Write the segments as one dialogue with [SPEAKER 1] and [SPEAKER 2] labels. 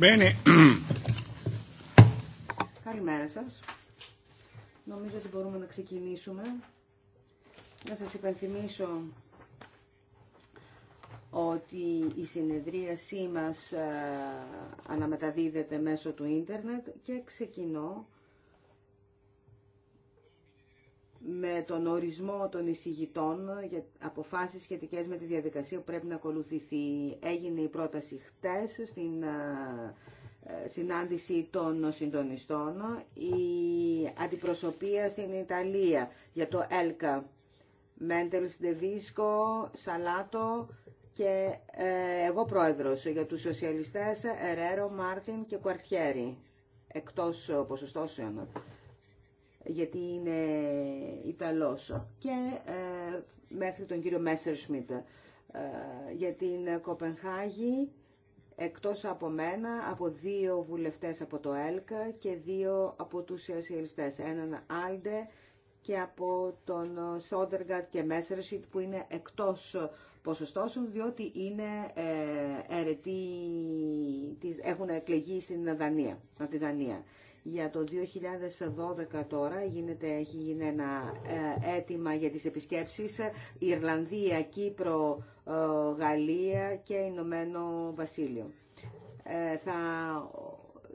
[SPEAKER 1] Bene. Καλημέρα σας. Νομίζω ότι μπορούμε να ξεκινήσουμε. Να σας υπενθυμίσω ότι η συνεδρίασή μας ε, αναμεταδίδεται μέσω του ίντερνετ και ξεκινώ με τον ορισμό των εισηγητών για αποφάσεις σχετικές με τη διαδικασία που πρέπει να ακολουθηθεί. Έγινε η πρόταση χτες στην ε, συνάντηση των συντονιστών, η αντιπροσωπεία στην Ιταλία για το ΕΛΚΑ, Μέντελς Ντεβίσκο, Σαλάτο και ε, εγώ πρόεδρος για τους σοσιαλιστές Ερέρο, Μάρτιν και Κουαρτιέρη, εκτός ποσοστώσεων γιατί είναι Ιταλός και ε, μέχρι τον κύριο Μέσερ Σμιτ για την Κοπενχάγη εκτός από μένα από δύο βουλευτές από το ΕΛΚΑ και δύο από τους Ελιστές έναν Άλντε και από τον Σόντεργατ και Μέσερσιτ που είναι εκτός ποσοστώσεων διότι είναι ε, της έχουν εκλεγεί στην Δανία, από τη Δανία. Για το 2012 τώρα γίνεται, έχει γίνει ένα ε, αίτημα για τις επισκέψεις Ιρλανδία, Κύπρο, ε, Γαλλία και Ηνωμένο Βασίλειο. Ε, θα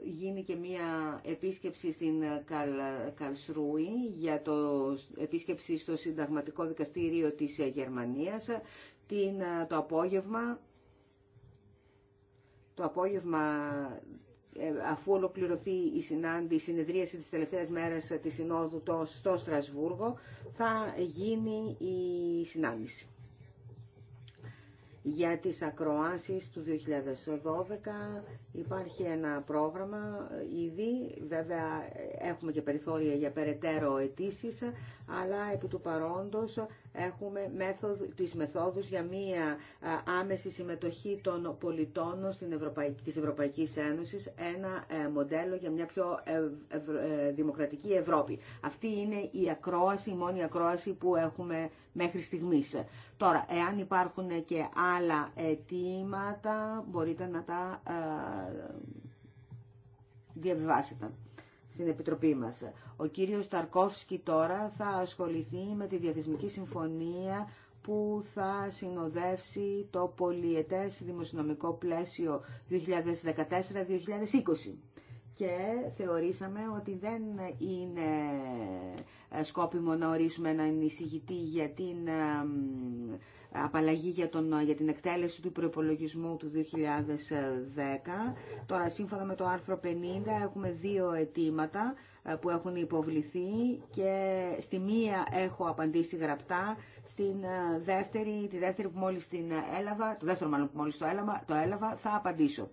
[SPEAKER 1] γίνει και μία επίσκεψη στην Καλ, Καλσρούη για το επίσκεψη στο Συνταγματικό Δικαστήριο της Γερμανίας την, το απόγευμα το απόγευμα ε, αφού ολοκληρωθεί η συνάντηση, η συνεδρίαση της τελευταίας μέρας της Συνόδου στο Στρασβούργο, θα γίνει η συνάντηση. Για τις ακροάσεις του 2012 υπάρχει ένα πρόγραμμα ήδη, βέβαια έχουμε και περιθώρια για περαιτέρω αιτήσει, αλλά επί του παρόντος έχουμε μέθοδ, τις μεθόδους για μία άμεση συμμετοχή των πολιτών στην Ευρωπαϊκή, της Ευρωπαϊκής Ένωσης, ένα ε, μοντέλο για μια πιο ε, δημοκρατική Ευρώπη. Αυτή είναι η ακρόαση, η μόνη ακρόαση που έχουμε μέχρι στιγμής. Τώρα, εάν υπάρχουν και άλλα αιτήματα, μπορείτε να τα ε, διαβιβάσετε στην Επιτροπή μας. Ο κύριος Ταρκόφσκι τώρα θα ασχοληθεί με τη διαθεσμική συμφωνία που θα συνοδεύσει το πολιετές δημοσιονομικό πλαίσιο 2014-2020. Και θεωρήσαμε ότι δεν είναι ε, σκόπιμο να ορίσουμε έναν εισηγητή για την ε, απαλλαγή για, τον, για την εκτέλεση του προπολογισμού του 2010. Τώρα, σύμφωνα με το άρθρο 50, έχουμε δύο αιτήματα ε, που έχουν υποβληθεί και στη μία έχω απαντήσει γραπτά, στην ε, δεύτερη, τη δεύτερη που μόλις την έλαβα, το δεύτερο μάλλον που μόλις το έλαβα, το έλαβα θα απαντήσω.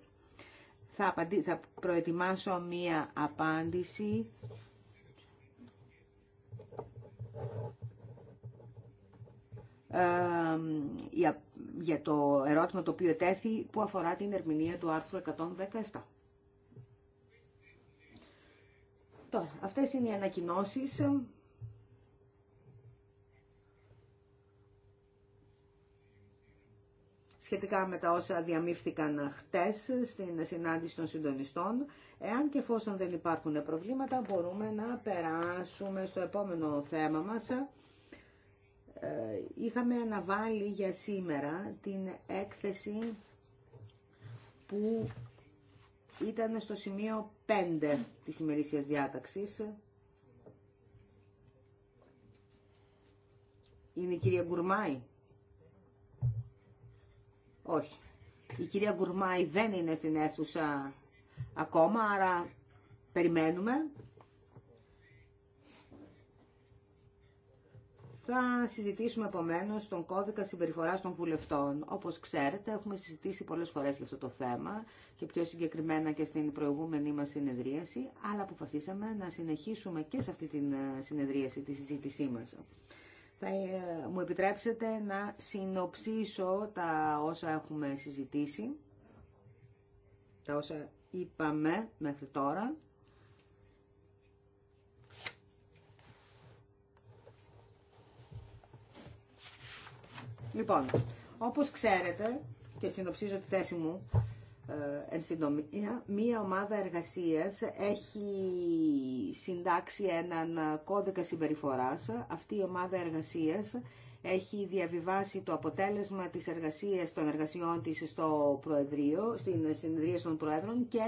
[SPEAKER 1] Θα, απαντή, θα προετοιμάσω μία απάντηση για το ερώτημα το οποίο τέθη που αφορά την ερμηνεία του άρθρου 117. Τώρα, αυτές είναι οι ανακοινώσεις. σχετικά με τα όσα διαμήφθηκαν χτες στην συνάντηση των συντονιστών. Εάν και εφόσον δεν υπάρχουν προβλήματα, μπορούμε να περάσουμε στο επόμενο θέμα μας, ε, είχαμε αναβάλει για σήμερα την έκθεση που ήταν στο σημείο 5 της ημερήσιας διάταξης. Είναι η κυρία Γκουρμάη. Όχι. Η κυρία Γκουρμάη δεν είναι στην αίθουσα ακόμα, άρα περιμένουμε. Θα συζητήσουμε επομένω τον κώδικα συμπεριφορά των βουλευτών. Όπω ξέρετε, έχουμε συζητήσει πολλέ φορέ για αυτό το θέμα και πιο συγκεκριμένα και στην προηγούμενη μα συνεδρίαση, αλλά αποφασίσαμε να συνεχίσουμε και σε αυτή τη ε, συνεδρίαση τη συζήτησή μα. Θα ε, μου επιτρέψετε να συνοψίσω τα όσα έχουμε συζητήσει, τα όσα είπαμε μέχρι τώρα Λοιπόν, όπως ξέρετε, και συνοψίζω τη θέση μου, ε, εν συντομία, μία ομάδα εργασίας έχει συντάξει έναν κώδικα συμπεριφοράς. Αυτή η ομάδα εργασίας έχει διαβιβάσει το αποτέλεσμα της εργασίας των εργασιών της στο Προεδρείο, στην Συνεδρία των Προέδρων και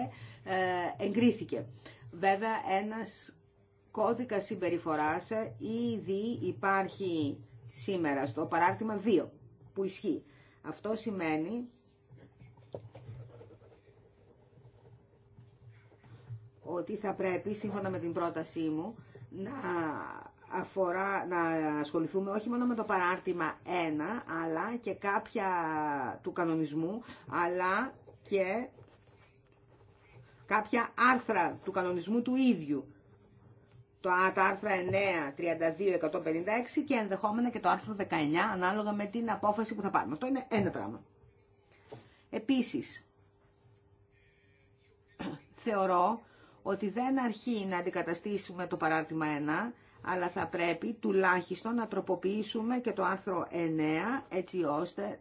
[SPEAKER 1] ε, εγκρίθηκε. Βέβαια, ένας κώδικας συμπεριφοράς ήδη υπάρχει σήμερα στο παράρτημα 2 που ισχύει. Αυτό σημαίνει ότι θα πρέπει, σύμφωνα με την πρότασή μου, να, αφορά, να ασχοληθούμε όχι μόνο με το παράρτημα 1, αλλά και κάποια του κανονισμού, αλλά και κάποια άρθρα του κανονισμού του ίδιου το, άρθρο 9, 32, 156 και ενδεχόμενα και το άρθρο 19 ανάλογα με την απόφαση που θα πάρουμε. Αυτό είναι ένα πράγμα. Επίσης, θεωρώ ότι δεν αρχεί να αντικαταστήσουμε το παράρτημα 1, αλλά θα πρέπει τουλάχιστον να τροποποιήσουμε και το άρθρο 9 έτσι ώστε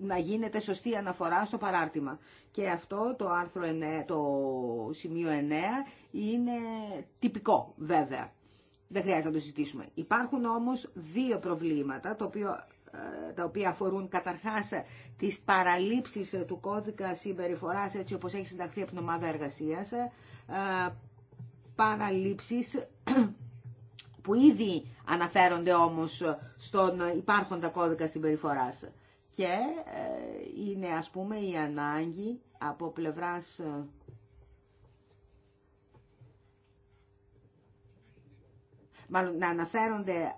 [SPEAKER 1] να γίνεται σωστή αναφορά στο παράρτημα. Και αυτό το άρθρο το σημείο 9 είναι τυπικό βέβαια. Δεν χρειάζεται να το συζητήσουμε. Υπάρχουν όμως δύο προβλήματα, ε, τα οποία αφορούν καταρχάς τις παραλήψεις του κώδικα συμπεριφοράς έτσι όπως έχει συνταχθεί από την ομάδα εργασίας, ε, παραλήψεις που ήδη αναφέρονται όμως στον υπάρχοντα κώδικα συμπεριφοράς και ε, είναι ας πούμε η ανάγκη από πλευράς ε, μάλλον να αναφέρονται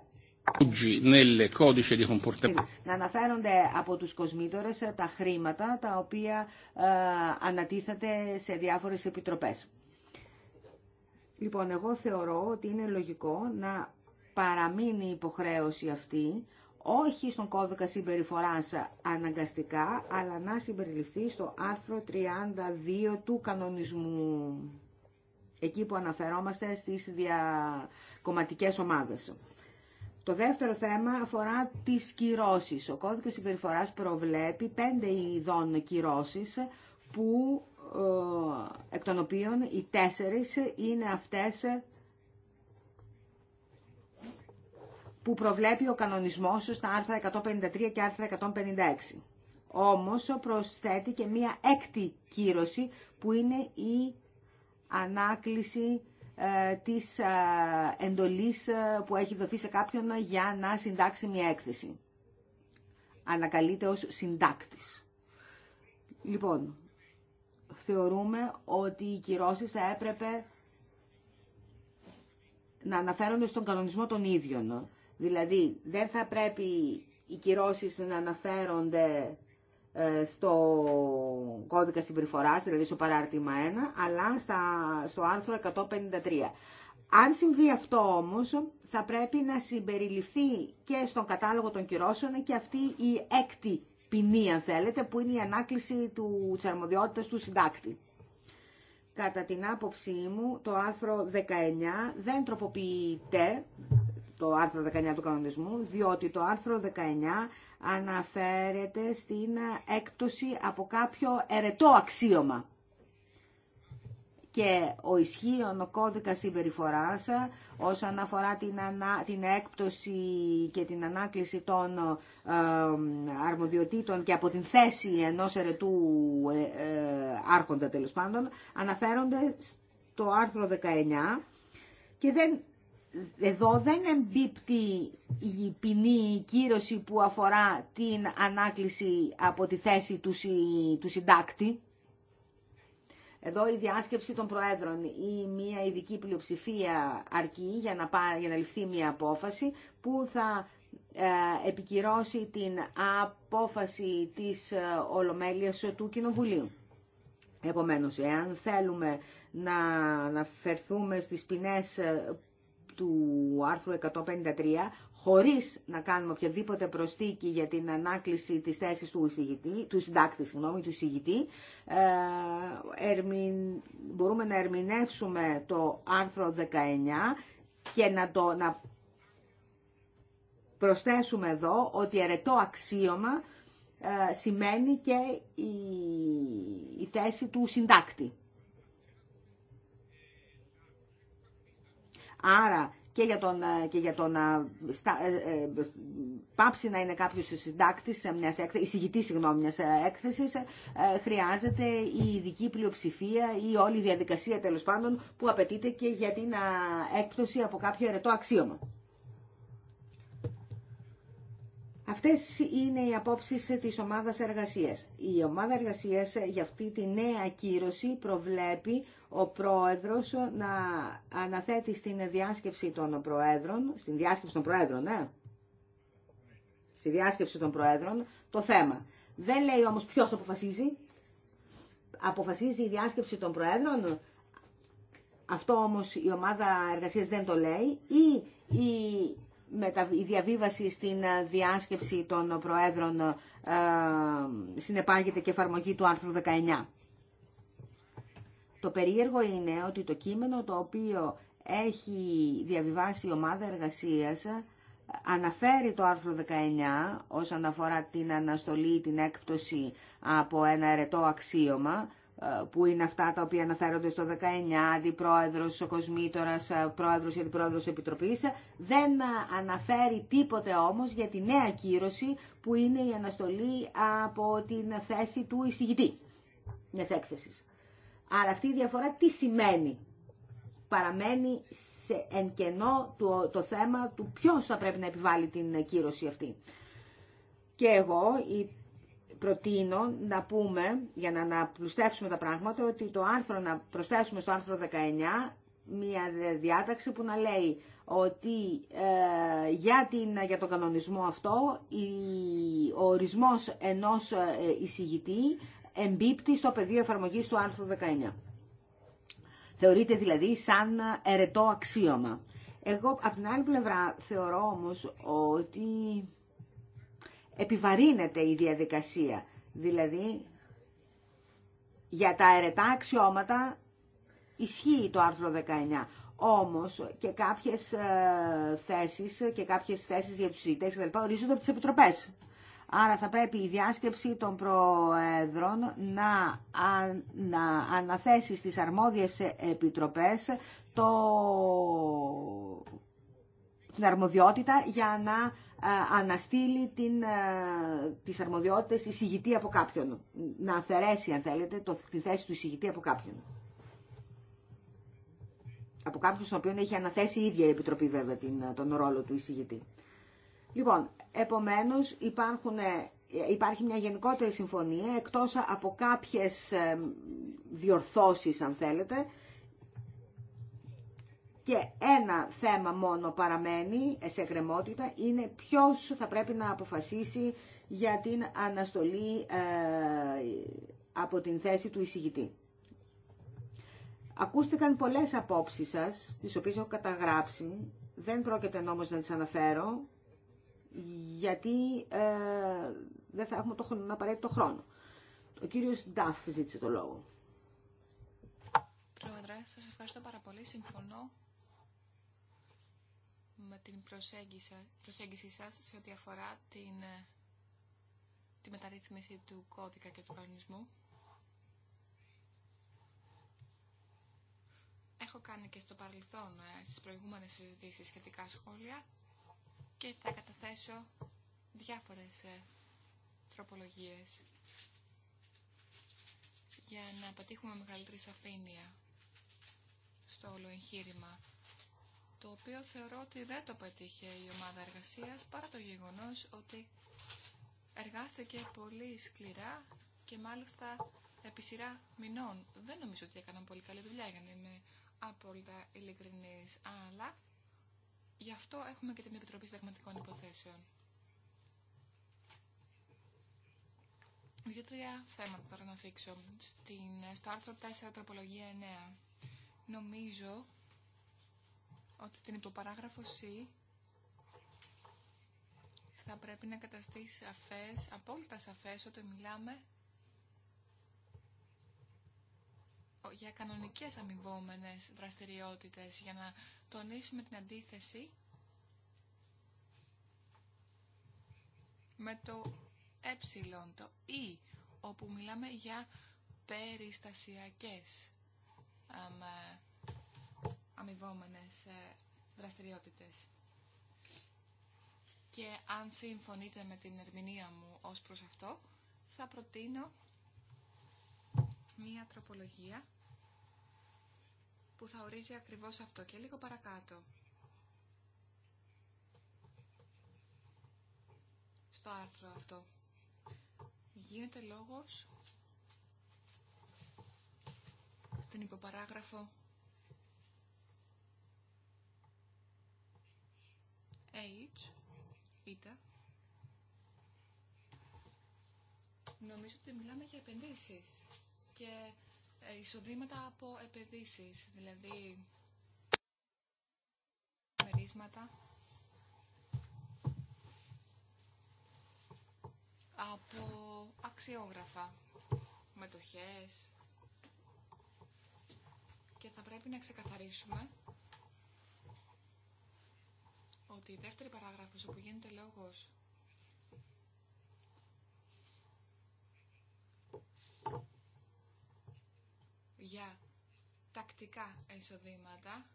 [SPEAKER 1] να αναφέρονται από τους κοσμήτορες ε, τα χρήματα τα οποία ανατίθεται σε διάφορες επιτροπές. Λοιπόν, εγώ θεωρώ ότι είναι λογικό να παραμείνει η υποχρέωση αυτή όχι στον κώδικα συμπεριφορά αναγκαστικά, αλλά να συμπεριληφθεί στο άρθρο 32 του κανονισμού, εκεί που αναφερόμαστε στις διακομματικές ομάδες. Το δεύτερο θέμα αφορά τις κυρώσεις. Ο κώδικας συμπεριφοράς προβλέπει πέντε ειδών κυρώσεις, που, ε, εκ των οποίων οι τέσσερις είναι αυτές που προβλέπει ο κανονισμός στα άρθρα 153 και άρθρα 156. Όμως προσθέτει και μία έκτη κύρωση που είναι η ανάκληση ε, της ε, εντολής ε, που έχει δοθεί σε κάποιον για να συντάξει μια έκθεση. Ανακαλείται ως συντάκτης. Λοιπόν, θεωρούμε ότι οι κυρώσεις θα έπρεπε να αναφέρονται στον κανονισμό των ίδιων. Δηλαδή δεν θα πρέπει οι κυρώσεις να αναφέρονται ε, στο κώδικα συμπεριφοράς, δηλαδή στο παράρτημα 1, αλλά στο άρθρο 153. Αν συμβεί αυτό όμως, θα πρέπει να συμπεριληφθεί και στον κατάλογο των κυρώσεων και αυτή η έκτη ποινή, αν θέλετε, που είναι η ανάκληση του, της του συντάκτη. Κατά την άποψή μου, το άρθρο 19 δεν τροποποιείται το άρθρο 19 του κανονισμού, διότι το άρθρο 19 αναφέρεται στην έκπτωση από κάποιο ερετό αξίωμα. Και ο ισχύων ο κώδικας συμπεριφοράς όσον αφορά την, ανά, την έκπτωση και την ανάκληση των αρμοδιοτήτων και από την θέση ενός ερετού ε, ε, άρχοντα τέλος πάντων αναφέρονται στο άρθρο 19 και δεν εδώ δεν εμπίπτει η ποινή κύρωση που αφορά την ανάκληση από τη θέση του, του συντάκτη. Εδώ η διάσκεψη των Προέδρων ή μια ειδική πλειοψηφία αρκεί για να, πά, για να ληφθεί μια απόφαση που θα ε, επικυρώσει την απόφαση της ε, Ολομέλειας του Κοινοβουλίου. Επομένως, εάν θέλουμε να αναφερθούμε στις ποινές ε, του άρθρου 153 χωρίς να κάνουμε οποιαδήποτε προστίκη για την ανάκληση της θέσης του, εισηγητή, του συντάκτη, συγγνώμη, του εισηγητή, ε, μπορούμε να ερμηνεύσουμε το άρθρο 19 και να, το, να προσθέσουμε εδώ ότι αρετό αξίωμα ε, σημαίνει και η, η θέση του συντάκτη. Άρα και για το, ε, και για τον να ε, στα, ε, πάψει να είναι κάποιο συντάκτη, εισηγητή συγγνώμη, μια έκθεση, χρειάζεται η ειδική πλειοψηφία ή όλη η διαδικασία τέλο πάντων που απαιτείται και για την έκπτωση από κάποιο ερετό αξίωμα. Αυτές είναι οι απόψει της ομάδα εργασία. Η ομάδα εργασία για αυτή τη νέα κύρωση προβλέπει ο πρόεδρος να αναθέτει στην διάσκεψη των προέδρων, στη διάσκεψη των προέδρων, ναι, στη διάσκεψη των προέδρων, το θέμα. Δεν λέει όμως ποιος αποφασίζει. Αποφασίζει η διάσκεψη των προέδρων. Αυτό όμως η ομάδα εργασίας δεν το λέει. Ή η, η διαβίβαση στην διάσκεψη των προέδρων ε, συνεπάγεται και εφαρμογή του άρθρου 19. Το περίεργο είναι ότι το κείμενο το οποίο έχει διαβιβάσει η ομάδα εργασίας αναφέρει το άρθρο 19 όσον αφορά την αναστολή ή την έκπτωση από ένα αιρετό αξίωμα ε, που είναι αυτά τα οποία αναφέρονται στο 19, αντιπρόεδρος, ο Κοσμήτορας, ε, πρόεδρος ή αντιπρόεδρος Επιτροπής. Δεν αναφέρει τίποτε όμως για τη νέα κύρωση που είναι η αναστολή από την θέση του εισηγητή μιας έκθεσης. Άρα αυτή η διαφορά τι σημαίνει. Παραμένει σε εν κενό το, το θέμα του ποιος θα πρέπει να επιβάλλει την κύρωση αυτή. Και εγώ προτείνω να πούμε, για να, αναπλουστεύσουμε τα πράγματα, ότι το άρθρο, να προσθέσουμε στο άρθρο 19 μια διάταξη που να λέει ότι ε, για, την, για τον κανονισμό αυτό ο ορισμός ενός ε, εισηγητή εμπίπτει στο πεδίο εφαρμογή του άρθρου 19. Θεωρείται δηλαδή σαν ερετό αξίωμα. Εγώ από την άλλη πλευρά θεωρώ όμως ότι επιβαρύνεται η διαδικασία. Δηλαδή για τα ερετά αξιώματα ισχύει το άρθρο 19. Όμως και κάποιες ε, θέσεις και κάποιες θέσεις για τους συζητές λοιπά ορίζονται από τις επιτροπές. Άρα θα πρέπει η διάσκεψη των Προεδρών να, να αναθέσει στις αρμόδιες επιτροπές το, την αρμοδιότητα για να ε, αναστείλει την, ε, τις αρμοδιότητες εισηγητή από κάποιον. Να αφαιρέσει, αν θέλετε, το, τη θέση του εισηγητή από κάποιον. Από κάποιον στον οποίο έχει αναθέσει η ίδια η Επιτροπή, βέβαια, την, τον ρόλο του εισηγητή. Λοιπόν, επομένως υπάρχουν, ε, υπάρχει μια γενικότερη συμφωνία, εκτός από κάποιες ε, διορθώσεις, αν θέλετε, και ένα θέμα μόνο παραμένει σε εκκρεμότητα, είναι ποιος θα πρέπει να αποφασίσει για την αναστολή ε, από την θέση του εισηγητή. Ακούστηκαν πολλές απόψεις σας, τις οποίες έχω καταγράψει. Δεν πρόκειται όμως να τις αναφέρω, γιατί ε, δεν θα έχουμε το απαραίτητο χρόνο. Ο κύριος Νταφ ζήτησε το λόγο.
[SPEAKER 2] Πρόεδρε, σας ευχαριστώ πάρα πολύ. Συμφωνώ με την προσέγγιση, προσέγγιση σας σε ό,τι αφορά την, ε, τη μεταρρύθμιση του κώδικα και του κανονισμού. Έχω κάνει και στο παρελθόν ε, στις προηγούμενες συζητήσεις σχετικά σχόλια και θα καταθέσω διάφορες ε, τροπολογίες για να πετύχουμε μεγαλύτερη σαφήνεια στο όλο εγχείρημα το οποίο θεωρώ ότι δεν το πετύχε η ομάδα εργασίας παρά το γεγονός ότι εργάστηκε πολύ σκληρά και μάλιστα επί σειρά μηνών. Δεν νομίζω ότι έκαναν πολύ καλή δουλειά για να είμαι απόλυτα ειλικρινής, αλλά Γι' αυτό έχουμε και την Επιτροπή Συνταγματικών Υποθέσεων. Δύο-τρία θέματα τώρα να θίξω. Στην, ε, στο άρθρο 4, τροπολογία 9. Νομίζω ότι την υποπαράγραφο C θα πρέπει να καταστεί σαφές, απόλυτα σαφές, ότι μιλάμε για κανονικές αμοιβόμενες δραστηριότητες για να τονίσουμε την αντίθεση με το ε, το ή, όπου μιλάμε για περιστασιακές ε, αμοιβόμενες ε, δραστηριότητες. Και αν συμφωνείτε με την ερμηνεία μου ως προς αυτό, θα προτείνω μία τροπολογία που θα ορίζει ακριβώς αυτό και λίγο παρακάτω. Στο άρθρο αυτό γίνεται λόγος στην υποπαράγραφο H, ήτα. Νομίζω ότι μιλάμε για επενδύσεις και ε, εισοδήματα από επενδύσεις, δηλαδή μερίσματα από αξιόγραφα, μετοχές και θα πρέπει να ξεκαθαρίσουμε ότι η δεύτερη παράγραφος όπου γίνεται λόγος για τακτικά εισοδήματα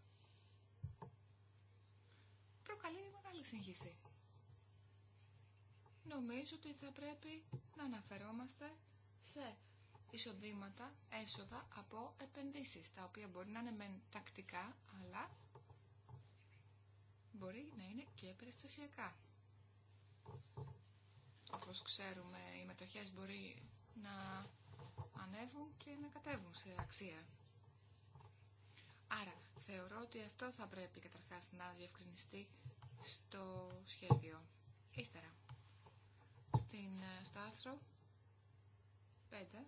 [SPEAKER 2] προκαλεί μεγάλη σύγχυση. Νομίζω ότι θα πρέπει να αναφερόμαστε σε εισοδήματα, έσοδα από επενδύσεις, τα οποία μπορεί να είναι μεν τακτικά, αλλά μπορεί να είναι και περιστασιακά. Όπως ξέρουμε, οι μετοχές μπορεί να ανέβουν και να κατέβουν σε αξία. Άρα, θεωρώ ότι αυτό θα πρέπει καταρχάς να διευκρινιστεί στο σχέδιο. Ύστερα, στην, ε, στο άρθρο 5,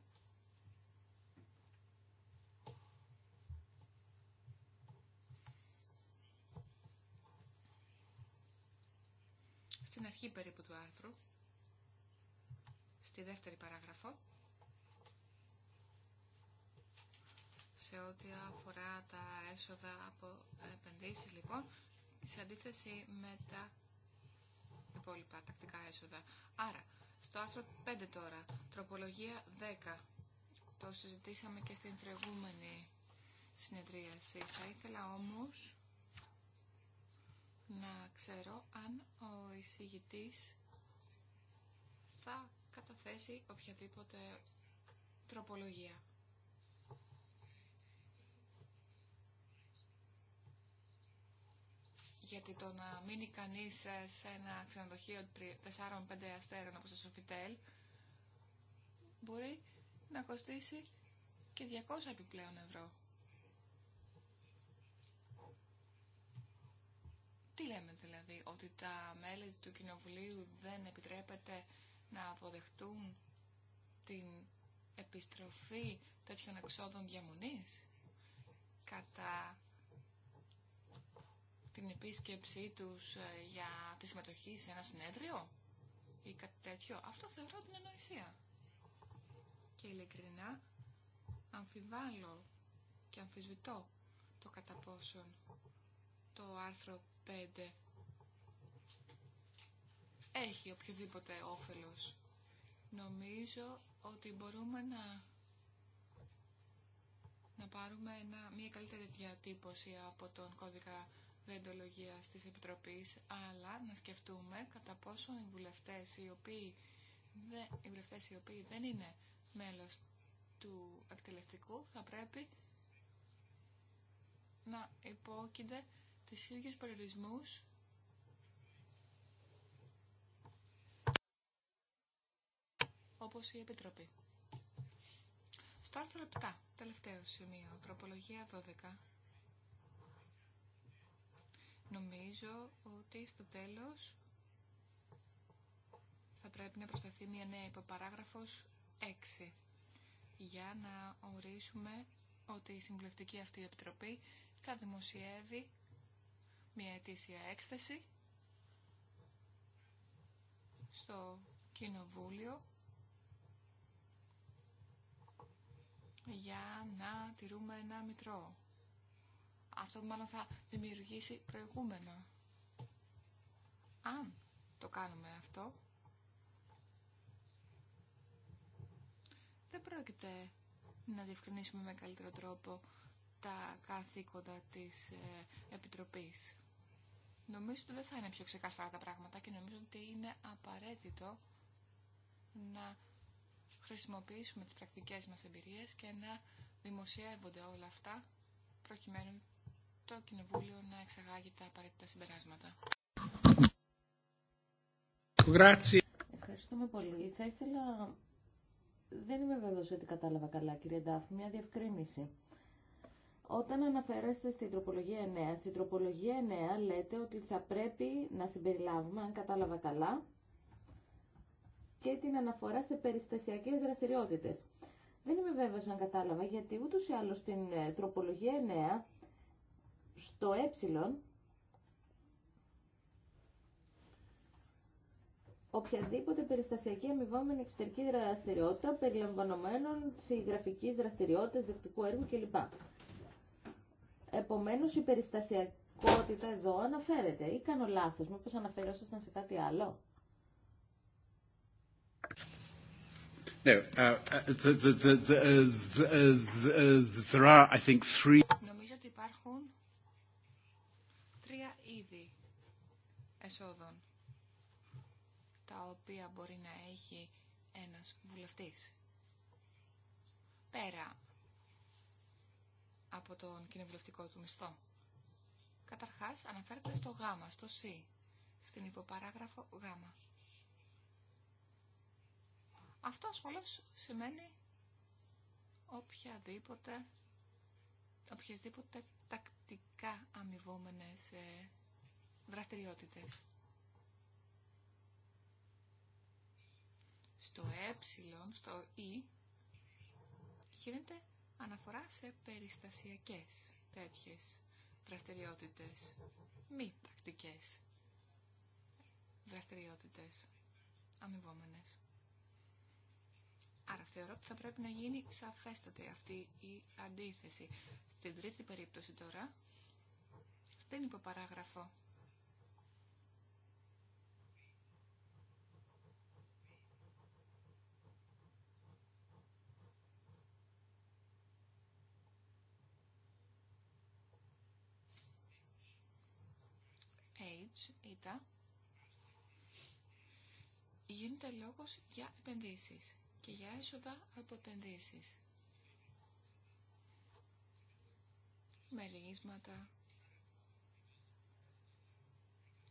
[SPEAKER 2] στην αρχή περίπου του άρθρου, στη δεύτερη παράγραφο, σε ό,τι αφορά τα έσοδα από επενδύσεις λοιπόν σε αντίθεση με τα υπόλοιπα τακτικά έσοδα. Άρα, στο άρθρο 5 τώρα, τροπολογία 10, το συζητήσαμε και στην προηγούμενη συνεδρίαση. Θα ήθελα όμως να ξέρω αν ο εισηγητής θα καταθέσει οποιαδήποτε τροπολογία. γιατί το να μείνει κανείς ε, σε ένα ξενοδοχείο 4-5 αστέρων όπως το Σοφιτέλ μπορεί να κοστίσει και 200 επιπλέον ευρώ. Τι λέμε δηλαδή, ότι τα μέλη του Κοινοβουλίου δεν επιτρέπεται να αποδεχτούν την επιστροφή τέτοιων εξόδων διαμονής. Κατά την επίσκεψή τους ε, για τη συμμετοχή σε ένα συνέδριο ή κάτι τέτοιο. Αυτό θεωρώ την ανοησία. Και ειλικρινά αμφιβάλλω και αμφισβητώ το κατά πόσον το άρθρο 5 έχει οποιοδήποτε όφελος. Νομίζω ότι μπορούμε να, να πάρουμε ένα, μια καλύτερη διατύπωση από τον κώδικα διοντολογία της Επιτροπής, αλλά να σκεφτούμε κατά πόσο οι βουλευτές οι οποίοι, δεν, οι βουλευτές οι οποίοι δεν είναι μέλος του εκτελεστικού θα πρέπει να υπόκεινται τις ίδιες περιορισμούς όπως η Επιτροπή. Στο άρθρο 7, τελευταίο σημείο, τροπολογία 12, Νομίζω ότι στο τέλος θα πρέπει να προσταθεί μια νέα υποπαράγραφος 6 για να ορίσουμε ότι η συμβουλευτική αυτή επιτροπή θα δημοσιεύει μια αιτήσια έκθεση στο Κοινοβούλιο για να τηρούμε ένα μητρό αυτό μάλλον θα δημιουργήσει προηγούμενα. Αν το κάνουμε αυτό, δεν πρόκειται να διευκρινίσουμε με καλύτερο τρόπο τα καθήκοντα της ε, Επιτροπής. Νομίζω ότι δεν θα είναι πιο ξεκάθαρα τα πράγματα και νομίζω ότι είναι απαραίτητο να χρησιμοποιήσουμε τις πρακτικές μας εμπειρίες και να δημοσιεύονται όλα αυτά προκειμένου το Κοινοβούλιο να εξεγάγει τα απαραίτητα συμπεράσματα.
[SPEAKER 3] Ευχαριστούμε πολύ. Θα ήθελα... Δεν είμαι βέβαιος ότι κατάλαβα καλά, κύριε Ντάφ, μια διευκρίνηση. Όταν αναφέρεστε στην τροπολογία 9, στην τροπολογία 9 λέτε ότι θα πρέπει να συμπεριλάβουμε, αν κατάλαβα καλά, και την αναφορά σε περιστασιακές δραστηριότητες. Δεν είμαι βέβαιος αν κατάλαβα, γιατί ούτως ή άλλως στην ε, τροπολογία 9 στο ε οποιαδήποτε περιστασιακή αμοιβόμενη εξωτερική δραστηριότητα περιλαμβανομένων συγγραφικής δραστηριότητας, δεκτικού έργου κλπ. Επομένως η περιστασιακότητα εδώ αναφέρεται ή κάνω λάθος, μήπως αναφερόσασταν σε κάτι άλλο.
[SPEAKER 2] No, there are, I think, three... Νομίζω ότι υπάρχουν τρία είδη εσόδων τα οποία μπορεί να έχει ένας βουλευτής. Πέρα από τον κοινοβουλευτικό του μισθό. Καταρχάς αναφέρεται στο γάμα, στο σι, στην υποπαράγραφο γάμα. Αυτό ασφαλώς σημαίνει οποιαδήποτε, οποιασδήποτε αμοιβόμενε αμοιβόμενες ε, δραστηριότητες. Στο ε, στο ε, γίνεται αναφορά σε περιστασιακές τέτοιες δραστηριότητες, μη τακτικές δραστηριότητες αμοιβόμενες. Άρα θεωρώ ότι θα πρέπει να γίνει σαφέστατη αυτή η αντίθεση. Στην τρίτη περίπτωση τώρα, στην υποπαράγραφο γίνεται λόγος για επενδύσεις και για έσοδα από επενδύσεις. Μερίσματα,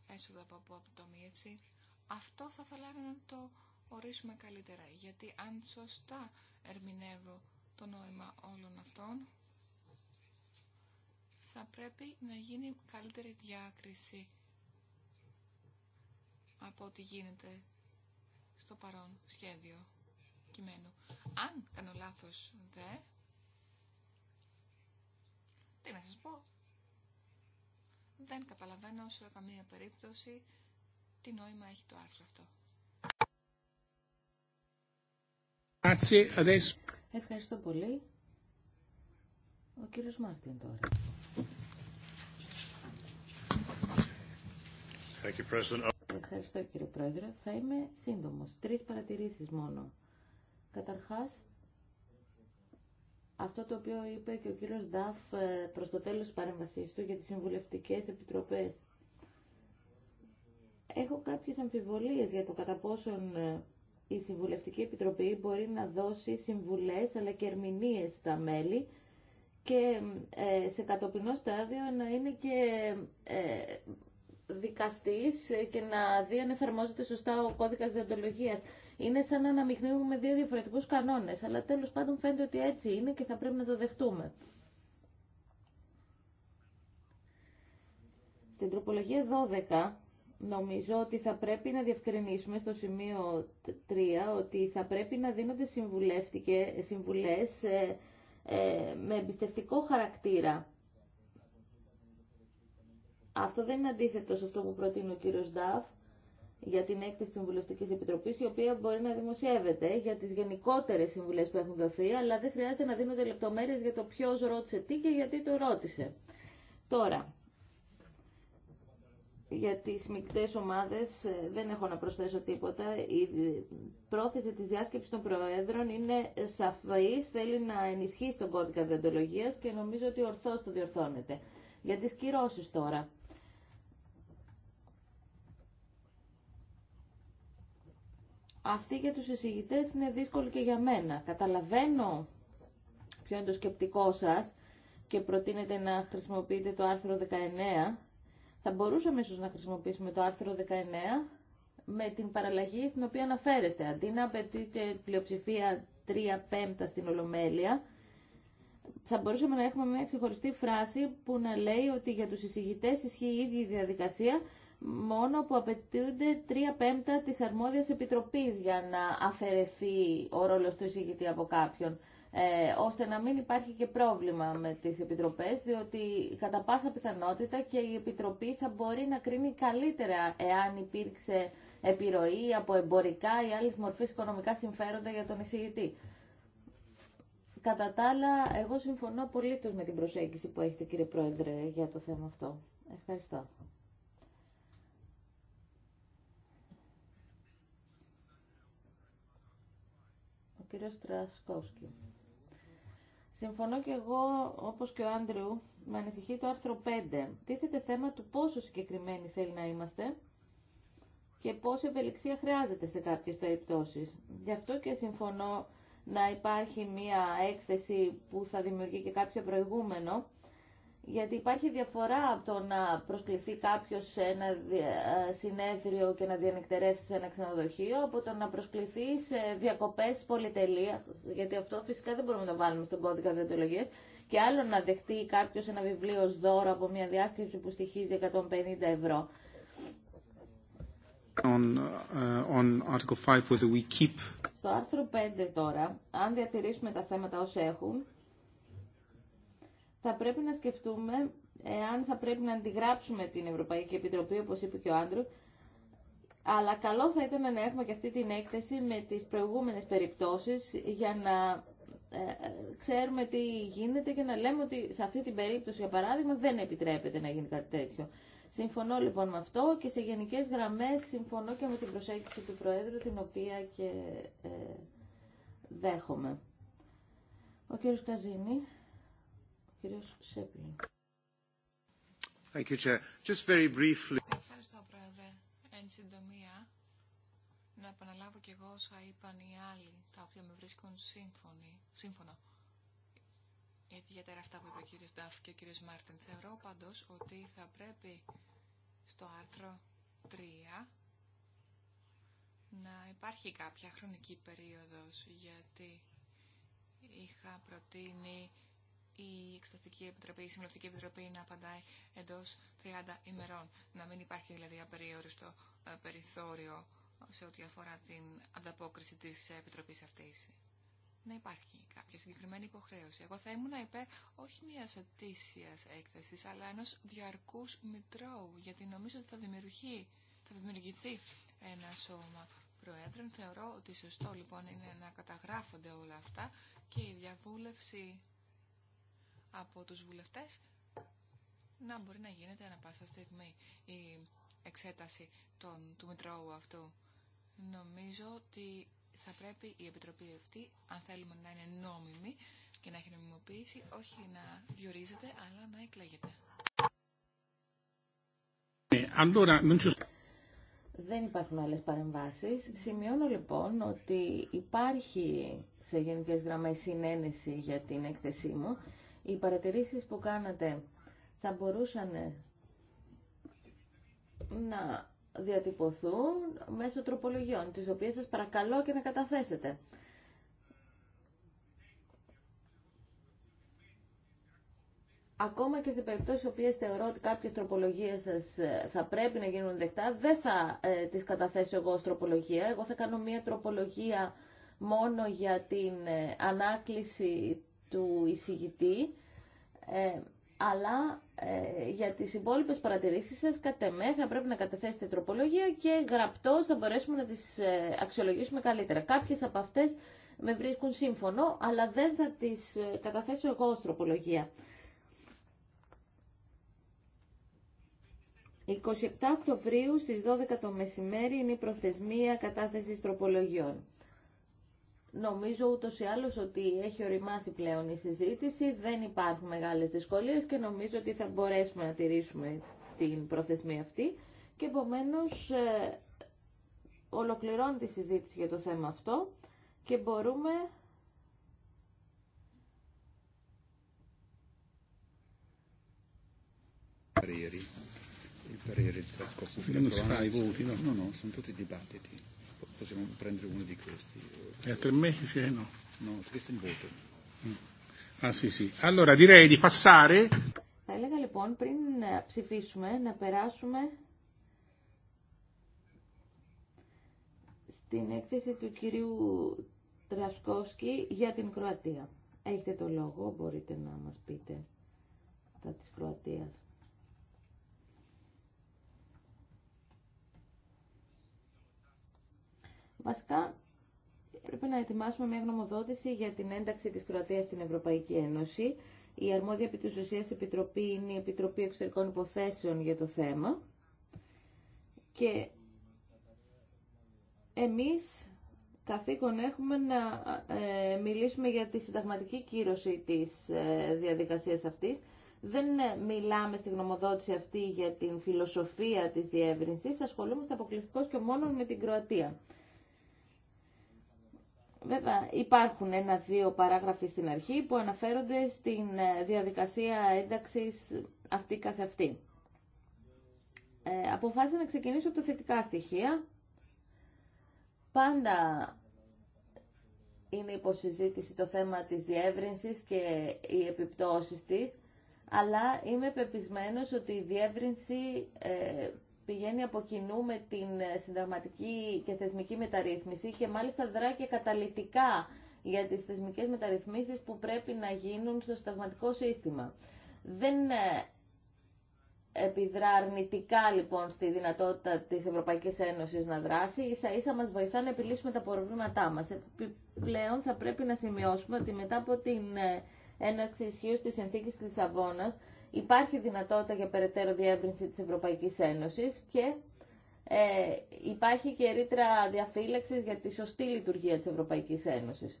[SPEAKER 2] έσοδα από αποτομίευση. Αυτό θα ήθελα να το ορίσουμε καλύτερα, γιατί αν σωστά ερμηνεύω το νόημα όλων αυτών, θα πρέπει να γίνει καλύτερη διάκριση από ό,τι γίνεται στο παρόν σχέδιο. Αν κάνω λάθος δε, τι να σας πω, δεν καταλαβαίνω σε καμία περίπτωση τι νόημα έχει το άρθρο αυτό.
[SPEAKER 3] Ευχαριστώ πολύ. Ο κύριος Μάρτιν τώρα. Ευχαριστώ κύριε Πρόεδρε. Θα είμαι σύντομος. Τρεις παρατηρήσεις μόνο. Καταρχάς, αυτό το οποίο είπε και ο κύριος Νταφ ε, προς το τέλος της παρέμβασής του για τις συμβουλευτικές επιτροπές. Έχω κάποιες αμφιβολίες για το κατά πόσον ε, η Συμβουλευτική Επιτροπή μπορεί να δώσει συμβουλές αλλά και ερμηνείες στα μέλη και ε, σε κατοπινό στάδιο να είναι και δικαστής και να δει αν εφαρμόζεται σωστά ο κώδικας διοντολογίας. Είναι σαν να με δύο διαφορετικούς κανόνες, αλλά τέλος πάντων φαίνεται ότι έτσι είναι και θα πρέπει να το δεχτούμε. Στην τροπολογία 12 νομίζω ότι θα πρέπει να διευκρινίσουμε στο σημείο 3 ότι θα πρέπει να δίνονται συμβουλές ε, ε, με εμπιστευτικό χαρακτήρα. Αυτό δεν είναι αντίθετο σε αυτό που προτείνει ο κύριος Νταφ για την έκθεση της Συμβουλευτικής Επιτροπής, η οποία μπορεί να δημοσιεύεται για τις γενικότερες συμβουλές που έχουν δοθεί, αλλά δεν χρειάζεται να δίνονται λεπτομέρειες για το ποιο ρώτησε τι και γιατί το ρώτησε. Τώρα, για τις μικτές ομάδες ε, δεν έχω να προσθέσω τίποτα. Η ε, πρόθεση της διάσκεψης των Προέδρων είναι σαφής, θέλει να ενισχύσει τον κώδικα διοντολογίας και νομίζω ότι ορθώς το διορθώνεται. Για τις κυρώσεις τώρα. αυτή για τους εισηγητές είναι δύσκολη και για μένα. Καταλαβαίνω ποιο είναι το σκεπτικό σας και προτείνετε να χρησιμοποιείτε το άρθρο 19. Θα μπορούσαμε ίσως να χρησιμοποιήσουμε το άρθρο 19 με την παραλλαγή στην οποία αναφέρεστε. Αντί να απαιτείτε πλειοψηφία 3 πέμπτα στην Ολομέλεια, θα μπορούσαμε να έχουμε μια ξεχωριστή φράση που να λέει ότι για τους εισηγητές ισχύει η ίδια η διαδικασία μόνο που απαιτούνται τρία πέμπτα της αρμόδιας επιτροπής για να αφαιρεθεί ο ρόλος του εισηγητή από κάποιον. Ε, ώστε να μην υπάρχει και πρόβλημα με τις επιτροπές, διότι κατά πάσα πιθανότητα και η επιτροπή θα μπορεί να κρίνει καλύτερα εάν υπήρξε επιρροή από εμπορικά ή άλλες μορφές οικονομικά συμφέροντα για τον εισηγητή. Κατά τα άλλα, εγώ συμφωνώ απολύτως με την προσέγγιση που έχετε κύριε Πρόεδρε για το θέμα αυτό. Ευχαριστώ. Συμφωνώ και εγώ, όπως και ο Άντριου, με ανησυχεί το άρθρο 5. Τίθεται θέμα του πόσο συγκεκριμένοι θέλει να είμαστε και πόση ευελιξία χρειάζεται σε κάποιες περιπτώσεις. Γι' αυτό και συμφωνώ να υπάρχει μία έκθεση που θα δημιουργεί και κάποιο προηγούμενο, γιατί υπάρχει διαφορά από το να προσκληθεί κάποιο σε ένα ε, συνέδριο και να διανυκτερεύσει σε ένα ξενοδοχείο, από το να προσκληθεί σε διακοπέ πολυτελεία. Γιατί αυτό φυσικά δεν μπορούμε να το βάλουμε στον κώδικα διοντολογία. Και άλλο να δεχτεί κάποιο ένα βιβλίο ως δώρο από μια διάσκεψη που στοιχίζει 150 ευρώ.
[SPEAKER 2] On, uh, on article 5, we keep...
[SPEAKER 3] Στο άρθρο 5 τώρα, αν διατηρήσουμε τα θέματα όσα έχουν, θα πρέπει να σκεφτούμε εάν θα πρέπει να αντιγράψουμε την Ευρωπαϊκή Επιτροπή, όπως είπε και ο Άντρου, αλλά καλό θα ήταν να ναι, έχουμε και αυτή την έκθεση με τις προηγούμενες περιπτώσεις για να ε, ξέρουμε τι γίνεται και να λέμε ότι σε αυτή την περίπτωση, για παράδειγμα, δεν επιτρέπεται να γίνει κάτι τέτοιο. Συμφωνώ λοιπόν με αυτό και σε γενικές γραμμές συμφωνώ και με την προσέγγιση του Προέδρου, την οποία και ε, δέχομαι. Ο κύριος Καζίνη. Ευχαριστώ,
[SPEAKER 2] Πρόεδρε. Εν συντομία, να επαναλάβω και εγώ όσα είπαν οι άλλοι, τα οποία με βρίσκουν σύμφωνοι, σύμφωνο. Ιδιαίτερα αυτά που είπε ο κύριος Ντάφ και ο κύριος Μάρτιν. Θεωρώ πάντως ότι θα πρέπει στο άρθρο 3 να υπάρχει κάποια χρονική περίοδος, γιατί είχα προτείνει η Εξεταστική Επιτροπή, η Συμβουλευτική Επιτροπή να απαντάει εντό 30 ημερών. Να μην υπάρχει δηλαδή απεριόριστο ε, περιθώριο σε ό,τι αφορά την ανταπόκριση τη Επιτροπή αυτή. Να υπάρχει κάποια συγκεκριμένη υποχρέωση. Εγώ θα ήμουν υπέρ όχι μια ετήσια έκθεση, αλλά ενό διαρκού μητρώου, γιατί νομίζω ότι θα, θα δημιουργηθεί ένα σώμα προέδρων. Θεωρώ ότι σωστό λοιπόν είναι να καταγράφονται όλα αυτά και η διαβούλευση από τους βουλευτές να μπορεί να γίνεται ανα πάσα στιγμή η εξέταση των, του Μητρώου αυτού. Νομίζω ότι θα πρέπει η Επιτροπή αυτή, αν θέλουμε να είναι νόμιμη και να έχει νομιμοποίηση, όχι να διορίζεται, αλλά να εκλέγεται.
[SPEAKER 1] Ε,
[SPEAKER 3] Δεν υπάρχουν άλλες παρεμβάσεις. Σημειώνω λοιπόν ότι υπάρχει σε γενικές γραμμές συνένεση για την έκθεσή μου οι παρατηρήσεις που κάνατε θα μπορούσαν να διατυπωθούν μέσω τροπολογιών, τις οποίες σας παρακαλώ και να καταθέσετε. Ακόμα και σε περιπτώσεις που θεωρώ ότι κάποιες τροπολογίες σας ε, θα πρέπει να γίνουν δεκτά, δεν θα ε, τις καταθέσω εγώ ως τροπολογία. Εγώ θα κάνω μία τροπολογία μόνο για την ε, ανάκληση του εισηγητή, ε, αλλά ε, για τις υπόλοιπες παρατηρήσεις σας, κατ' θα πρέπει να καταθέσετε τροπολογία και γραπτός θα μπορέσουμε να τις ε, αξιολογήσουμε καλύτερα. Κάποιες από αυτές με βρίσκουν σύμφωνο, αλλά δεν θα τις ε, καταθέσω εγώ ως τροπολογία. 27 Οκτωβρίου στις 12 το μεσημέρι είναι η προθεσμία κατάθεσης τροπολογιών. Νομίζω ούτως ή άλλως ότι έχει οριμάσει πλέον η συζήτηση, δεν υπάρχουν μεγάλες δυσκολίες και νομίζω ότι θα μπορέσουμε να τηρήσουμε την προθεσμία αυτή και επομένως ε, τη συζήτηση για το θέμα αυτό και μπορούμε
[SPEAKER 2] ε, possiamo
[SPEAKER 3] Θα έλεγα λοιπόν πριν ε, ψηφίσουμε να περάσουμε στην έκθεση του κυρίου Τρασκόσκη για την Κροατία. Έχετε το λόγο, μπορείτε να μας πείτε τα της Κροατίας. Βασικά, πρέπει να ετοιμάσουμε μια γνωμοδότηση για την ένταξη της Κροατίας στην Ευρωπαϊκή Ένωση. Η αρμόδια επί της ουσίας επιτροπή είναι η Επιτροπή Εξωτερικών Υποθέσεων για το θέμα. Και εμείς καθήκον έχουμε να ε, μιλήσουμε για τη συνταγματική κύρωση της ε, διαδικασίας αυτής. Δεν ε, μιλάμε στη γνωμοδότηση αυτή για την φιλοσοφία της διεύρυνσης, ασχολούμαστε αποκλειστικώς και μόνο με την Κροατία. Βέβαια υπάρχουν ένα-δύο παράγραφοι στην αρχή που αναφέρονται στην ε, διαδικασία ένταξης αυτή καθ' αυτή. Ε, αποφάσισα να ξεκινήσω από τα θετικά στοιχεία. Πάντα είναι υποσυζήτηση το θέμα της διεύρυνσης και οι επιπτώσεις της, αλλά είμαι πεπισμένος ότι η διεύρυνση ε, πηγαίνει από κοινού με την ε, συνταγματική και θεσμική μεταρρύθμιση και μάλιστα δρά και καταλητικά για τις θεσμικές μεταρρυθμίσεις που πρέπει να γίνουν στο συνταγματικό σύστημα. Δεν ε, επιδρά αρνητικά λοιπόν στη δυνατότητα της Ευρωπαϊκής Ένωσης να δράσει, ίσα ίσα μας βοηθά να επιλύσουμε τα προβλήματά μας. Επιπλέον θα πρέπει να σημειώσουμε ότι μετά από την ε, έναρξη ισχύω της συνθήκης της Λισαβόνας, υπάρχει δυνατότητα για περαιτέρω διεύρυνση της Ευρωπαϊκής Ένωσης και ε, υπάρχει και ρήτρα διαφύλαξης για τη σωστή λειτουργία της Ευρωπαϊκής Ένωσης.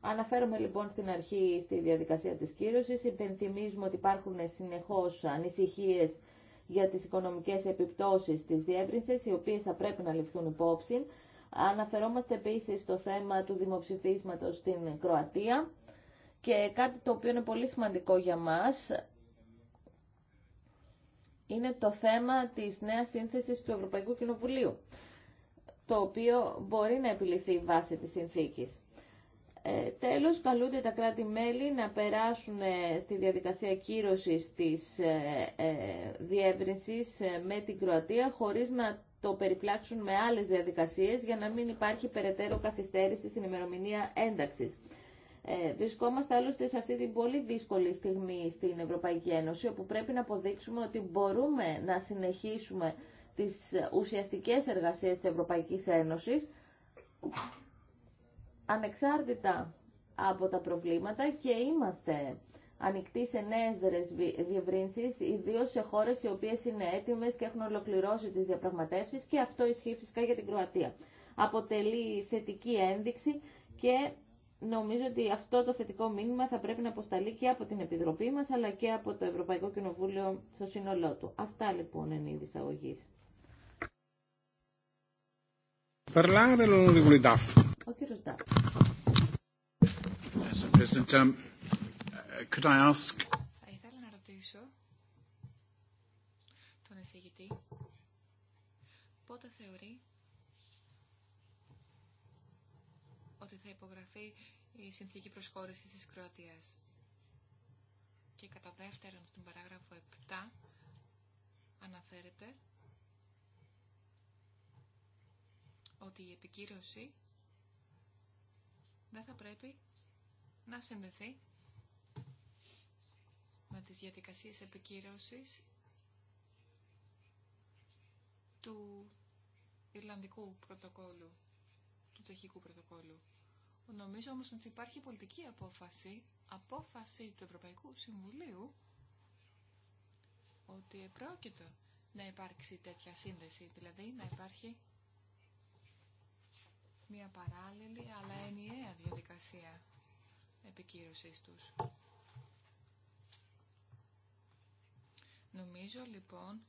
[SPEAKER 3] Αναφέρομαι λοιπόν στην αρχή στη διαδικασία της κύρωσης, υπενθυμίζουμε ότι υπάρχουν συνεχώς ανησυχίες για τις οικονομικές επιπτώσεις της διεύρυνσης, οι οποίες θα πρέπει να ληφθούν υπόψη, Αναφερόμαστε επίσης στο θέμα του δημοψηφίσματος στην Κροατία και κάτι το οποίο είναι πολύ σημαντικό για μας είναι το θέμα της νέας σύνθεσης του Ευρωπαϊκού Κοινοβουλίου, το οποίο μπορεί να επιληθεί βάσει της συνθήκης. Ε, τέλος, καλούνται τα κράτη-μέλη να περάσουν ε, στη διαδικασία κύρωσης της ε, ε, ε, με την Κροατία χωρίς να το περιπλάξουν με άλλε διαδικασίες για να μην υπάρχει περαιτέρω καθυστέρηση στην ημερομηνία ένταξης. Ε, βρισκόμαστε άλλωστε σε αυτή την πολύ δύσκολη στιγμή στην Ευρωπαϊκή Ένωση, όπου πρέπει να αποδείξουμε ότι μπορούμε να συνεχίσουμε τις ουσιαστικέ εργασίες τη Ευρωπαϊκής Ένωση. ανεξάρτητα από τα προβλήματα και είμαστε ανοιχτή σε νέε διευρύνσει, ιδίω σε χώρε οι οποίε είναι έτοιμε και έχουν ολοκληρώσει τι διαπραγματεύσει και αυτό ισχύει φυσικά για την Κροατία. Αποτελεί θετική ένδειξη και νομίζω ότι αυτό το θετικό μήνυμα θα πρέπει να αποσταλεί και από την Επιτροπή μας αλλά και από το Ευρωπαϊκό Κοινοβούλιο στο σύνολό του. Αυτά λοιπόν είναι η εισαγωγή. Ο κύριος Ντάφ.
[SPEAKER 2] Could I Θα ήθελα να ρωτήσω τον εισηγητή πότε θεωρεί ότι θα υπογραφεί η συνθήκη προσχώρησης της Κροατίας. Και κατά δεύτερον στην παράγραφο 7 αναφέρεται ότι η επικύρωση δεν θα πρέπει να συνδεθεί με τις διαδικασίες επικύρωσης του Ιρλανδικού πρωτοκόλου, του Τσεχικού πρωτοκόλου. Νομίζω όμως ότι υπάρχει πολιτική απόφαση, απόφαση του Ευρωπαϊκού Συμβουλίου, ότι επρόκειτο να υπάρξει τέτοια σύνδεση, δηλαδή να υπάρχει μια παράλληλη αλλά ενιαία διαδικασία επικύρωσης τους. Νομίζω λοιπόν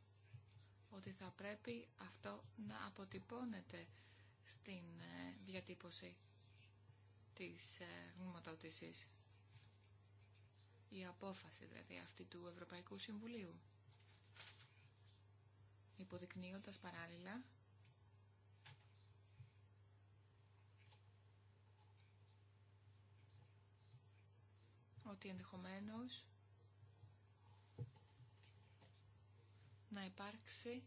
[SPEAKER 2] ότι θα πρέπει αυτό να αποτυπώνεται στην ε, διατύπωση της ε, γνωματότησης. Η απόφαση δηλαδή αυτή του Ευρωπαϊκού Συμβουλίου. Υποδεικνύοντας παράλληλα ότι ενδεχομένως να υπάρξει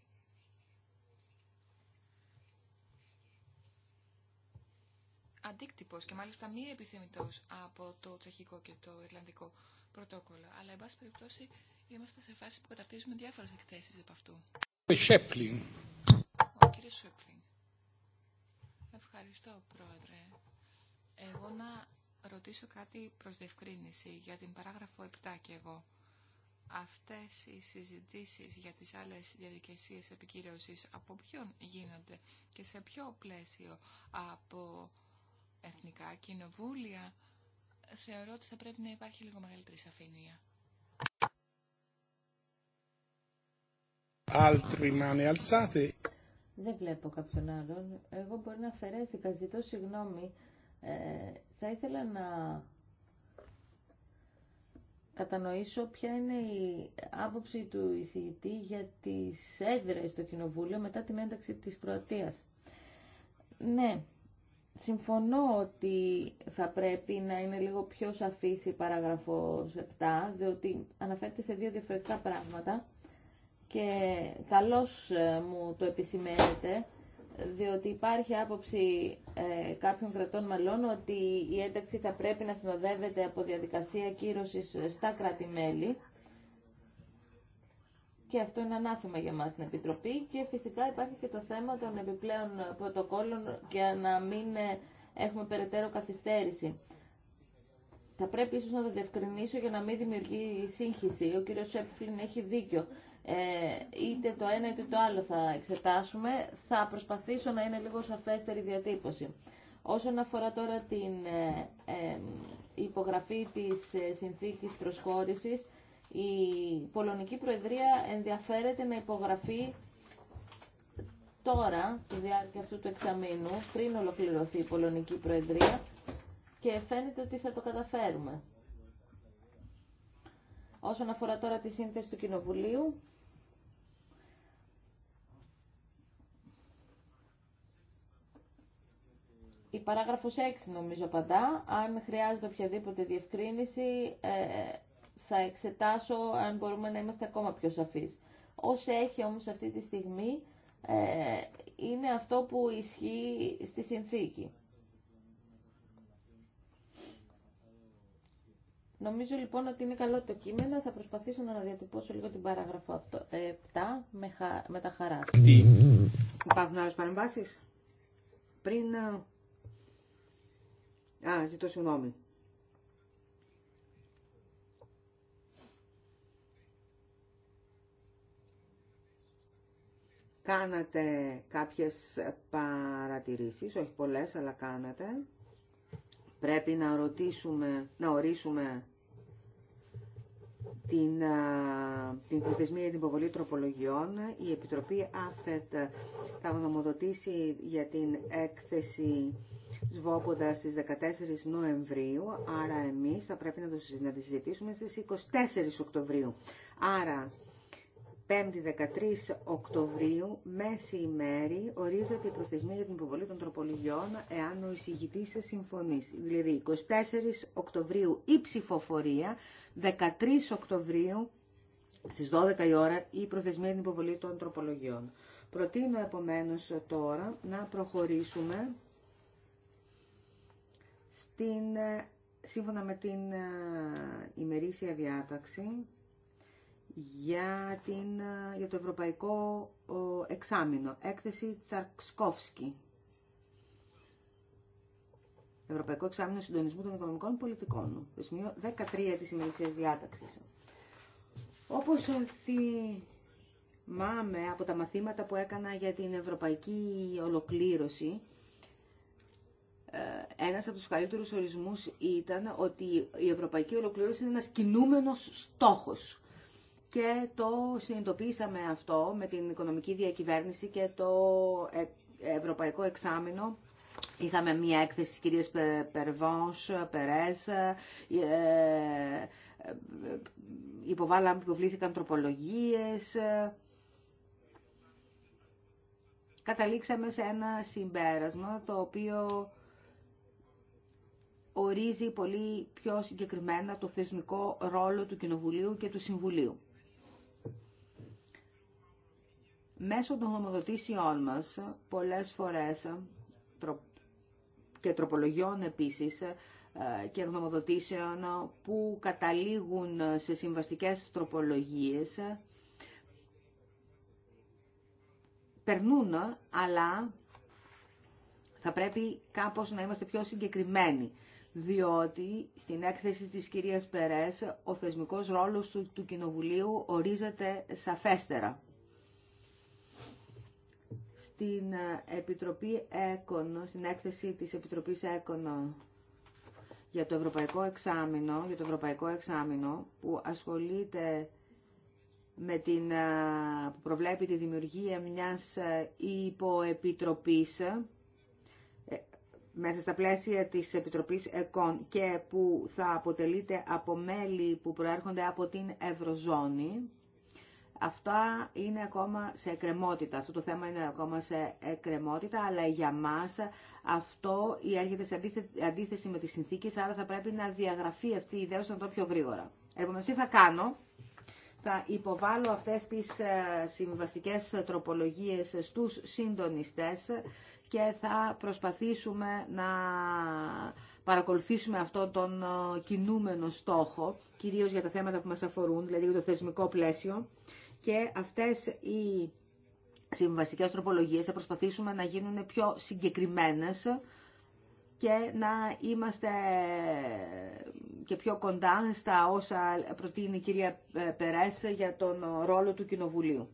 [SPEAKER 2] αντίκτυπος και μάλιστα μη επιθυμητός από το τσεχικό και το ιρλανδικό πρωτόκολλο. Αλλά, εν πάση περιπτώσει, είμαστε σε φάση που καταρτίζουμε διάφορες εκθέσεις από αυτού. Ο κύριος Ευχαριστώ, Πρόεδρε. Εγώ να ρωτήσω κάτι προς διευκρίνηση για την παράγραφο 7 και εγώ αυτές οι συζητήσεις για τις άλλες διαδικασίες επικύρωσης από ποιον γίνονται και σε ποιο πλαίσιο από εθνικά κοινοβούλια θεωρώ ότι θα πρέπει να υπάρχει λίγο μεγαλύτερη σαφήνεια.
[SPEAKER 3] Δεν βλέπω κάποιον άλλον. Εγώ μπορεί να αφαιρέθηκα, ζητώ συγγνώμη. Ε, θα ήθελα να κατανοήσω ποια είναι η άποψη του εισηγητή για τις έδρες στο Κοινοβούλιο μετά την ένταξη της Κροατίας. Ναι, συμφωνώ ότι θα πρέπει να είναι λίγο πιο σαφής η παραγραφός 7, διότι αναφέρεται σε δύο διαφορετικά πράγματα και καλώς ε, μου το επισημαίνετε διότι υπάρχει άποψη ε, κάποιων κρατών μελών ότι η ένταξη θα πρέπει να συνοδεύεται από διαδικασία κύρωσης στα κράτη-μέλη και αυτό είναι ανάθεμα για μας στην Επιτροπή και φυσικά υπάρχει και το θέμα των επιπλέον πρωτοκόλων και να μην ε, έχουμε περαιτέρω καθυστέρηση. Θα πρέπει ίσως να το διευκρινίσω για να μην δημιουργεί σύγχυση. Ο κύριος Σέπφλιν έχει δίκιο. Ε, είτε το ένα είτε το άλλο θα εξετάσουμε. Θα προσπαθήσω να είναι λίγο σαφέστερη διατύπωση. Όσον αφορά τώρα την ε, υπογραφή της ε, συνθήκης προσχώρησης, η Πολωνική Προεδρία ενδιαφέρεται να υπογραφεί τώρα, στη διάρκεια αυτού του εξαμήνου, πριν ολοκληρωθεί η Πολωνική Προεδρία και φαίνεται ότι θα το καταφέρουμε. Όσον αφορά τώρα τη σύνθεση του Κοινοβουλίου, Η παράγραφος 6 νομίζω απαντά. Αν χρειάζεται οποιαδήποτε διευκρίνηση ε, θα εξετάσω αν μπορούμε να είμαστε ακόμα πιο σαφείς. Όσο έχει όμως αυτή τη στιγμή ε, είναι αυτό που ισχύει στη συνθήκη. Νομίζω λοιπόν ότι είναι καλό το κείμενο. Θα προσπαθήσω να διατυπώσω λίγο την παράγραφο αυτό. 7 ε, με, τα χαρά. Υπάρχουν άλλε παρεμβάσει. Πριν
[SPEAKER 1] Α, ζητώ συγγνώμη. Κάνατε κάποιες παρατηρήσεις, όχι πολλές, αλλά κάνατε. Πρέπει να, ρωτήσουμε, να ορίσουμε την, την θεσμία την υποβολή τροπολογιών. Η Επιτροπή ΑΦΕΤ θα γνωμοδοτήσει για την έκθεση Σβόποντα στις 14 Νοεμβρίου, άρα εμείς θα πρέπει να το συζητήσουμε στις 24 Οκτωβρίου. Άρα 5η 13 Οκτωβρίου, μεσημέρι, ορίζεται 13 οκτωβριου μέση ημέρη, οριζεται η προθεσμια για την υποβολή των τροπολογιών, εάν ο εισηγητή σε συμφωνήσει. Δηλαδή, 24 Οκτωβρίου η ψηφοφορία, 13 Οκτωβρίου στι 12 η ώρα η προθεσμία για την υποβολή των τροπολογιών. Προτείνω επομένω τώρα να προχωρήσουμε την, ε, σύμφωνα με την ε, ημερήσια διάταξη για, την, ε, για το Ευρωπαϊκό Εξάμεινο, έκθεση Τσαρκσκόφσκι. Ευρωπαϊκό Εξάμεινο Συντονισμού των Οικονομικών Πολιτικών, το σημείο 13 της ημερησίας διάταξης. Όπως θυμάμαι από τα μαθήματα που έκανα για την ευρωπαϊκή ολοκλήρωση, ε, ένας από τους καλύτερους ορισμούς ήταν ότι η ευρωπαϊκή ολοκλήρωση είναι ένας κινούμενος στόχος. Και το συνειδητοποίησαμε αυτό με την οικονομική διακυβέρνηση και το ε, ευρωπαϊκό εξάμεινο. Είχαμε μία έκθεση της κυρίας Περβόνς, Περές, ε, υποβάλαμε, υποβλήθηκαν τροπολογίες, καταλήξαμε σε ένα συμπέρασμα το οποίο ορίζει πολύ πιο συγκεκριμένα το θεσμικό ρόλο του Κοινοβουλίου και του Συμβουλίου. Μέσω των γνωμοδοτήσεών μας, πολλές φορές και τροπολογιών επίσης ε, και γνωμοδοτήσεων που καταλήγουν σε συμβαστικές τροπολογίες, περνούν, αλλά θα πρέπει κάπως να είμαστε πιο συγκεκριμένοι διότι στην έκθεση της κυρίας Περές ο θεσμικός ρόλος του, του Κοινοβουλίου ορίζεται σαφέστερα. Στην ε, Επιτροπή Έκον, στην έκθεση της Επιτροπής Έκονο ε, για το Ευρωπαϊκό Εξάμεινο, για το Ευρωπαϊκό Εξάμεινο που ασχολείται με την, ε, που προβλέπει τη δημιουργία μιας υποεπιτροπής μέσα στα πλαίσια της Επιτροπής ΕΚΟΝ και που θα αποτελείται από μέλη που προέρχονται από την Ευρωζώνη. Αυτά είναι ακόμα σε εκκρεμότητα. Αυτό το θέμα είναι ακόμα σε εκκρεμότητα, αλλά για μας αυτό έρχεται σε αντίθεση με τις συνθήκες, άρα θα πρέπει να διαγραφεί αυτή η ιδέα όσο πιο γρήγορα. Επομένως, τι θα κάνω. Θα υποβάλω αυτές τις ε, συμβαστικές τροπολογίες στους συντονιστές και θα προσπαθήσουμε να παρακολουθήσουμε αυτό τον ε, κινούμενο στόχο, κυρίως για τα θέματα που μας αφορούν, δηλαδή για το θεσμικό πλαίσιο. Και αυτές οι συμβαστικές τροπολογίες θα προσπαθήσουμε να γίνουν πιο συγκεκριμένες και να είμαστε και πιο κοντά στα όσα προτείνει η κυρία Περές για τον ρόλο του Κοινοβουλίου.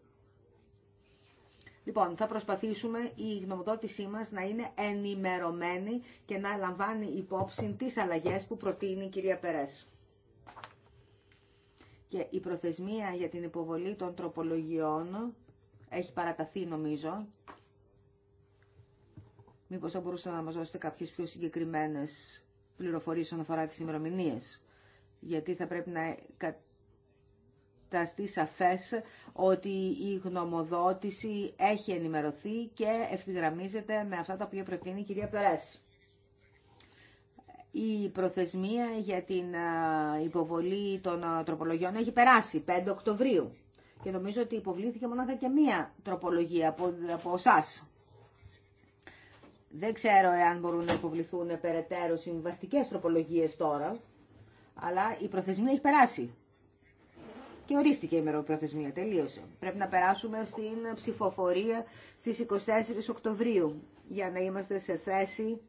[SPEAKER 1] Λοιπόν, θα προσπαθήσουμε η γνωμοδότησή μας να είναι ενημερωμένη και να λαμβάνει υπόψη τις αλλαγές που προτείνει η κυρία Περές. Και η προθεσμία για την υποβολή των τροπολογιών έχει παραταθεί νομίζω. Μήπως θα μπορούσατε να μας δώσετε κάποιες πιο συγκεκριμένες πληροφορίες όσον αφορά τις ημερομηνίε. Γιατί θα πρέπει να καταστεί σαφές ότι η γνωμοδότηση έχει ενημερωθεί και ευθυγραμμίζεται με αυτά τα οποία προτείνει η κυρία Περές. Η προθεσμία για την ε, υποβολή των ε, τροπολογιών έχει περάσει 5 Οκτωβρίου και νομίζω ότι υποβλήθηκε μονάχα και μία τροπολογία από, από εσά. Δεν ξέρω εάν μπορούν να υποβληθούν περαιτέρω συμβαστικέ τροπολογίε τώρα, αλλά η προθεσμία έχει περάσει και ορίστηκε η ημεροπροθεσμία. Τελείωσε. Πρέπει να περάσουμε στην ψηφοφορία στις 24 Οκτωβρίου για να είμαστε σε θέση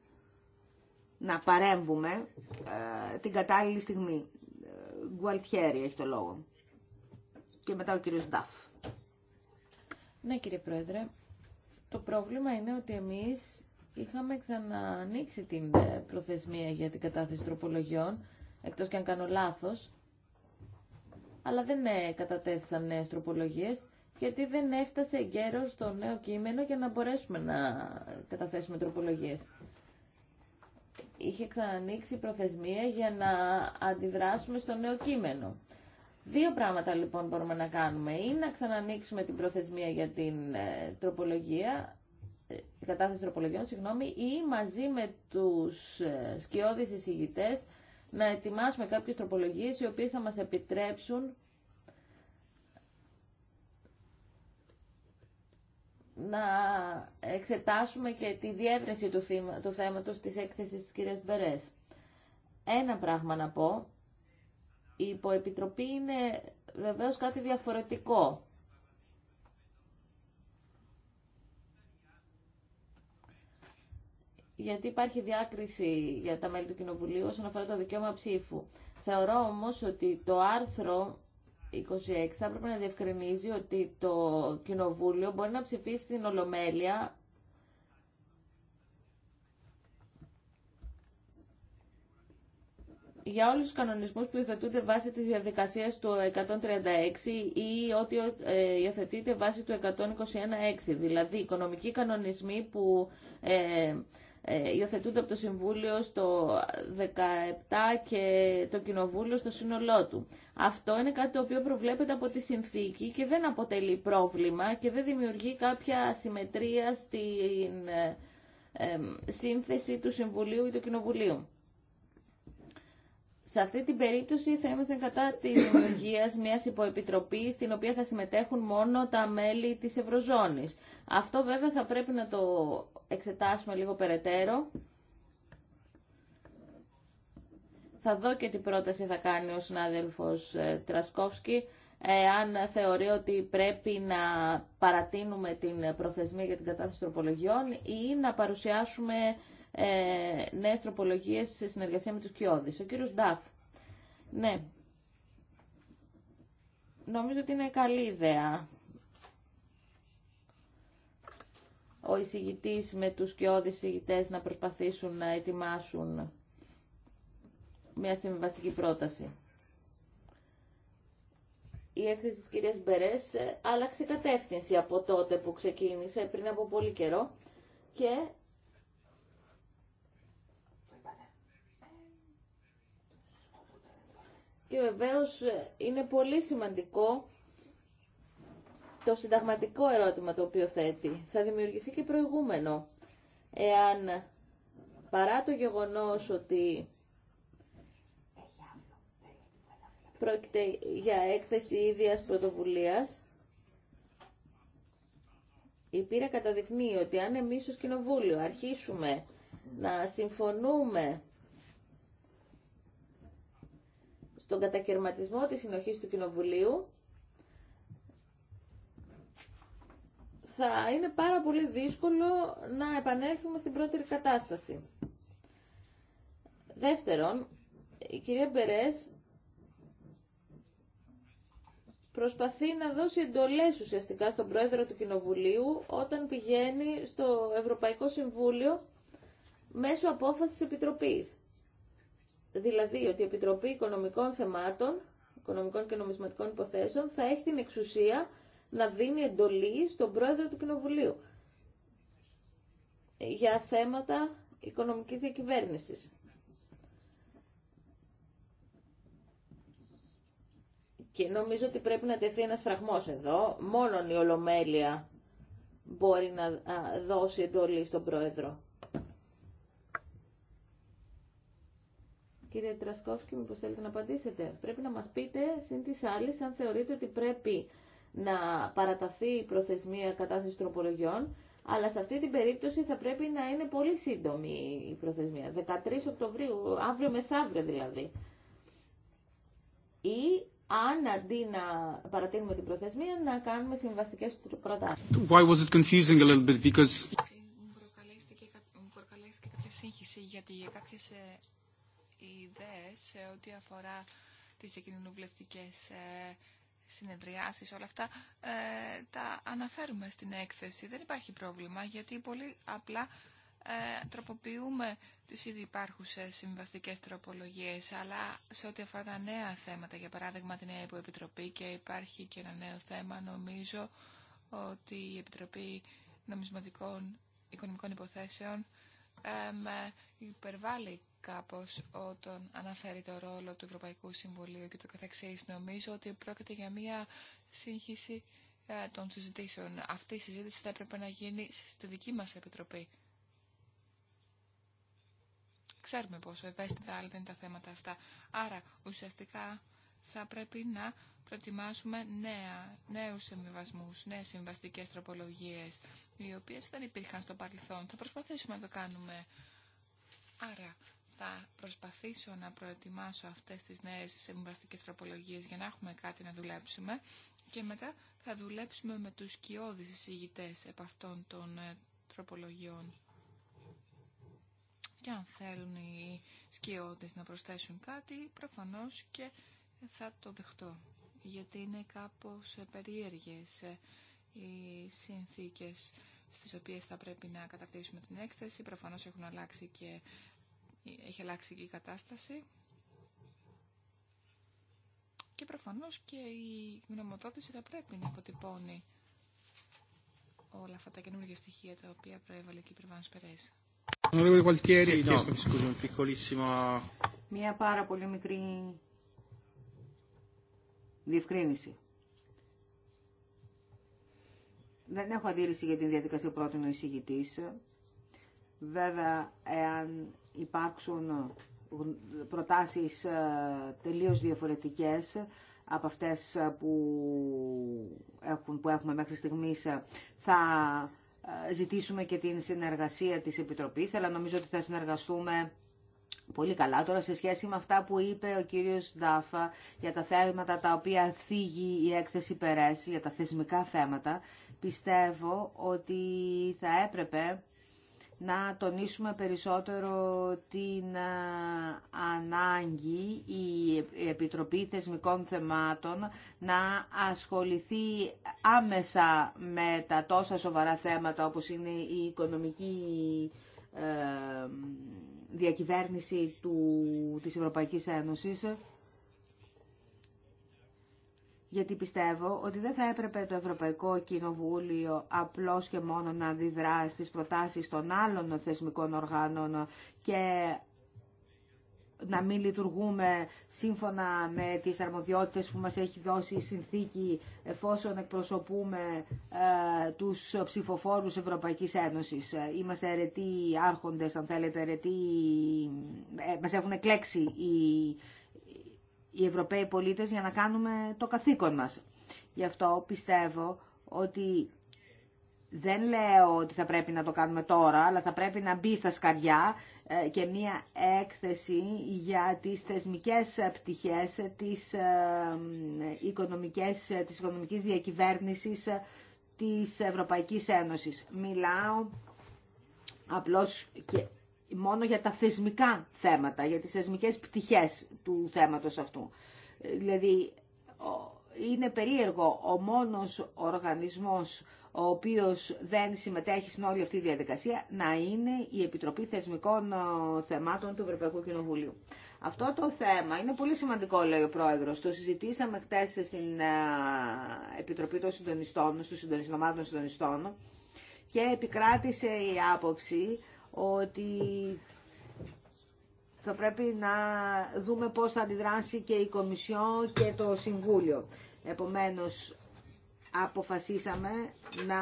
[SPEAKER 1] να παρέμβουμε ε, την κατάλληλη στιγμή. Ε, Γκουαλτιέρη έχει το λόγο. Και μετά ο κύριος Νταφ.
[SPEAKER 3] Ναι κύριε Πρόεδρε, το πρόβλημα είναι ότι εμείς είχαμε ξανανοίξει την ε, προθεσμία για την κατάθεση τροπολογιών, εκτός και αν κάνω λάθος, αλλά δεν ε, κατατέθησαν νέες τροπολογίες, γιατί δεν έφτασε εγκαίρως στο νέο κείμενο για να μπορέσουμε να καταθέσουμε τροπολογίες. Είχε ξανανοίξει προθεσμία για να αντιδράσουμε στο νέο κείμενο. Δύο πράγματα λοιπόν μπορούμε να κάνουμε. Ή να ξανανοίξουμε την προθεσμία για την ε, τροπολογία, ε, κατάθεση τροπολογιών, συγγνώμη, ή μαζί με τους ε, σκιώδεις να ετοιμάσουμε κάποιες τροπολογίες οι οποίες θα μας επιτρέψουν να εξετάσουμε και τη διεύρυνση του, του θέματος της έκθεσης της κυρίας Μπερές. Ένα πράγμα να πω, η υποεπιτροπή είναι βεβαίως κάτι διαφορετικό γιατί υπάρχει διάκριση για τα μέλη του Κοινοβουλίου όσον αφορά το δικαίωμα ψήφου. Θεωρώ όμως ότι το άρθρο 26 θα έπρεπε να διευκρινίζει ότι το Κοινοβούλιο μπορεί να ψηφίσει την Ολομέλεια για όλους τους κανονισμούς που υιοθετούνται βάσει της διαδικασίας του 136 ή ό,τι ε, υιοθετείται βάσει του 121.6, δηλαδή οικονομικοί κανονισμοί που ε, ε, υιοθετούνται από το Συμβούλιο στο 17 και το Κοινοβούλιο στο σύνολό του. Αυτό είναι κάτι το οποίο προβλέπεται από τη συνθήκη και δεν αποτελεί πρόβλημα και δεν δημιουργεί κάποια συμμετρία στην ε, ε, σύνθεση του Συμβουλίου ή του Κοινοβουλίου. Σε αυτή την περίπτωση θα είμαστε κατά τη δημιουργία μια υποεπιτροπή στην οποία θα συμμετέχουν μόνο τα μέλη τη Ευρωζώνη. Αυτό βέβαια θα πρέπει να το εξετάσουμε λίγο περαιτέρω. Θα δω και τι πρόταση θα κάνει ο συνάδελφος ε, Τρασκόφσκι αν θεωρεί ότι πρέπει να παρατείνουμε την προθεσμία για την κατάθεση τροπολογιών ή να παρουσιάσουμε ε, νέες τροπολογίες σε συνεργασία με τους κοιόδης. Ο κύριος Νταφ. Ναι. Νομίζω ότι είναι καλή ιδέα ο εισηγητής με τους κοιόδης εισηγητές να προσπαθήσουν να ετοιμάσουν μια συμβαστική πρόταση. Η έκθεση της κυρίας Μπερές άλλαξε κατεύθυνση από τότε που ξεκίνησε πριν από πολύ καιρό και και βεβαίως ε, είναι πολύ σημαντικό το συνταγματικό ερώτημα το οποίο θέτει. Θα δημιουργηθεί και προηγούμενο. Εάν παρά το γεγονός ότι πρόκειται για έκθεση ίδιας πρωτοβουλίας, η πείρα καταδεικνύει ότι αν εμείς ως Κοινοβούλιο αρχίσουμε να συμφωνούμε στον κατακαιρματισμό της συνοχής του Κοινοβουλίου θα είναι πάρα πολύ δύσκολο να επανέλθουμε στην πρώτη κατάσταση. Δεύτερον, η κυρία Μπερές προσπαθεί να δώσει εντολές ουσιαστικά στον πρόεδρο του Κοινοβουλίου όταν πηγαίνει στο Ευρωπαϊκό Συμβούλιο μέσω απόφασης Επιτροπής δηλαδή ότι η Επιτροπή Οικονομικών Θεμάτων, Οικονομικών και Νομισματικών Υποθέσεων, θα έχει την εξουσία να δίνει εντολή στον Πρόεδρο του Κοινοβουλίου για θέματα οικονομικής διακυβέρνησης. Και νομίζω ότι πρέπει να τεθεί ένας φραγμός εδώ. Μόνον η Ολομέλεια μπορεί να δώσει εντολή στον Πρόεδρο. Κύριε Τρασκόφσκι, μήπως θέλετε να απαντήσετε. Πρέπει να μας πείτε, συν τις άλλες, αν θεωρείτε ότι πρέπει να παραταθεί η προθεσμία κατάθεση τροπολογιών, αλλά σε αυτή την περίπτωση θα πρέπει να είναι πολύ σύντομη η προθεσμία. 13 Οκτωβρίου, αύριο μεθαύριο δηλαδή. Ή αν αντί να παρατείνουμε την προθεσμία να κάνουμε συμβαστικές προτάσεις.
[SPEAKER 1] Why was it confusing a Μου προκαλέστηκε
[SPEAKER 2] κάποια σύγχυση γιατί για κάποιες ε, οι ιδέες σε ό,τι αφορά τις ε, συνεδριάσεις, όλα αυτά ε, τα αναφέρουμε στην έκθεση. Δεν υπάρχει πρόβλημα γιατί πολύ απλά ε, τροποποιούμε τις ήδη υπάρχουσες συμβαστικές τροπολογίες αλλά σε ό,τι αφορά τα νέα θέματα, για παράδειγμα την νέα υποεπιτροπή και υπάρχει και ένα νέο θέμα, νομίζω ότι η Επιτροπή Νομισματικών Οικονομικών Υποθέσεων ε, υπερβάλλει κάπως όταν αναφέρει το ρόλο του Ευρωπαϊκού Συμβουλίου και το καθεξής. Νομίζω ότι πρόκειται για μια σύγχυση ε, των συζητήσεων. Αυτή η συζήτηση θα έπρεπε να γίνει στη δική μας Επιτροπή. Ξέρουμε πόσο ευαίσθητα άλλα είναι τα θέματα αυτά. Άρα, ουσιαστικά, θα πρέπει να προετοιμάσουμε νέα, νέους συμβιβασμούς, νέες συμβαστικές τροπολογίες, οι οποίες δεν υπήρχαν στο παρελθόν. Θα προσπαθήσουμε να το κάνουμε. Άρα, θα προσπαθήσω να προετοιμάσω αυτές τις νέες συμβαστικές τροπολογίες για να έχουμε κάτι να δουλέψουμε και μετά θα δουλέψουμε με τους σκιώδεις εισηγητές από αυτών των ε, τροπολογιών. Και αν θέλουν οι σκιώδεις να προσθέσουν κάτι, προφανώς και θα το δεχτώ. Γιατί είναι κάπως ε, περίεργες ε, οι συνθήκες στις οποίες θα πρέπει να κατακτήσουμε την έκθεση. Προφανώς έχουν αλλάξει και έχει αλλάξει και η κατάσταση. Και προφανώς και η γνωμοτότηση θα πρέπει να αποτυπώνει όλα αυτά τα καινούργια στοιχεία τα οποία προέβαλε και η Περβάνος Περέσα. Μία πάρα πολύ μικρή διευκρίνηση.
[SPEAKER 1] Δεν έχω αντίρρηση για την διαδικασία πρώτη ο εισηγητής. Βέβαια, εάν υπάρξουν προτάσεις ε, τελείως διαφορετικές από αυτές που, έχουν, που έχουμε μέχρι στιγμής. Θα ε, ζητήσουμε και την συνεργασία της Επιτροπής, αλλά νομίζω ότι θα συνεργαστούμε πολύ καλά. Τώρα σε σχέση με αυτά που είπε ο κύριος Ντάφα για τα θέματα τα οποία θίγει η έκθεση Περέση, για τα θεσμικά θέματα, πιστεύω ότι θα έπρεπε να τονίσουμε περισσότερο την ανάγκη η Επιτροπή Θεσμικών Θεμάτων να ασχοληθεί άμεσα με τα τόσα σοβαρά θέματα όπως είναι η οικονομική ε, διακυβέρνηση του, της Ευρωπαϊκής Ένωσης γιατί πιστεύω ότι δεν θα έπρεπε το Ευρωπαϊκό Κοινοβούλιο απλώς και μόνο να αντιδρά στις προτάσεις των άλλων θεσμικών οργάνων και να μην λειτουργούμε σύμφωνα με τις αρμοδιότητες που μας έχει δώσει η συνθήκη εφόσον εκπροσωπούμε ε, τους ψηφοφόρους Ευρωπαϊκής Ένωσης. Ε, είμαστε αιρετοί άρχοντες, αν θέλετε, αιρετοί... Ε, μας έχουν εκλέξει οι, οι Ευρωπαίοι πολίτες για να κάνουμε το καθήκον μας. Γι' αυτό πιστεύω ότι δεν λέω ότι θα πρέπει να το κάνουμε τώρα, αλλά θα πρέπει να μπει στα σκαριά ε, και μία έκθεση για τις θεσμικές πτυχές της ε, οικονομικής, της οικονομικής διακυβέρνησης ε, της Ευρωπαϊκής Ένωσης. Μιλάω απλώς και μόνο για τα θεσμικά θέματα, για τις θεσμικές πτυχές του θέματος αυτού. Δηλαδή, είναι περίεργο ο μόνος οργανισμός ο οποίος δεν συμμετέχει στην όλη αυτή τη διαδικασία να είναι η Επιτροπή Θεσμικών ε, Θεμάτων του Ευρωπαϊκού Κοινοβουλίου. Αυτό το θέμα είναι πολύ σημαντικό, λέει ο Πρόεδρος. Το συζητήσαμε χθε στην ε, Επιτροπή των Συντονιστών, στους των συντονιστών και επικράτησε η άποψη ότι θα πρέπει να δούμε πώς θα αντιδράσει και η Κομισιόν και το Συμβούλιο. Επομένως, αποφασίσαμε να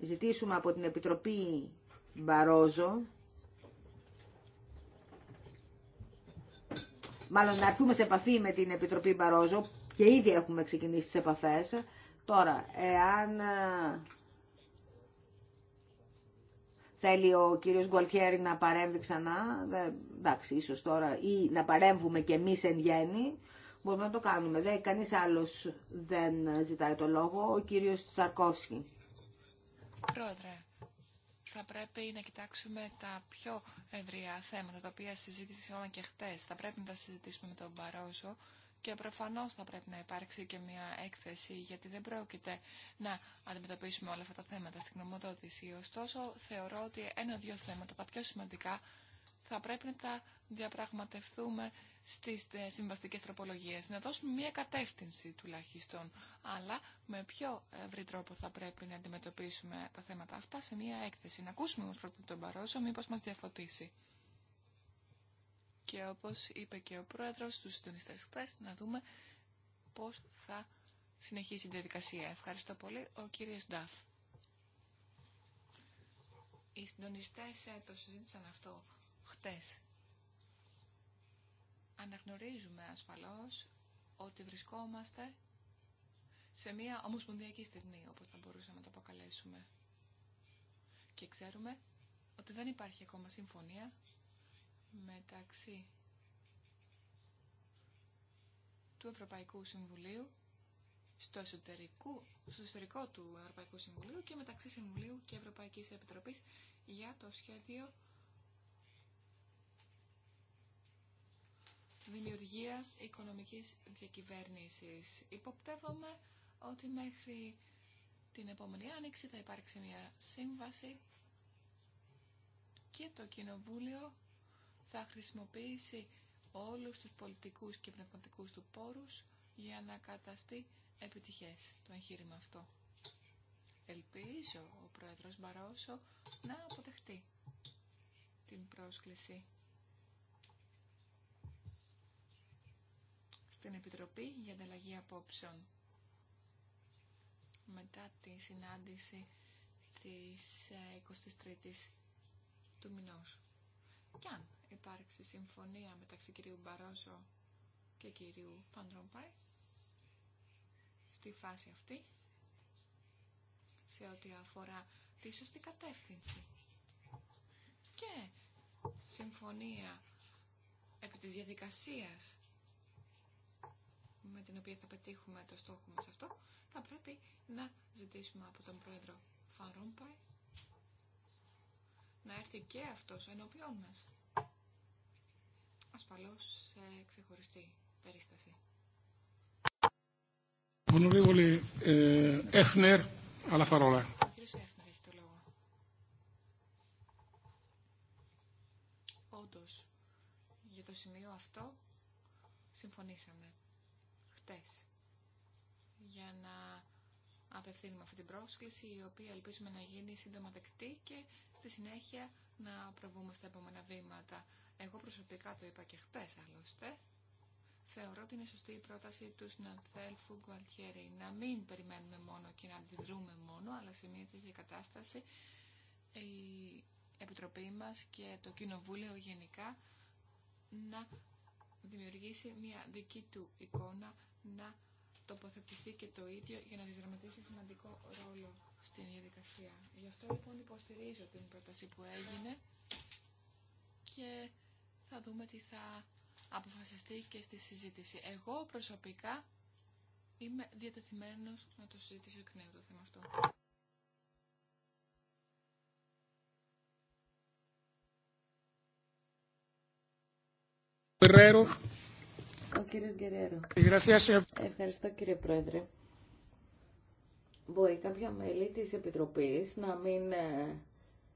[SPEAKER 1] ζητήσουμε από την Επιτροπή Μπαρόζο μάλλον να έρθουμε σε επαφή με την Επιτροπή Μπαρόζο και ήδη έχουμε ξεκινήσει τις επαφές. Τώρα, εάν Θέλει ο κύριος Γκουαλτιέρη να παρέμβει ξανά, εντάξει, ίσως τώρα, ή να παρέμβουμε και εμείς εν γέννη, μπορούμε να το κάνουμε. Δεν, κανείς άλλος δεν ζητάει το λόγο, ο κύριος Τσαρκόφσκι.
[SPEAKER 2] Πρόεδρε, θα πρέπει να κοιτάξουμε τα πιο ευρεία θέματα, τα οποία συζήτησαμε και χτες. Θα πρέπει να τα συζητήσουμε με τον Παρόζο και προφανώς θα πρέπει να υπάρξει και μια έκθεση γιατί δεν πρόκειται να αντιμετωπίσουμε όλα αυτά τα θέματα στην νομοδοτηση ωστοσο Ωστόσο θεωρώ ότι ένα-δύο θέματα τα πιο σημαντικά θα πρέπει να τα διαπραγματευτούμε στις ε, συμβαστικές τροπολογίες, να δώσουμε μια κατεύθυνση τουλάχιστον, αλλά με πιο ευρύ τρόπο θα πρέπει να αντιμετωπίσουμε τα θέματα αυτά σε μια έκθεση. Να ακούσουμε όμως πρώτα τον Παρόσο, μήπως μας διαφωτίσει και όπως είπε και ο πρόεδρος του συντονιστές χθες, να δούμε πώς θα συνεχίσει η διαδικασία. Ευχαριστώ πολύ. Ο κύριος Νταφ. Οι συντονιστές ε, το συζήτησαν αυτό χτες. Αναγνωρίζουμε ασφαλώς ότι βρισκόμαστε σε μια ομοσπονδιακή στιγμή, όπως θα μπορούσαμε να το αποκαλέσουμε. Και ξέρουμε ότι δεν υπάρχει ακόμα συμφωνία μεταξύ του Ευρωπαϊκού Συμβουλίου στο εσωτερικό, στο εσωτερικό του Ευρωπαϊκού Συμβουλίου και μεταξύ Συμβουλίου και Ευρωπαϊκής Επιτροπής για το σχέδιο δημιουργίας οικονομικής διακυβέρνησης. Υποπτεύομαι ότι μέχρι την επόμενη άνοιξη θα υπάρξει μια σύμβαση και το Κοινοβούλιο θα χρησιμοποιήσει όλους τους πολιτικούς και πνευματικούς του πόρους για να καταστεί επιτυχές το εγχείρημα αυτό. Ελπίζω ο Πρόεδρος Μπαρόσο να αποτεχτεί την πρόσκληση στην Επιτροπή για ανταλλαγή απόψεων. Μετά τη συνάντηση της 23ης ε, του μηνός. Κι υπάρξει συμφωνία μεταξύ κυρίου Μπαρόσο και κυρίου Φαντρομπάη στη φάση αυτή σε ό,τι αφορά τη σωστή κατεύθυνση και συμφωνία επί της διαδικασίας με την οποία θα πετύχουμε το στόχο μας αυτό, θα πρέπει να ζητήσουμε από τον πρόεδρο Φαρόμπαϊ να έρθει και αυτός ενώπιόν μας ασφαλώς σε ξεχωριστή περίσταση.
[SPEAKER 1] Έφνερ. έχει
[SPEAKER 2] το λόγο. για το σημείο αυτό συμφωνήσαμε χτες για να απευθύνουμε αυτή την πρόσκληση η οποία ελπίζουμε να γίνει σύντομα δεκτή και στη συνέχεια να προβούμε στα επόμενα βήματα. Εγώ προσωπικά το είπα και χτες άλλωστε. Θεωρώ ότι είναι σωστή η πρόταση του συναδέλφου Γκουαλτιέρη να μην περιμένουμε μόνο και να αντιδρούμε μόνο, αλλά σε μια τέτοια κατάσταση η Επιτροπή μας και το Κοινοβούλιο γενικά να δημιουργήσει μια δική του εικόνα, να τοποθετηθεί και το ίδιο για να διδραματίσει σημαντικό ρόλο στην διαδικασία. Γι' αυτό λοιπόν υποστηρίζω την πρόταση που έγινε και θα δούμε τι θα αποφασιστεί και στη συζήτηση. Εγώ προσωπικά είμαι διατεθειμένος να το συζητήσω εκ νέου το θέμα αυτό.
[SPEAKER 3] Ο κύριος Γκερέρο. Ευχαριστώ κύριε Πρόεδρε. Μπορεί κάποια μέλη της Επιτροπής να μην ε,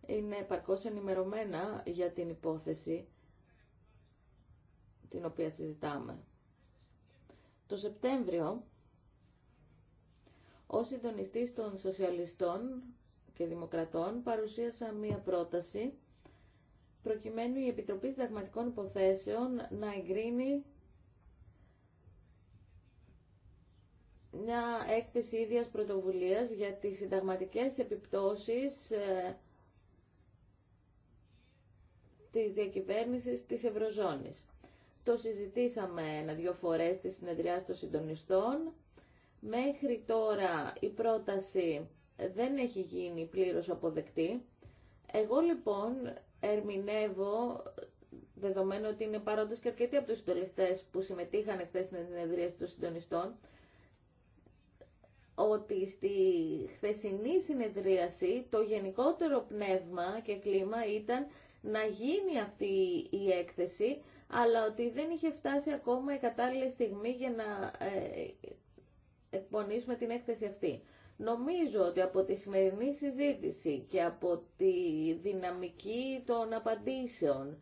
[SPEAKER 3] είναι επαρκώς ενημερωμένα για την υπόθεση την οποία συζητάμε. Το Σεπτέμβριο, ο συντονιστής των σοσιαλιστών και δημοκρατών παρουσίασα μία πρόταση προκειμένου η Επιτροπή Συνταγματικών Υποθέσεων να εγκρίνει μια έκθεση ίδιας πρωτοβουλίας για τις συνταγματικές επιπτώσεις ε, της διακυβέρνησης της Ευρωζώνης. Το συζητήσαμε ένα-δυο φορές στη συνεδριά των συντονιστών. Μέχρι τώρα η πρόταση δεν έχει γίνει πλήρως αποδεκτή. Εγώ λοιπόν ερμηνεύω, δεδομένου ότι είναι παρόντες και αρκετοί από τους συντονιστές που συμμετείχαν χθε στην συνεδρία των συντονιστών, ότι στη χθεσινή συνεδρίαση το γενικότερο πνεύμα και κλίμα ήταν να γίνει αυτή η έκθεση αλλά ότι δεν είχε φτάσει ακόμα η κατάλληλη στιγμή για να ε, εκπονήσουμε την έκθεση αυτή. Νομίζω ότι από τη σημερινή συζήτηση και από τη δυναμική των απαντήσεων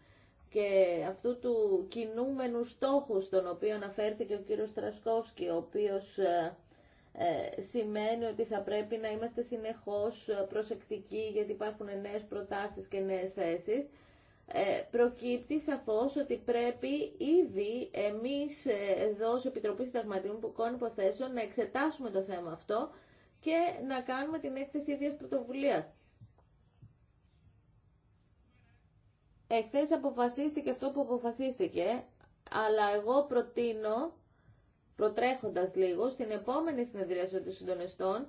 [SPEAKER 3] και αυτού του κινούμενου στόχου στον οποίο αναφέρθηκε ο κύριος Στρασκόφσκι, ο οποίος ε, ε, σημαίνει ότι θα πρέπει να είμαστε συνεχώς προσεκτικοί γιατί υπάρχουν νέες προτάσεις και νέες θέσεις. Ε, προκύπτει σαφώς ότι πρέπει ήδη εμείς εδώ ως Επιτροπή Συνταγματικών Υποθέσεων να εξετάσουμε το θέμα αυτό και να κάνουμε την έκθεση ίδιας πρωτοβουλίας. Εχθές αποφασίστηκε αυτό που αποφασίστηκε, αλλά εγώ προτείνω, προτρέχοντας λίγο, στην επόμενη συνεδρίαση των συντονιστών,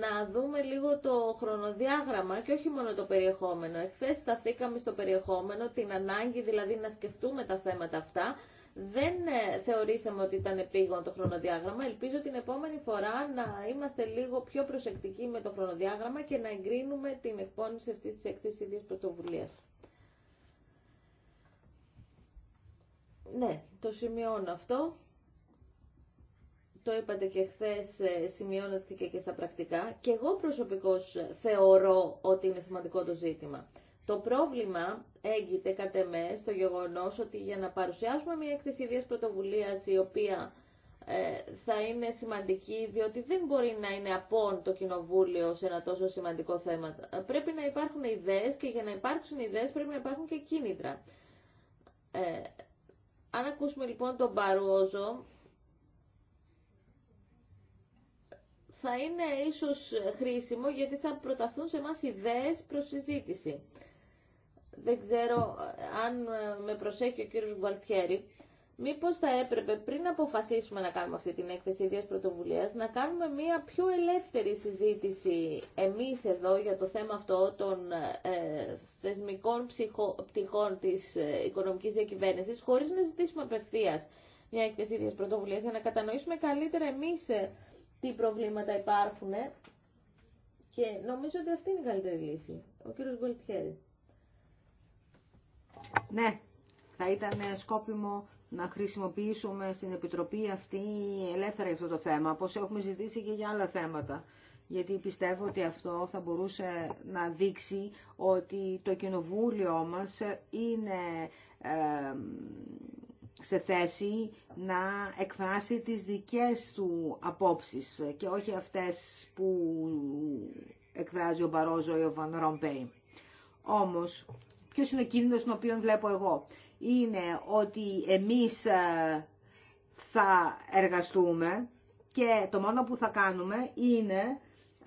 [SPEAKER 3] να δούμε λίγο το χρονοδιάγραμμα και όχι μόνο το περιεχόμενο. Εχθές σταθήκαμε στο περιεχόμενο, την ανάγκη δηλαδή να σκεφτούμε τα θέματα αυτά. Δεν ε, θεωρήσαμε ότι ήταν επίγον το χρονοδιάγραμμα. Ελπίζω την επόμενη φορά να είμαστε λίγο πιο προσεκτικοί με το χρονοδιάγραμμα και να εγκρίνουμε την εκπόνηση αυτή τη έκθεση της πρωτοβουλία. Ναι, το σημειώνω αυτό το είπατε και χθε, ε, σημειώνεται και στα πρακτικά, και εγώ προσωπικώς ε, θεωρώ ότι είναι σημαντικό το ζήτημα. Το πρόβλημα έγκυται κατ' εμέ στο γεγονός ότι για να παρουσιάσουμε μια έκθεση ιδίας πρωτοβουλίας η οποία ε, θα είναι σημαντική διότι δεν μπορεί να είναι απόν το κοινοβούλιο σε ένα τόσο σημαντικό θέμα. Πρέπει να υπάρχουν ιδέε και για να υπάρξουν ιδέε πρέπει να υπάρχουν και κίνητρα. Ε, αν ακούσουμε λοιπόν τον Παρόζο, θα είναι ίσως χρήσιμο γιατί θα προταθούν σε μας ιδέες προς συζήτηση. Δεν ξέρω ε, αν ε, με προσέχει ο κύριος Γκουαλτιέρη. Μήπως θα έπρεπε πριν αποφασίσουμε να κάνουμε αυτή την έκθεση ιδίας πρωτοβουλίας να κάνουμε μια πιο ελεύθερη συζήτηση εμείς εδώ για το θέμα αυτό των ε, θεσμικών ψυχο, πτυχών της ε, οικονομικής διακυβέρνησης χωρίς να ζητήσουμε απευθεία μια έκθεση ίδιας πρωτοβουλίας για να κατανοήσουμε καλύτερα εμείς τι προβλήματα υπάρχουν και νομίζω ότι αυτή είναι η καλύτερη λύση. Ο κύριος Γκολτιέρη.
[SPEAKER 1] Ναι, θα ήταν σκόπιμο να χρησιμοποιήσουμε στην Επιτροπή αυτή ελεύθερα για αυτό το θέμα, όπως έχουμε ζητήσει και για άλλα θέματα. Γιατί πιστεύω ότι αυτό θα μπορούσε να δείξει ότι το κοινοβούλιο μας είναι ε, σε θέση να εκφράσει τις δικές του απόψεις και όχι αυτές που εκφράζει ο Μπαρόζο ή ο Βαν Ρομπέι. Όμως, ποιος είναι ο κίνδυνος τον οποίο βλέπω εγώ. Είναι ότι εμείς ε, θα εργαστούμε και το μόνο που θα κάνουμε είναι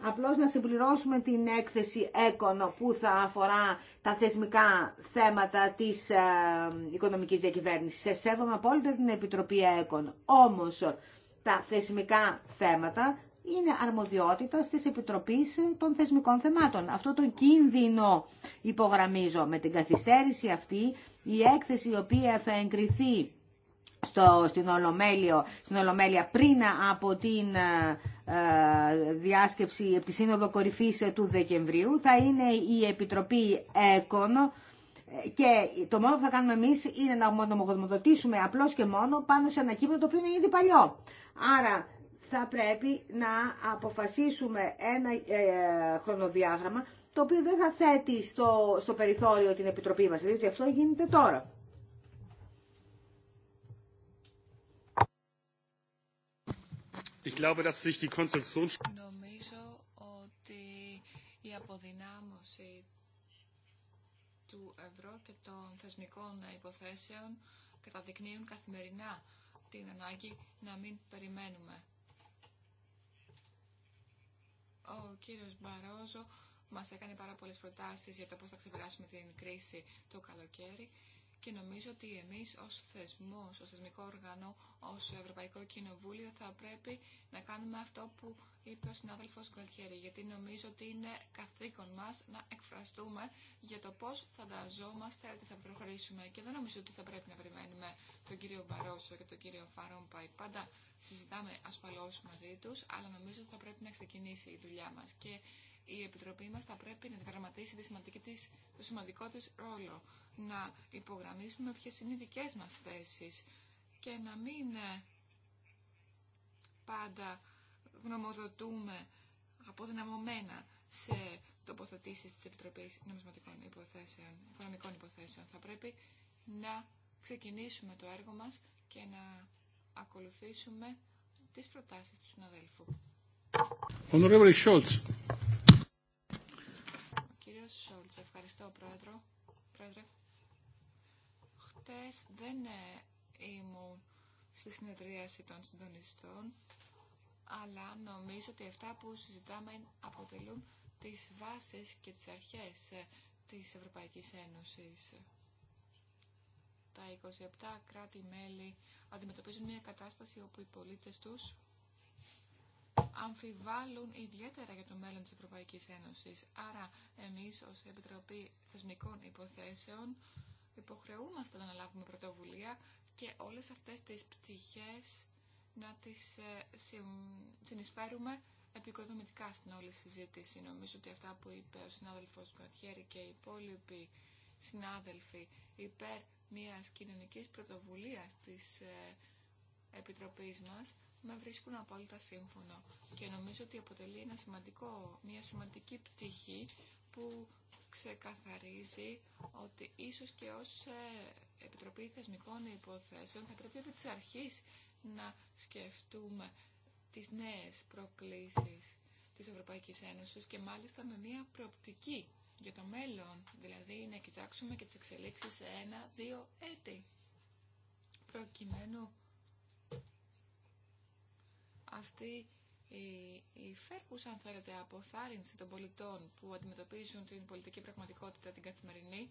[SPEAKER 1] Απλώς να συμπληρώσουμε την έκθεση έκονο που θα αφορά τα θεσμικά θέματα της ε, οικονομικής διακυβέρνησης. Σε σέβομαι απόλυτα την Επιτροπή έκονο. Όμως τα θεσμικά θέματα είναι αρμοδιότητα της Επιτροπής των Θεσμικών Θεμάτων. Αυτό το κίνδυνο υπογραμμίζω με την καθυστέρηση αυτή, η έκθεση η οποία θα εγκριθεί στο, στην, στην Ολομέλεια πριν από την ε, ε, διάσκεψη, από τη Σύνοδο Κορυφής ε, του Δεκεμβρίου. Θα είναι η Επιτροπή ΕΚΟΝ και το μόνο που θα κάνουμε εμείς είναι να νομοδοτήσουμε απλώς και μόνο πάνω σε ένα κείμενο το οποίο είναι ήδη παλιό. Άρα θα πρέπει να αποφασίσουμε ένα ε, χρονοδιάγραμμα το οποίο δεν θα θέτει στο, στο περιθώριο την Επιτροπή μας, διότι αυτό γίνεται τώρα. Νομίζω
[SPEAKER 2] ότι η αποδυνάμωση του ευρώ και των θεσμικών υποθέσεων καταδεικνύουν καθημερινά την ανάγκη να μην περιμένουμε. Ο κύριος Μπαρόζο μας έκανε πάρα πολλές προτάσεις για το πώς θα ξεπεράσουμε την κρίση το καλοκαίρι και νομίζω ότι εμείς ως θεσμός, ως θεσμικό όργανο, ως Ευρωπαϊκό Κοινοβούλιο θα πρέπει να κάνουμε αυτό που είπε ο συνάδελφος Καλχέρη. γιατί νομίζω ότι είναι καθήκον μας να εκφραστούμε για το πώς φανταζόμαστε ότι θα προχωρήσουμε και δεν νομίζω ότι θα πρέπει να περιμένουμε τον κύριο Μπαρόσο και τον κύριο Φαρόμπαϊ. Πάντα συζητάμε ασφαλώς μαζί τους, αλλά νομίζω ότι θα πρέπει να ξεκινήσει η δουλειά μας και η Επιτροπή μας θα πρέπει να δραματίσει τη σημαντική της, το σημαντικό της ρόλο, να υπογραμμίσουμε ποιες είναι οι δικές μας θέσεις και να μην ε, πάντα γνωμοδοτούμε αποδυναμωμένα σε τοποθετήσεις της Επιτροπής Νομισματικών Υποθέσεων, Οικονομικών Υποθέσεων. Θα πρέπει να ξεκινήσουμε το έργο μας και να ακολουθήσουμε τις προτάσεις του συναδέλφου κύριος Σόλτς. Ευχαριστώ, Πρόεδρο. Πρόεδρε. Χτες δεν ε, ήμουν στη συνεδρίαση των συντονιστών, αλλά νομίζω ότι αυτά που συζητάμε αποτελούν τις βάσεις και τις αρχές ε, της Ευρωπαϊκής Ένωσης. Τα 27 κράτη-μέλη αντιμετωπίζουν μια κατάσταση όπου οι πολίτες τους αμφιβάλλουν ιδιαίτερα για το μέλλον της Ευρωπαϊκής Ένωσης. Άρα εμείς ως Επιτροπή Θεσμικών Υποθέσεων υποχρεούμαστε να αναλάβουμε πρωτοβουλία και όλες αυτές τις πτυχές να τις ε, συνεισφέρουμε επικοδομητικά στην όλη συζήτηση. Νομίζω ότι αυτά που είπε ο συνάδελφος Γκατιέρη και οι υπόλοιποι συνάδελφοι υπέρ μιας κοινωνικής πρωτοβουλίας της ε, Επιτροπής μας με βρίσκουν απόλυτα σύμφωνο και νομίζω ότι αποτελεί ένα σημαντικό, μια σημαντική πτυχή που ξεκαθαρίζει ότι ίσως και ως ε, Επιτροπή Θεσμικών Υποθέσεων θα πρέπει επί της αρχής να σκεφτούμε τις νέες προκλήσεις της Ευρωπαϊκής Ένωσης και μάλιστα με μια προοπτική για το μέλλον, δηλαδή να κοιτάξουμε και τις εξελίξεις σε ένα-δύο έτη προκειμένου αυτή η φέρπους, αν θέλετε, αποθάρρυνση των πολιτών που αντιμετωπίζουν την πολιτική πραγματικότητα την καθημερινή,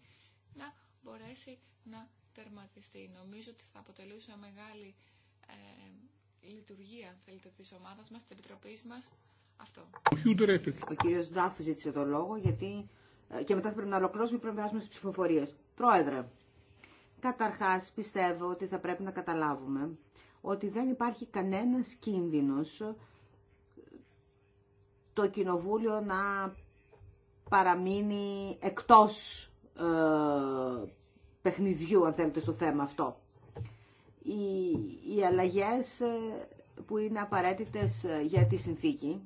[SPEAKER 2] να μπορέσει να τερματιστεί. Νομίζω ότι θα αποτελούσε μεγάλη ε, λειτουργία, αν θέλετε, της ομάδας μας, της Επιτροπής μας, αυτό.
[SPEAKER 1] Ο κύριος Ντάφ ζήτησε το λόγο, γιατί ε, και μετά θα πρέπει να ολοκληρώσουμε πρέπει να περάσουμε στις ψηφοφορίες. Πρόεδρε, καταρχάς πιστεύω ότι θα πρέπει να καταλάβουμε ότι δεν υπάρχει κανένας κίνδυνος το Κοινοβούλιο να παραμείνει εκτός ε, παιχνιδιού, αν θέλετε, στο θέμα αυτό. Οι, οι αλλαγές ε, που είναι απαραίτητες ε, για τη συνθήκη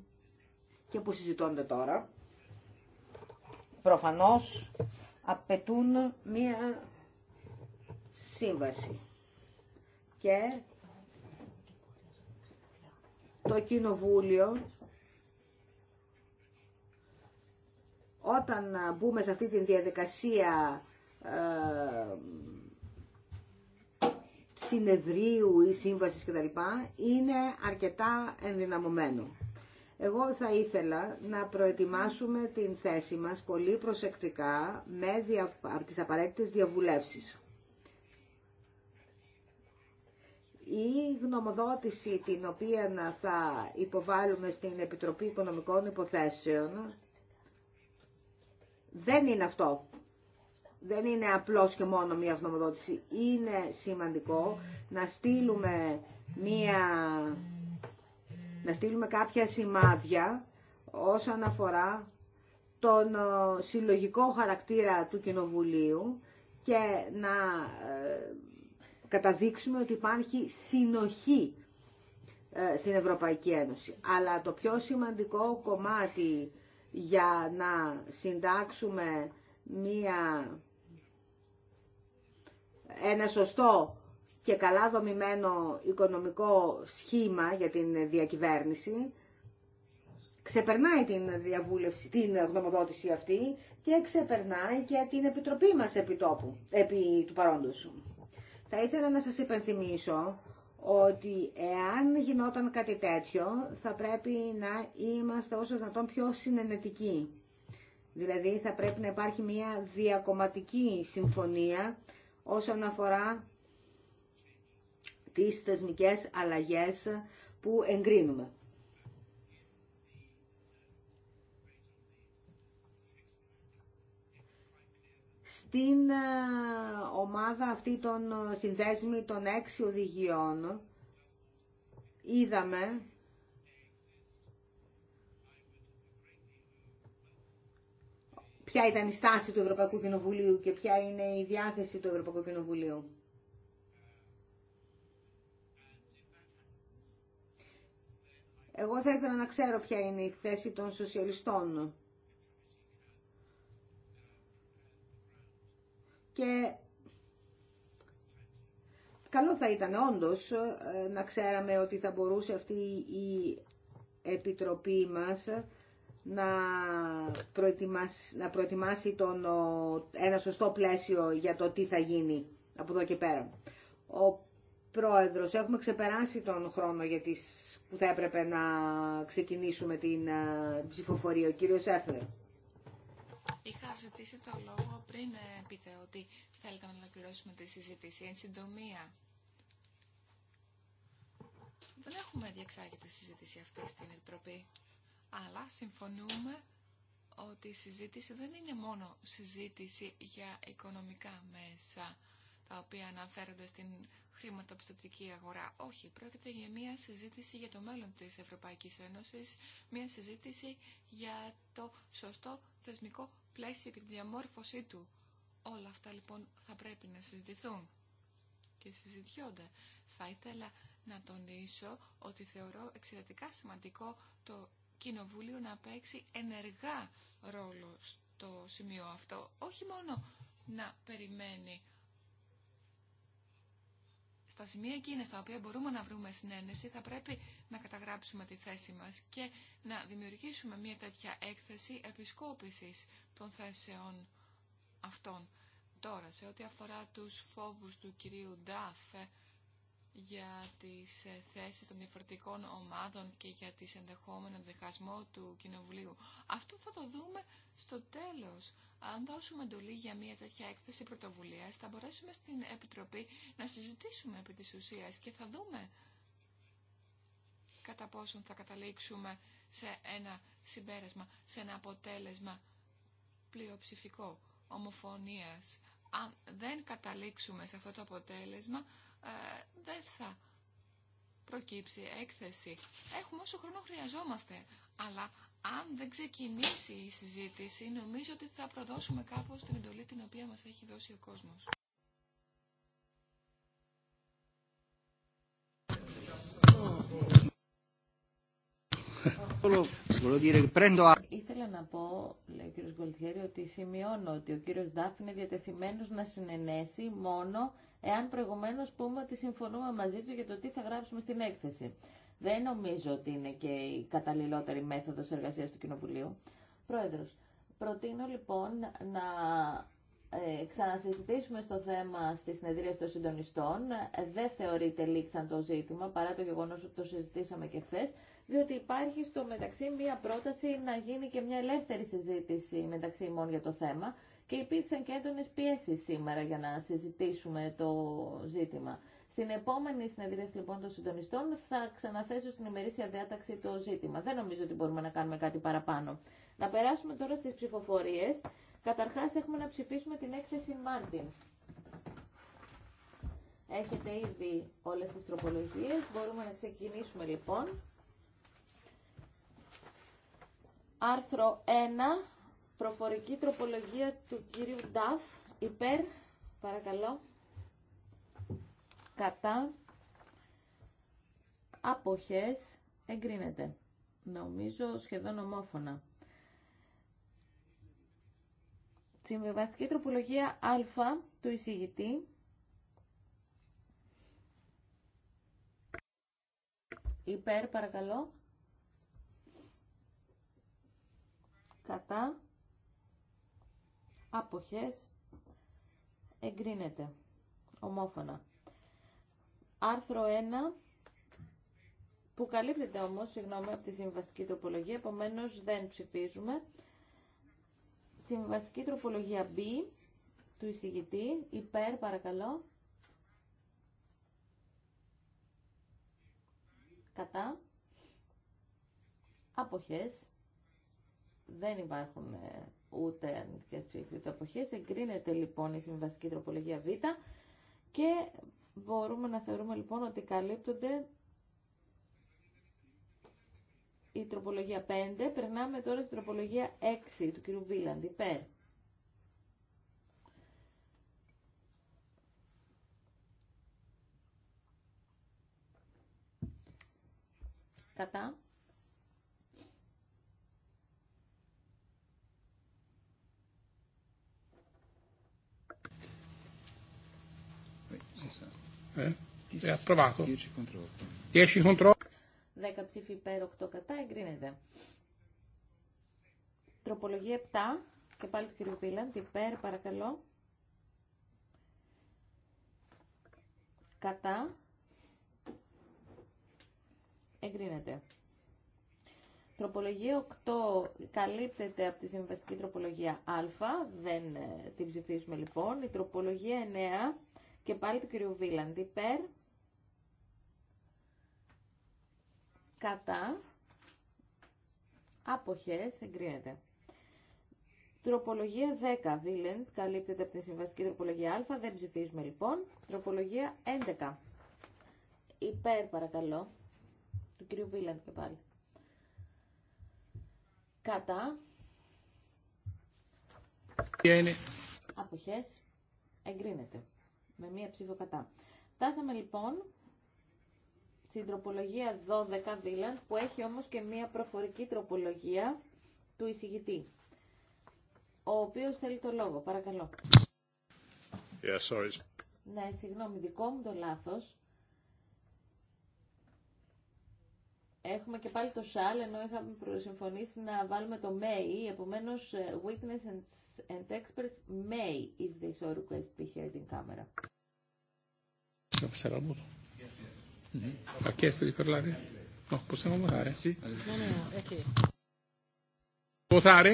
[SPEAKER 1] και που συζητώνται τώρα, προφανώς απαιτούν μία σύμβαση και το Κοινοβούλιο όταν μπούμε σε αυτή τη διαδικασία ε, συνεδρίου ή σύμβασης κτλ. είναι αρκετά ενδυναμωμένο. Εγώ θα ήθελα να προετοιμάσουμε την θέση μας πολύ προσεκτικά με δια, τις απαραίτητες διαβουλεύσεις. η γνωμοδότηση την οποία θα υποβάλουμε στην Επιτροπή Οικονομικών Υποθέσεων δεν είναι αυτό. Δεν είναι απλώς και μόνο μια γνωμοδότηση. Είναι σημαντικό να στείλουμε, μια... να στείλουμε κάποια σημάδια όσον αφορά τον ε, συλλογικό χαρακτήρα του Κοινοβουλίου και να ε, καταδείξουμε ότι υπάρχει συνοχή ε, στην Ευρωπαϊκή Ένωση. Αλλά το πιο σημαντικό κομμάτι για να συντάξουμε μία, ένα σωστό και καλά δομημένο οικονομικό σχήμα για την διακυβέρνηση ξεπερνάει την διαβούλευση, την γνωμοδότηση αυτή και ξεπερνάει και την επιτροπή μας επί, επί του παρόντος. Θα ήθελα να σας υπενθυμίσω ότι εάν γινόταν κάτι τέτοιο θα πρέπει να είμαστε όσο δυνατόν πιο συνενετικοί. Δηλαδή θα πρέπει να υπάρχει μια διακομματική συμφωνία όσον αφορά τις θεσμικές αλλαγές που εγκρίνουμε. στην ε, ομάδα αυτή των ε, συνδέσμη των έξι οδηγιών είδαμε ποια ήταν η στάση του Ευρωπαϊκού Κοινοβουλίου και ποια είναι η διάθεση του Ευρωπαϊκού Κοινοβουλίου. Εγώ θα ήθελα να ξέρω ποια είναι η θέση των σοσιαλιστών. Και καλό θα ήταν όντως ε, να ξέραμε ότι θα μπορούσε αυτή η επιτροπή μας να προετοιμάσει, να προετοιμάσει τον, ένα σωστό πλαίσιο για το τι θα γίνει από εδώ και πέρα. Ο Πρόεδρος, έχουμε ξεπεράσει τον χρόνο για τις, που θα έπρεπε να ξεκινήσουμε την ε, ψηφοφορία, ο κύριος Έφερ.
[SPEAKER 2] Είχα ζητήσει το λόγο πριν ε, πείτε ότι θέλετε να ολοκληρώσουμε τη συζήτηση. Εν συντομία, δεν έχουμε διεξάγει τη συζήτηση αυτή στην Επιτροπή, αλλά συμφωνούμε ότι η συζήτηση δεν είναι μόνο συζήτηση για οικονομικά μέσα, τα οποία αναφέρονται στην χρηματοπιστωτική αγορά. Όχι, πρόκειται για μια συζήτηση για το μέλλον της Ευρωπαϊκής Ένωσης, μια συζήτηση για το σωστό θεσμικό πλαίσιο και τη διαμόρφωσή του. Όλα αυτά λοιπόν θα πρέπει να συζητηθούν και συζητιόνται. Θα ήθελα να τονίσω ότι θεωρώ εξαιρετικά σημαντικό το Κοινοβούλιο να παίξει ενεργά ρόλο στο σημείο αυτό. Όχι μόνο να περιμένει στα σημεία εκείνα στα οποία μπορούμε να βρούμε συνένεση θα πρέπει να καταγράψουμε τη θέση μας και να δημιουργήσουμε μια τέτοια έκθεση επισκόπησης των θέσεων αυτών. Τώρα, σε ό,τι αφορά τους φόβους του κυρίου Ντάφ ε, για τις ε, θέσεις των διαφορετικών ομάδων και για τις ενδεχόμενα δεχασμό του Κοινοβουλίου, αυτό θα το δούμε στο τέλος αν δώσουμε εντολή για μια τέτοια έκθεση πρωτοβουλία, θα μπορέσουμε στην Επιτροπή να συζητήσουμε επί τη ουσία και θα δούμε κατά πόσον θα καταλήξουμε σε ένα συμπέρασμα, σε ένα αποτέλεσμα πλειοψηφικό, ομοφωνίας. Αν δεν καταλήξουμε σε αυτό το αποτέλεσμα, ε, δεν θα προκύψει έκθεση. Έχουμε όσο χρόνο χρειαζόμαστε, αλλά αν δεν ξεκινήσει η συζήτηση, νομίζω ότι θα προδώσουμε κάπως την εντολή την οποία μας έχει δώσει ο κόσμος.
[SPEAKER 3] Ήθελα να πω, λέει ο κύριος Γκολτιέρη, ότι σημειώνω ότι ο κύριος Ντάφ είναι διατεθειμένος να συνενέσει μόνο εάν προηγουμένως πούμε ότι συμφωνούμε μαζί του για το τι θα γράψουμε στην έκθεση. Δεν νομίζω ότι είναι και η καταλληλότερη μέθοδος εργασίας του Κοινοβουλίου. Πρόεδρος, προτείνω λοιπόν να ε, ξανασυζητήσουμε στο θέμα στις συνεδρία των συντονιστών. Δεν θεωρείται λήξαν το ζήτημα, παρά το γεγονός ότι το συζητήσαμε και χθε, διότι υπάρχει στο μεταξύ μία πρόταση να γίνει και μια ελεύθερη συζήτηση μεταξύ ημών για το θέμα και υπήρξαν και έντονες πιέσεις σήμερα για να συζητήσουμε το ζήτημα. Στην επόμενη συνεδρίαση λοιπόν των συντονιστών θα ξαναθέσω στην ημερήσια διάταξη το ζήτημα. Δεν νομίζω ότι μπορούμε να κάνουμε κάτι παραπάνω. Να περάσουμε τώρα στις ψηφοφορίες. Καταρχάς έχουμε να ψηφίσουμε την έκθεση Μάρτιν. Έχετε ήδη όλες τις τροπολογίες. Μπορούμε να ξεκινήσουμε λοιπόν. Άρθρο 1. Προφορική τροπολογία του κύριου Νταφ. Υπέρ. Παρακαλώ κατά αποχές εγκρίνεται. Νομίζω σχεδόν ομόφωνα. Συμβιβαστική τροπολογία α του εισηγητή. Υπέρ παρακαλώ. Κατά. Αποχές. Εγκρίνεται. Ομόφωνα. Άρθρο 1 που καλύπτεται όμως, συγγνώμη, από τη συμβαστική τροπολογία, επομένω δεν ψηφίζουμε. Συμβαστική τροπολογία B του εισηγητή, υπέρ παρακαλώ. Κατά. Αποχές. Δεν υπάρχουν ε, ούτε αρνητικές ψήφιες ούτε αποχές. Εγκρίνεται λοιπόν η συμβαστική τροπολογία Β και Μπορούμε να θεωρούμε λοιπόν ότι καλύπτονται η τροπολογία 5. Περνάμε τώρα στην τροπολογία 6 του κ. Βίλαντ. Υπέρ. Κατά.
[SPEAKER 2] Ε, approvato. 10 contro 8. 10 contro 8.
[SPEAKER 3] 10 ψήφοι υπέρ, 8 κατά, εγκρίνεται. Τροπολογία 7 και πάλι του κ. Βίλαντ, υπέρ παρακαλώ. Κατά. Εγκρίνεται. Τροπολογία 8 καλύπτεται από τη συμβαστική τροπολογία α, δεν ε, την ψηφίζουμε λοιπόν. Η τροπολογία 9 και πάλι του κυρίου Βίλαντ υπέρ κατά αποχές εγκρίνεται. Τροπολογία 10, Βίλαντ, καλύπτεται από την συμβαστική τροπολογία Α, δεν ψηφίζουμε λοιπόν. Τροπολογία 11, υπέρ παρακαλώ, του κυρίου Βίλαντ και πάλι. Κατά. Είναι. Αποχές, εγκρίνεται με μία ψήφο κατά. Φτάσαμε λοιπόν στην τροπολογία 12 Δίλαν, που έχει όμως και μία προφορική τροπολογία του εισηγητή, ο οποίος θέλει το λόγο. Παρακαλώ. Yeah, sorry. Ναι, συγγνώμη, δικό μου το λάθος. Έχουμε και πάλι το σάλ, ενώ είχαμε συμφωνήσει να βάλουμε το may, επομένως ε, witness and, Expert experts may, if this or request be heard in camera.
[SPEAKER 2] Ναι, ναι, ναι,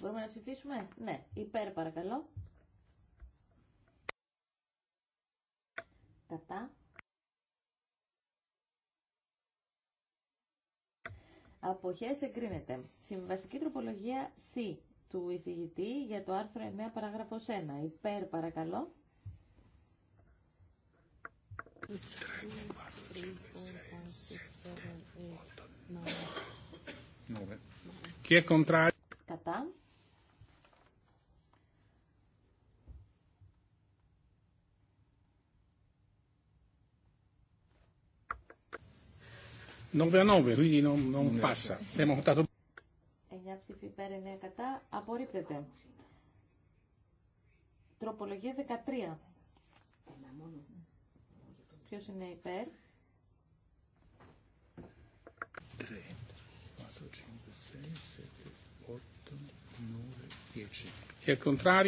[SPEAKER 3] Μπορούμε να ψηφίσουμε, ναι, υπέρ παρακαλώ. Κατά. Αποχέ εγκρίνεται. Συμβαστική τροπολογία C του εισηγητή για το άρθρο 9 παράγραφος 1. Υπέρ παρακαλώ. Κατά.
[SPEAKER 2] 9 a 9, quindi non, non 9 9
[SPEAKER 3] Απορρίπτεται. Τροπολογία 13. Ποιο είναι υπέρ. Και Κατά.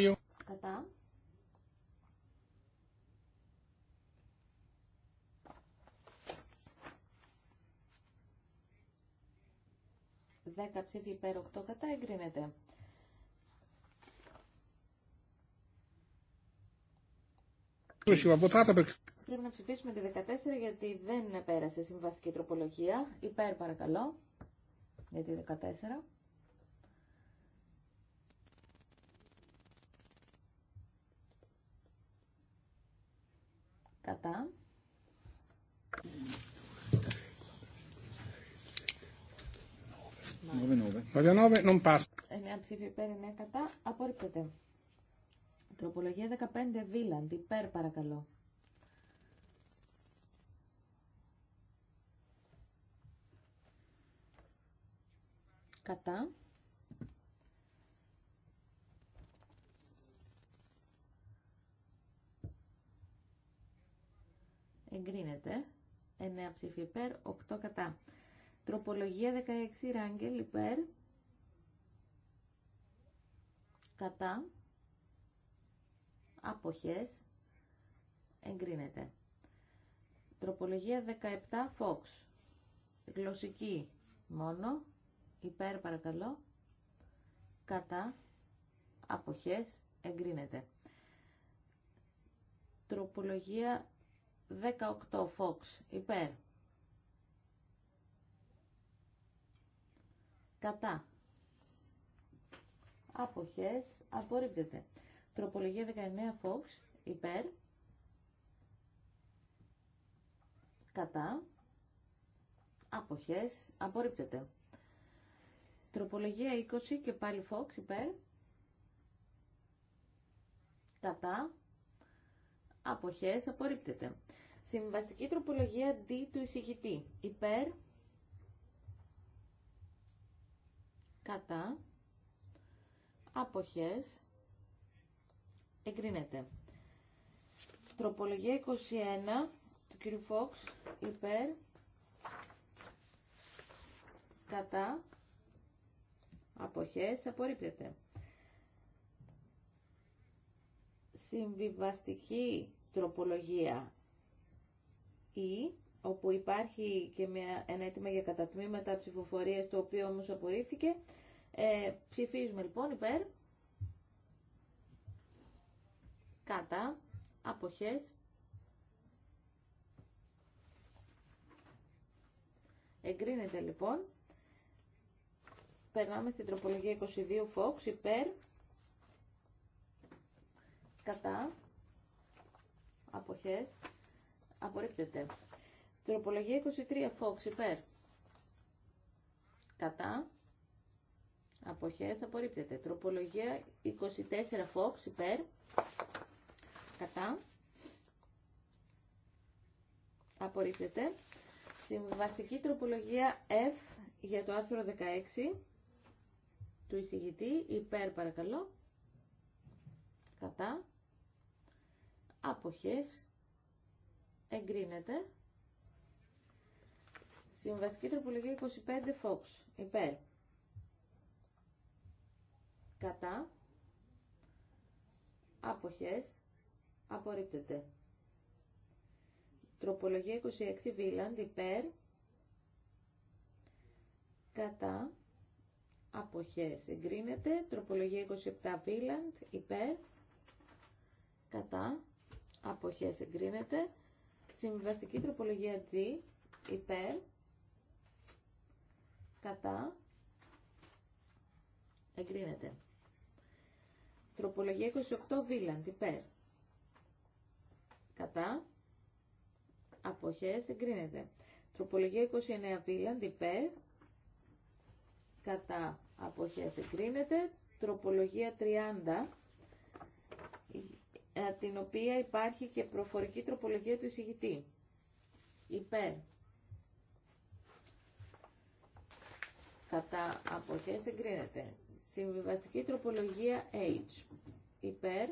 [SPEAKER 3] 10 ψήφοι υπέρ 8 κατά εγκρίνεται. Πρέπει να ψηφίσουμε τη 14 γιατί δεν πέρασε συμβαστική τροπολογία. Υπέρ παρακαλώ. Για τη 14. Κατά. non passa. 9 ψήφοι υπέρ, 9 κατά. Απορρίπτεται. Τροπολογία 15 Βίλαντ. Υπέρ παρακαλώ. Κατά. Εγκρίνεται. 9 ψήφοι υπέρ, 8 κατά. Τροπολογία 16 Ράγκελ υπέρ. Κατά. Αποχές. Εγκρίνεται. Τροπολογία 17 Φόξ. Γλωσσική μόνο. Υπέρ παρακαλώ. Κατά. Αποχές. Εγκρίνεται. Τροπολογία 18 Φόξ, Υπέρ. Κατά. Αποχές. Απορρίπτεται. Τροπολογία 19 Fox. Υπέρ. Κατά. Αποχές. Απορρίπτεται. Τροπολογία 20 και πάλι Fox. Υπέρ. Κατά. Αποχές. Απορρίπτεται. Συμβαστική τροπολογία D του εισηγητή. Υπέρ. κατά, αποχές, εγκρίνεται. Τροπολογία 21 του κύριου Φόξ, υπέρ, κατά, αποχές, απορρίπτεται. Συμβιβαστική τροπολογία ή όπου υπάρχει και μια, ένα αίτημα για κατατμήματα ψηφοφορίας, το οποίο όμως απορρίφθηκε. Ε, ψηφίζουμε λοιπόν υπέρ, κατά, αποχές, εγκρίνεται λοιπόν. Περνάμε στην τροπολογία 22 Fox, υπέρ, κατά, αποχές, απορρίπτεται. Τροπολογία 23. Φόξ υπέρ. Κατά. Αποχές απορρίπτεται. Τροπολογία 24. Φόξ υπέρ. Κατά. Απορρίπτεται. Συμβαστική τροπολογία F για το άρθρο 16 του εισηγητή. Υπέρ παρακαλώ. Κατά. Αποχές. Εγκρίνεται. Συμβαστική τροπολογία 25 Fox. Υπέρ. Κατά. Άποχες. Απορρίπτεται. Τροπολογία 26 Βίλαντ. Υπέρ. Κατά. Αποχές. Εγκρίνεται. Τροπολογία 27 Βίλαντ. Υπέρ. Κατά. Αποχές. Εγκρίνεται. Συμβαστική τροπολογία G. Υπέρ κατά, εγκρίνεται. Τροπολογία 28 Βίλαντ, υπέρ, κατά, αποχές, εγκρίνεται. Τροπολογία 29 Βίλαντ, υπέρ, κατά, αποχές, εγκρίνεται. Τροπολογία 30 ε, την οποία υπάρχει και προφορική τροπολογία του εισηγητή. Υπέρ, κατά αποχές εγκρίνεται. Συμβιβαστική τροπολογία H. Υπέρ,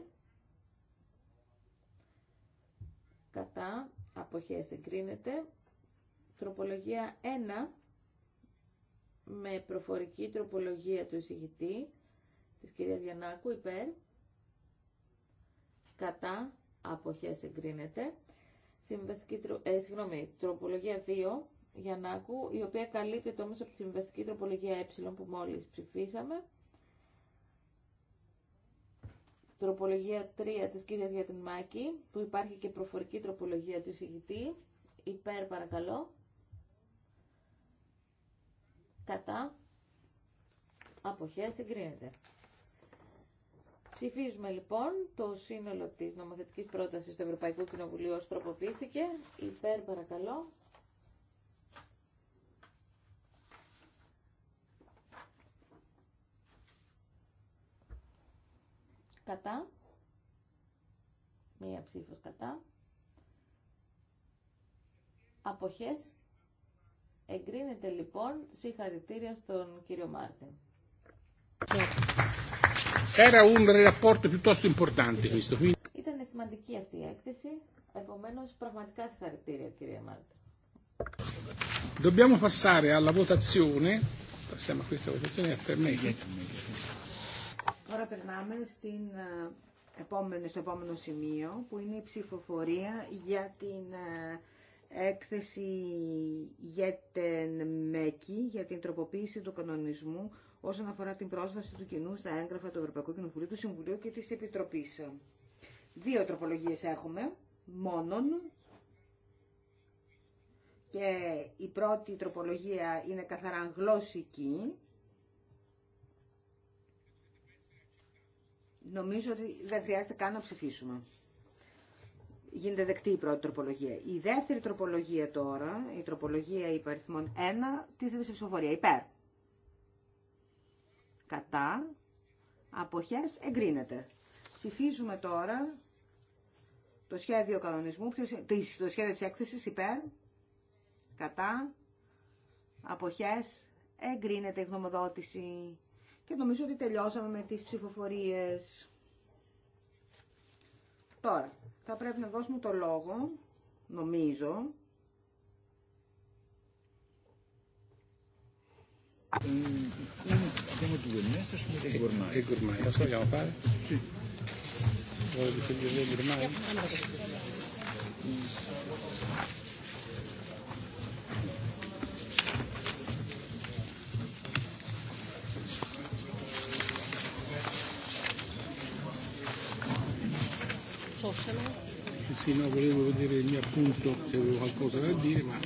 [SPEAKER 3] κατά αποχές εγκρίνεται. Τροπολογία 1 με προφορική τροπολογία του εισηγητή της κυρίας Γιαννάκου υπέρ κατά αποχές εγκρίνεται συμβαστική, ε, συγγνώμη, τροπολογία 2 Γιαννάκου, η οποία καλύπτεται όμως από τη συμβαστική τροπολογία ε που μόλις ψηφίσαμε. Τροπολογία 3 της κυρίας Γιατουνμάκη, που υπάρχει και προφορική τροπολογία του εισηγητή. Υπέρ παρακαλώ. Κατά. αποχέ συγκρίνεται. Ψηφίζουμε λοιπόν το σύνολο της νομοθετικής πρότασης του Ευρωπαϊκού Κοινοβουλίου ως τροποποιήθηκε. Υπέρ παρακαλώ. Κατά. Μία ψήφος κατά. Αποχές. Εγκρίνεται λοιπόν συγχαρητήρια στον κύριο Μάρτιν. Ήταν σημαντική αυτή η έκθεση, επομένως πραγματικά συγχαρητήρια κύριε Μάρτιν.
[SPEAKER 1] Dobbiamo passare alla votazione,
[SPEAKER 2] passiamo a questa votazione per me.
[SPEAKER 1] Τώρα περνάμε στην ε, επόμενη στο επόμενο σημείο που είναι η ψηφοφορία για την ε, έκθεση για την ΜΕΚΙ, για την τροποποίηση του κανονισμού όσον αφορά την πρόσβαση του κοινού στα έγγραφα του Ευρωπαϊκού Κοινοβουλίου, του Συμβουλίου και της Επιτροπής. Δύο τροπολογίες έχουμε, μόνον. Και η πρώτη τροπολογία είναι καθαρά γλωσσική νομίζω ότι δεν χρειάζεται καν να ψηφίσουμε. Γίνεται δεκτή η πρώτη τροπολογία. Η δεύτερη τροπολογία τώρα, η τροπολογία αριθμών 1, τίθεται σε ψηφοφορία. Υπέρ. Κατά. Αποχές εγκρίνεται. Ψηφίζουμε τώρα το σχέδιο κανονισμού, το σχέδιο της έκθεσης υπέρ. Κατά. Αποχές εγκρίνεται η γνωμοδότηση και νομίζω ότι τελείωσαμε με τις ψηφοφορίες. Τώρα θα πρέπει να δώσουμε το λόγο. Νομίζω. sì, no, volevo vedere il mio appunto se
[SPEAKER 2] avevo qualcosa da dire, ma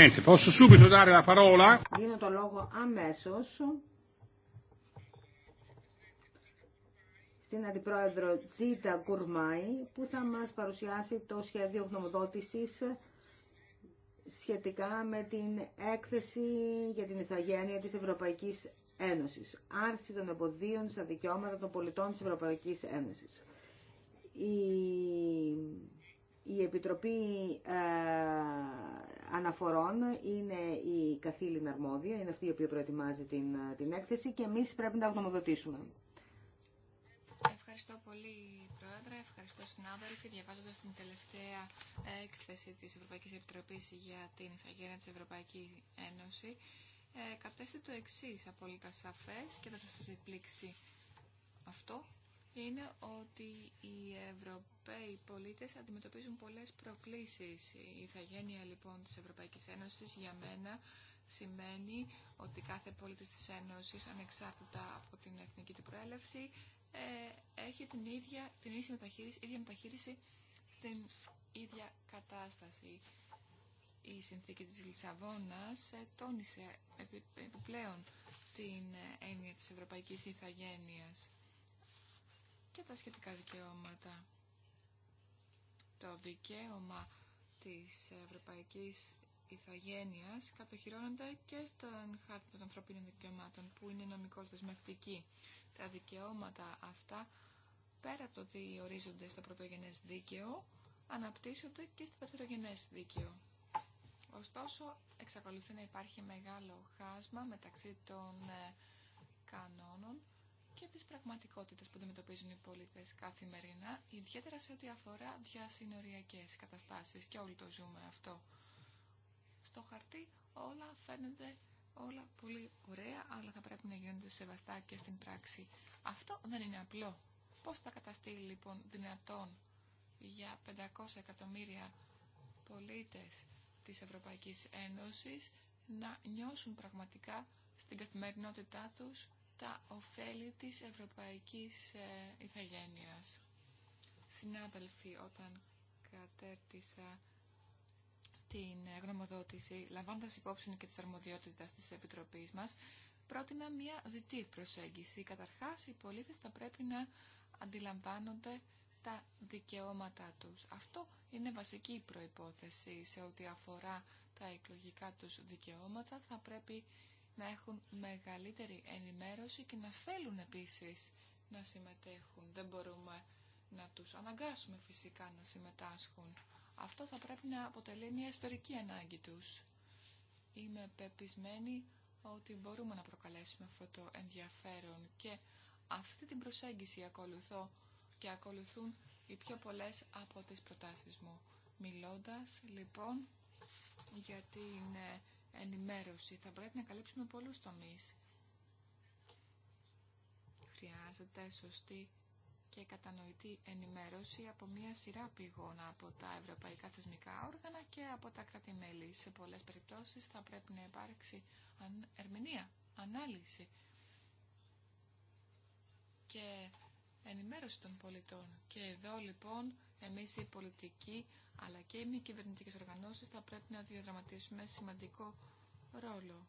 [SPEAKER 2] Niente, posso subito dare la parola.
[SPEAKER 1] το λόγο αμέσω. στην Αντιπρόεδρο Τζίτα Γκουρμάη που θα μας παρουσιάσει το σχέδιο γνωμοδότησης σχετικά με την έκθεση για την ηθαγένεια της Ευρωπαϊκή Ένωσης. Άρση των εμποδίων στα δικαιώματα των πολιτών τη Ευρωπαϊκή Ένωση. Η, η Επιτροπή ε, αναφορών είναι η καθήλυνα αρμόδια, είναι αυτή η οποία προετοιμάζει την, την έκθεση και εμείς πρέπει να γνωμοδοτήσουμε.
[SPEAKER 2] Ευχαριστώ πολύ, Πρόεδρε. Ευχαριστώ, συνάδελφοι. Διαβάζοντα την τελευταία έκθεση τη Ευρωπαϊκή Επιτροπή για την Ιθαγένεια τη Ευρωπαϊκή Ένωση, ε, κατέστη το εξή απόλυτα σαφέ και θα σα εκπλήξει αυτό. Είναι ότι η Ευρωπαϊκή Ευρωπαίοι πολίτες αντιμετωπίζουν πολλές προκλήσεις. Η ηθαγένεια λοιπόν της Ευρωπαϊκής Ένωσης για μένα σημαίνει ότι κάθε πολίτης της Ένωσης ανεξάρτητα από την εθνική του προέλευση ε, έχει την ίδια, την ίδια μεταχείριση, ίδια μεταχείριση στην ίδια κατάσταση. Η συνθήκη της Λισαβόνας ε, τόνισε επιπλέον την ε, έννοια της ευρωπαϊκής ηθαγένειας και τα σχετικά δικαιώματα το δικαίωμα της Ευρωπαϊκής Ιθαγένειας κατοχυρώνονται και στον χάρτη των ανθρωπίνων δικαιωμάτων που είναι νομικώς δεσμευτική. Τα δικαιώματα αυτά πέρα από το ότι ορίζονται στο πρωτογενές δίκαιο αναπτύσσονται και στο δευτερογενές δίκαιο. Ωστόσο, εξακολουθεί να υπάρχει μεγάλο χάσμα μεταξύ των ε, κανόνων και τις πραγματικότητες που αντιμετωπίζουν οι πολίτες καθημερινά, ιδιαίτερα σε ό,τι αφορά διασυνοριακές καταστάσεις και όλοι το ζούμε αυτό. Στο χαρτί όλα φαίνονται όλα πολύ ωραία, αλλά θα πρέπει να γίνονται σεβαστά και στην πράξη. Αυτό δεν είναι απλό. Πώς θα καταστεί λοιπόν δυνατόν για 500 εκατομμύρια πολίτες της Ευρωπαϊκής Ένωσης να νιώσουν πραγματικά στην καθημερινότητά τους τα ωφέλη της ευρωπαϊκής ε, ηθαγένειας. Συνάδελφοι, όταν κατέρτισα την ε, γνωμοδότηση, λαμβάνοντας υπόψη και της αρμοδιότητας της Επιτροπής μας, πρότεινα μια διτή προσέγγιση. Καταρχάς, οι πολίτες θα πρέπει να αντιλαμβάνονται τα δικαιώματά τους. Αυτό είναι βασική προϋπόθεση σε ό,τι αφορά τα εκλογικά τους δικαιώματα. Θα πρέπει να έχουν μεγαλύτερη ενημέρωση και να θέλουν επίσης να συμμετέχουν. Δεν μπορούμε να τους αναγκάσουμε φυσικά να συμμετάσχουν. Αυτό θα πρέπει να αποτελεί μια ιστορική ανάγκη τους. Είμαι πεπισμένη ότι μπορούμε να προκαλέσουμε αυτό το ενδιαφέρον και αυτή την προσέγγιση ακολουθώ και ακολουθούν οι πιο πολλές από τις προτάσεις μου. Μιλώντας λοιπόν για την ε, ενημέρωση. Θα πρέπει να καλύψουμε πολλούς τομείς. Χρειάζεται σωστή και κατανοητή ενημέρωση από μια σειρά πηγών από τα ευρωπαϊκά θεσμικά όργανα και από τα κράτη-μέλη. Σε πολλές περιπτώσεις θα πρέπει να υπάρξει ερμηνεία, ανάλυση και ενημέρωση των πολιτών. Και εδώ λοιπόν εμείς οι πολιτικοί αλλά και οι μη κυβερνητικές οργανώσεις θα πρέπει να διαδραματίσουμε σημαντικό ρόλο.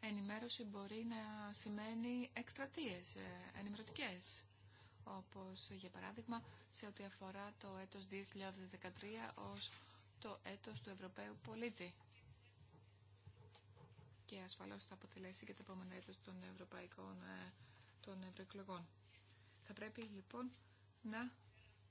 [SPEAKER 2] Ενημέρωση μπορεί να σημαίνει εκστρατείες ε, ενημερωτικές όπως για παράδειγμα σε ό,τι αφορά το έτος 2013 ως το έτος του Ευρωπαίου Πολίτη. Και ασφαλώς θα αποτελέσει και το επόμενο έτος των ευρωπαϊκών ε, των ευρωεκλογών. Θα πρέπει λοιπόν να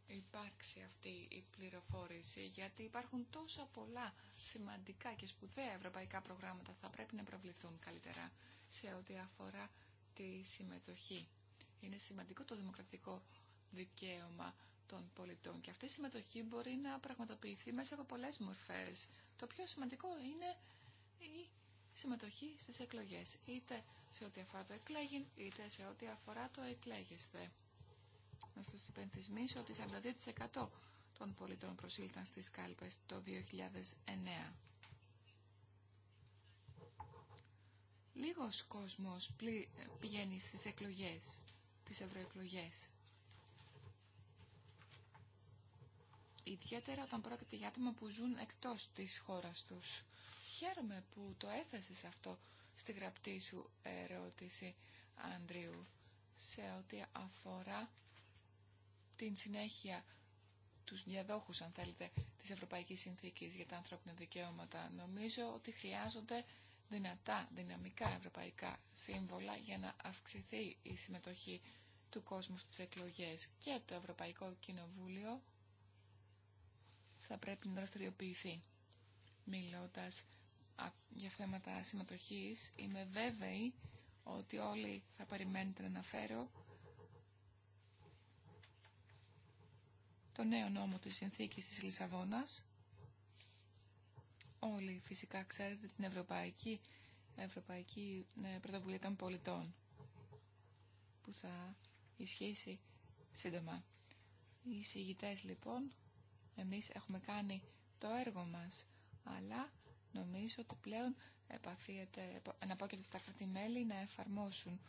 [SPEAKER 2] υπάρξει αυτή η πληροφόρηση, γιατί υπάρχουν τόσα πολλά σημαντικά και σπουδαία ευρωπαϊκά προγράμματα θα πρέπει να προβληθούν καλύτερα σε ό,τι αφορά τη συμμετοχή. Είναι σημαντικό το δημοκρατικό δικαίωμα των πολιτών και αυτή η συμμετοχή μπορεί να πραγματοποιηθεί μέσα από πολλές μορφές. Το πιο σημαντικό είναι η συμμετοχή στις εκλογές, είτε σε ό,τι αφορά το εκλέγην, είτε σε ό,τι αφορά το εκλέγεστε. Να σας υπενθυμίσω ότι 42% των πολιτών προσήλθαν στις κάλπες το 2009. Λίγος κόσμος πηγαίνει στις εκλογές, τις ευρωεκλογές. Ιδιαίτερα όταν πρόκειται για άτομα που ζουν εκτός της χώρας τους. Χαίρομαι που το έθεσες αυτό στη γραπτή σου ερώτηση, Άντριου, σε ό,τι αφορά την συνέχεια τους διαδόχους, αν θέλετε, της Ευρωπαϊκής Συνθήκης για τα ανθρώπινα δικαιώματα. Νομίζω ότι χρειάζονται δυνατά, δυναμικά ευρωπαϊκά σύμβολα για να αυξηθεί η συμμετοχή του κόσμου στις εκλογές και το Ευρωπαϊκό Κοινοβούλιο θα πρέπει να δραστηριοποιηθεί. Μιλώντας για θέματα συμμετοχής, είμαι βέβαιη ότι όλοι θα περιμένετε να αναφέρω το νέο νόμο της συνθήκης της Λισαβόνας. Όλοι φυσικά ξέρετε την Ευρωπαϊκή, Ευρωπαϊκή ε, Πρωτοβουλία των Πολιτών που θα ισχύσει σύντομα. Οι συγητές λοιπόν, εμείς έχουμε κάνει το έργο μας, αλλά νομίζω ότι πλέον επαφίεται, αναπόκειται στα κρατημέλη να εφαρμόσουν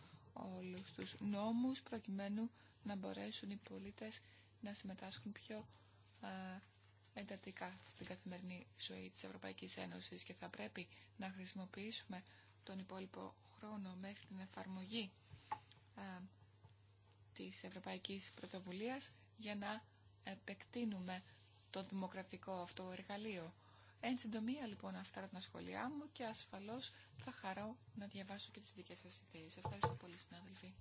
[SPEAKER 2] όλους τους νόμους προκειμένου να μπορέσουν οι πολίτες να συμμετάσχουν πιο ε, εντατικά στην καθημερινή ζωή της Ευρωπαϊκής Ένωσης και θα πρέπει να χρησιμοποιήσουμε τον υπόλοιπο χρόνο μέχρι την εφαρμογή ε, της Ευρωπαϊκής Πρωτοβουλίας για να επεκτείνουμε το δημοκρατικό αυτό εργαλείο. Εν συντομία λοιπόν αυτά τα σχόλιά μου και ασφαλώς θα χαρώ να διαβάσω και τις δικές σας ιδέες. Ευχαριστώ πολύ
[SPEAKER 1] συνάδελφοι.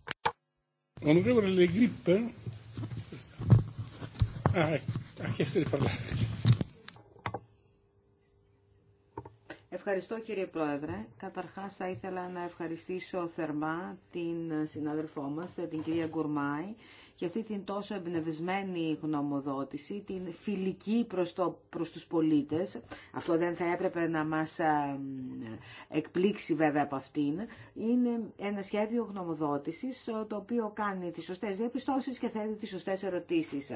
[SPEAKER 1] Λοιπόν. Ευχαριστώ κύριε Πρόεδρε. Καταρχάς θα ήθελα να ευχαριστήσω θερμά την συνάδελφό μας, την κυρία Γκουρμάη, και αυτή την τόσο εμπνευσμένη γνωμοδότηση, την φιλική προς, το, προς τους πολίτες. Αυτό δεν θα έπρεπε να μας ε, εκπλήξει βέβαια από αυτήν. Είναι ένα σχέδιο γνωμοδότησης ε, το οποίο κάνει τις σωστές διαπιστώσεις και θέτει τις σωστές ερωτήσεις.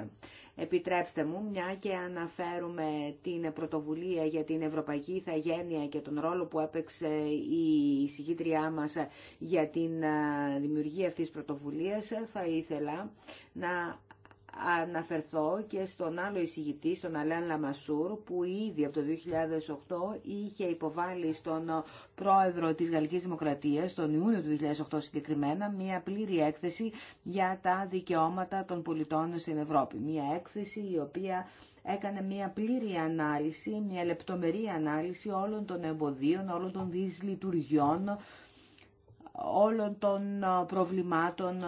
[SPEAKER 1] Επιτρέψτε μου, μια και αναφέρουμε την πρωτοβουλία για την Ευρωπαϊκή Ιθαγένεια και τον ρόλο που έπαιξε η συγκήτριά μας για την ε, δημιουργία αυτής της πρωτοβουλίας, θα ήθελα να αναφερθώ και στον άλλο εισηγητή, στον Αλέαν Λαμασούρ, που ήδη από το 2008 είχε υποβάλει στον πρόεδρο της Γαλλικής Δημοκρατίας, τον Ιούνιο του 2008 συγκεκριμένα, μια πλήρη έκθεση για τα δικαιώματα των πολιτών στην Ευρώπη. Μια έκθεση η οποία έκανε μια πλήρη ανάλυση, μια λεπτομερή ανάλυση όλων των εμποδίων, όλων των δυσλειτουργιών, όλων των προβλημάτων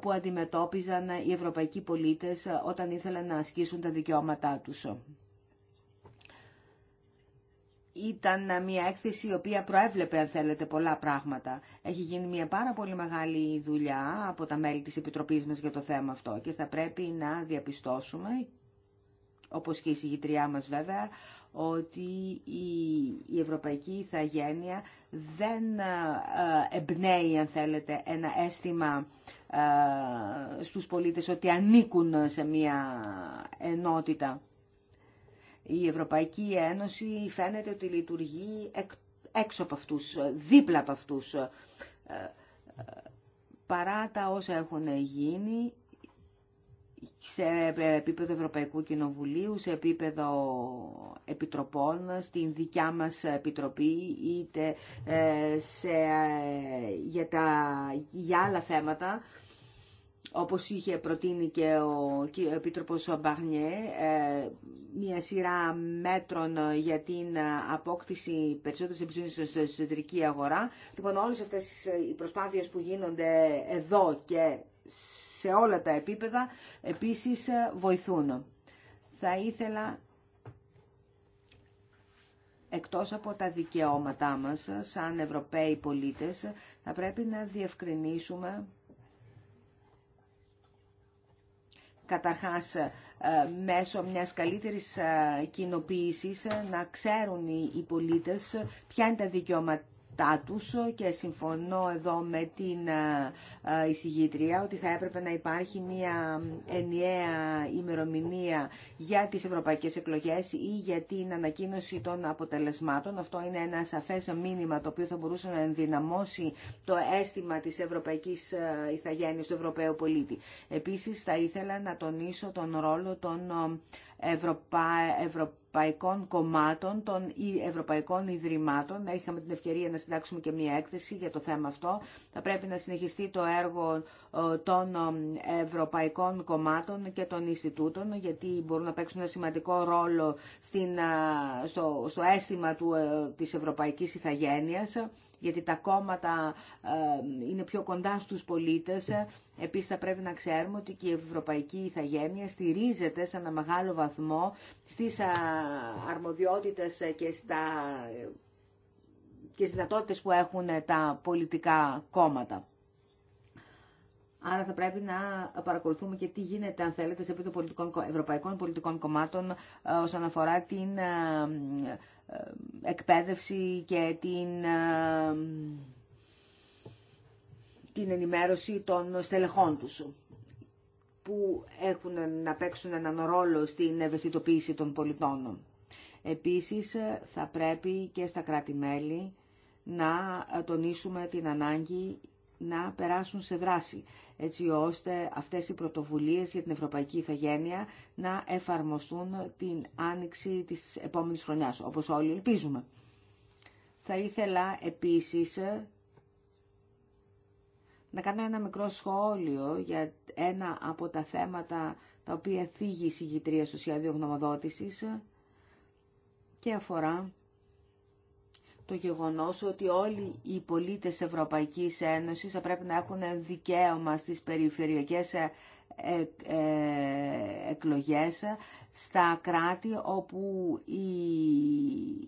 [SPEAKER 1] που αντιμετώπιζαν οι ευρωπαϊκοί πολίτες ε, όταν ήθελαν να ασκήσουν τα δικαιώματά τους. Ήταν μια έκθεση η οποία προέβλεπε, αν θέλετε, πολλά πράγματα. Έχει γίνει μια πάρα πολύ μεγάλη δουλειά από τα μέλη της Επιτροπής μας για το θέμα αυτό και θα πρέπει να διαπιστώσουμε, όπως και η συγκητριά μας βέβαια, ότι η, ευρωπαϊκή ηθαγένεια δεν ε, ε, εμπνέει, αν θέλετε, ένα αίσθημα ε, στους πολίτες ότι ανήκουν σε μια ενότητα. Η Ευρωπαϊκή Ένωση φαίνεται ότι λειτουργεί έξω από αυτούς, δίπλα από αυτούς. Ε, παρά τα όσα έχουν γίνει σε επίπεδο Ευρωπαϊκού Κοινοβουλίου, σε επίπεδο επιτροπών, στην δικιά μας επιτροπή, είτε ε, σε, για, τα, για άλλα θέματα, όπως είχε προτείνει και ο Επίτροπος Μπαγνιέ, ε, μια σειρά μέτρων για την απόκτηση περισσότερης εμπιστοσύνης στην εσωτερική αγορά. Λοιπόν, όλες αυτές οι προσπάθειες που γίνονται εδώ και σε όλα τα επίπεδα, επίσης βοηθούν. Θα ήθελα, εκτός από τα δικαιώματά μας, σαν Ευρωπαίοι πολίτες, θα πρέπει να διευκρινίσουμε καταρχάς ε, μέσω μιας καλύτερης ε, κοινοποίησης ε, να ξέρουν οι πολίτες ποια είναι τα δικαιώματα τα και συμφωνώ εδώ με την ε, ε, εισηγήτρια ότι θα έπρεπε να υπάρχει μια ενιαία ημερομηνία για τις ευρωπαϊκές εκλογές ή για την ανακοίνωση των αποτελεσμάτων. Αυτό είναι ένα σαφές μήνυμα το οποίο θα μπορούσε να ενδυναμώσει το αίσθημα της ευρωπαϊκής ε, ηθαγένειας του Ευρωπαίου πολίτη. Επίσης θα ήθελα να τονίσω τον ρόλο των Ευρωπαϊκών ευρωπαϊκών κομμάτων των, ευρωπαϊκών ιδρυμάτων. Είχαμε την ευκαιρία να συντάξουμε και μία έκθεση για το θέμα αυτό. Θα πρέπει να συνεχιστεί το έργο ε, των ε, ευρωπαϊκών κομμάτων και των Ινστιτούτων, γιατί μπορούν να παίξουν ένα σημαντικό ρόλο στην, ε, στο, στο αίσθημα του, της ευρωπαϊκής ηθαγένειας γιατί τα κόμματα ε, είναι πιο κοντά στους πολίτες. Επίσης θα πρέπει να ξέρουμε ότι και η Ευρωπαϊκή Ιθαγένεια στηρίζεται σε ένα μεγάλο βαθμό στις ε, αρμοδιότητες και στα ε, και στις δυνατότητες που έχουν τα πολιτικά κόμματα. Άρα θα πρέπει να παρακολουθούμε και τι γίνεται, αν θέλετε, σε επίπεδο ευρωπαϊκών πολιτικών κομμάτων ε, όσον αφορά την ε, ε, εκπαίδευση και την, την ενημέρωση των στελεχών τους που έχουν να παίξουν έναν ρόλο στην ευαισθητοποίηση των πολιτών. Επίσης, θα πρέπει και στα κράτη-μέλη να τονίσουμε την ανάγκη να περάσουν σε δράση έτσι ώστε αυτές οι πρωτοβουλίες για την Ευρωπαϊκή Ιθαγένεια να εφαρμοστούν την άνοιξη της επόμενης χρονιάς, όπως όλοι ελπίζουμε. Θα ήθελα επίσης να κάνω ένα μικρό σχόλιο για ένα από τα θέματα τα οποία θίγει η συγκητρία στο σχέδιο γνωμοδότησης και αφορά το γεγονός ότι όλοι οι πολίτες Ευρωπαϊκής Ένωσης θα πρέπει να έχουν δικαίωμα στις περιφερειακές ε, ε, ε, εκλογές στα κράτη όπου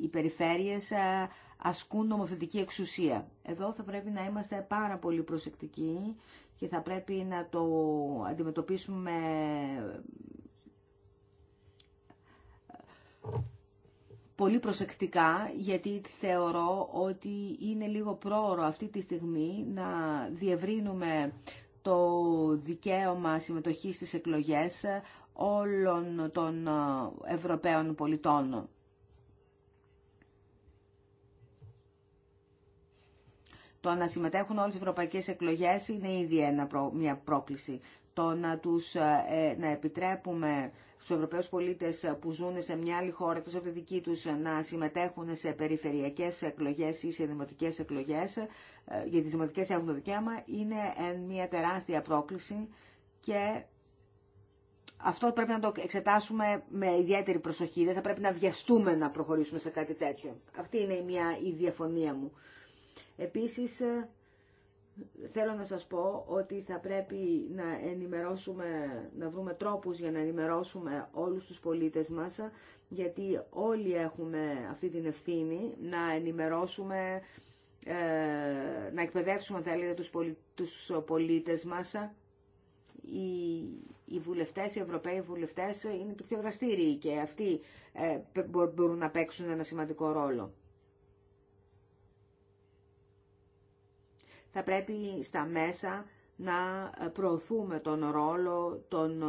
[SPEAKER 1] οι περιφέρειες ασκούν νομοθετική εξουσία. Εδώ θα πρέπει να είμαστε πάρα πολύ προσεκτικοί και θα πρέπει να το αντιμετωπίσουμε πολύ προσεκτικά γιατί θεωρώ ότι είναι λίγο πρόωρο αυτή τη στιγμή να διευρύνουμε το δικαίωμα συμμετοχής στις εκλογές όλων των ε, Ευρωπαίων πολιτών. Το να συμμετέχουν όλες οι ευρωπαϊκές εκλογές είναι ήδη μια πρόκληση. Το να, τους, ε, ε, να επιτρέπουμε στους Ευρωπαίους πολίτες που ζουν σε μια άλλη χώρα εκτός από τη δική τους να συμμετέχουν σε περιφερειακές εκλογές ή σε δημοτικές εκλογές, ε, γιατί τις δημοτικές έχουν το δικαίωμα, είναι μια τεράστια πρόκληση και αυτό πρέπει να το εξετάσουμε με ιδιαίτερη προσοχή. Δεν θα πρέπει να βιαστούμε να προχωρήσουμε σε κάτι τέτοιο. Αυτή είναι μια η διαφωνία μου. Επίσης, ε, θέλω να σας πω ότι θα πρέπει να ενημερώσουμε, να βρούμε τρόπους για να ενημερώσουμε όλους τους πολίτες μας, γιατί όλοι έχουμε αυτή την ευθύνη να ενημερώσουμε, ε, να εκπαιδεύσουμε, θα θέλετε, τους, πολι... τους πολίτες μας. Οι... βουλευτές, Ευρωπαίοι βουλευτές είναι πιο δραστήριοι και αυτοί ε, μπορούν να παίξουν ένα σημαντικό ρόλο. θα πρέπει στα μέσα να προωθούμε τον ρόλο των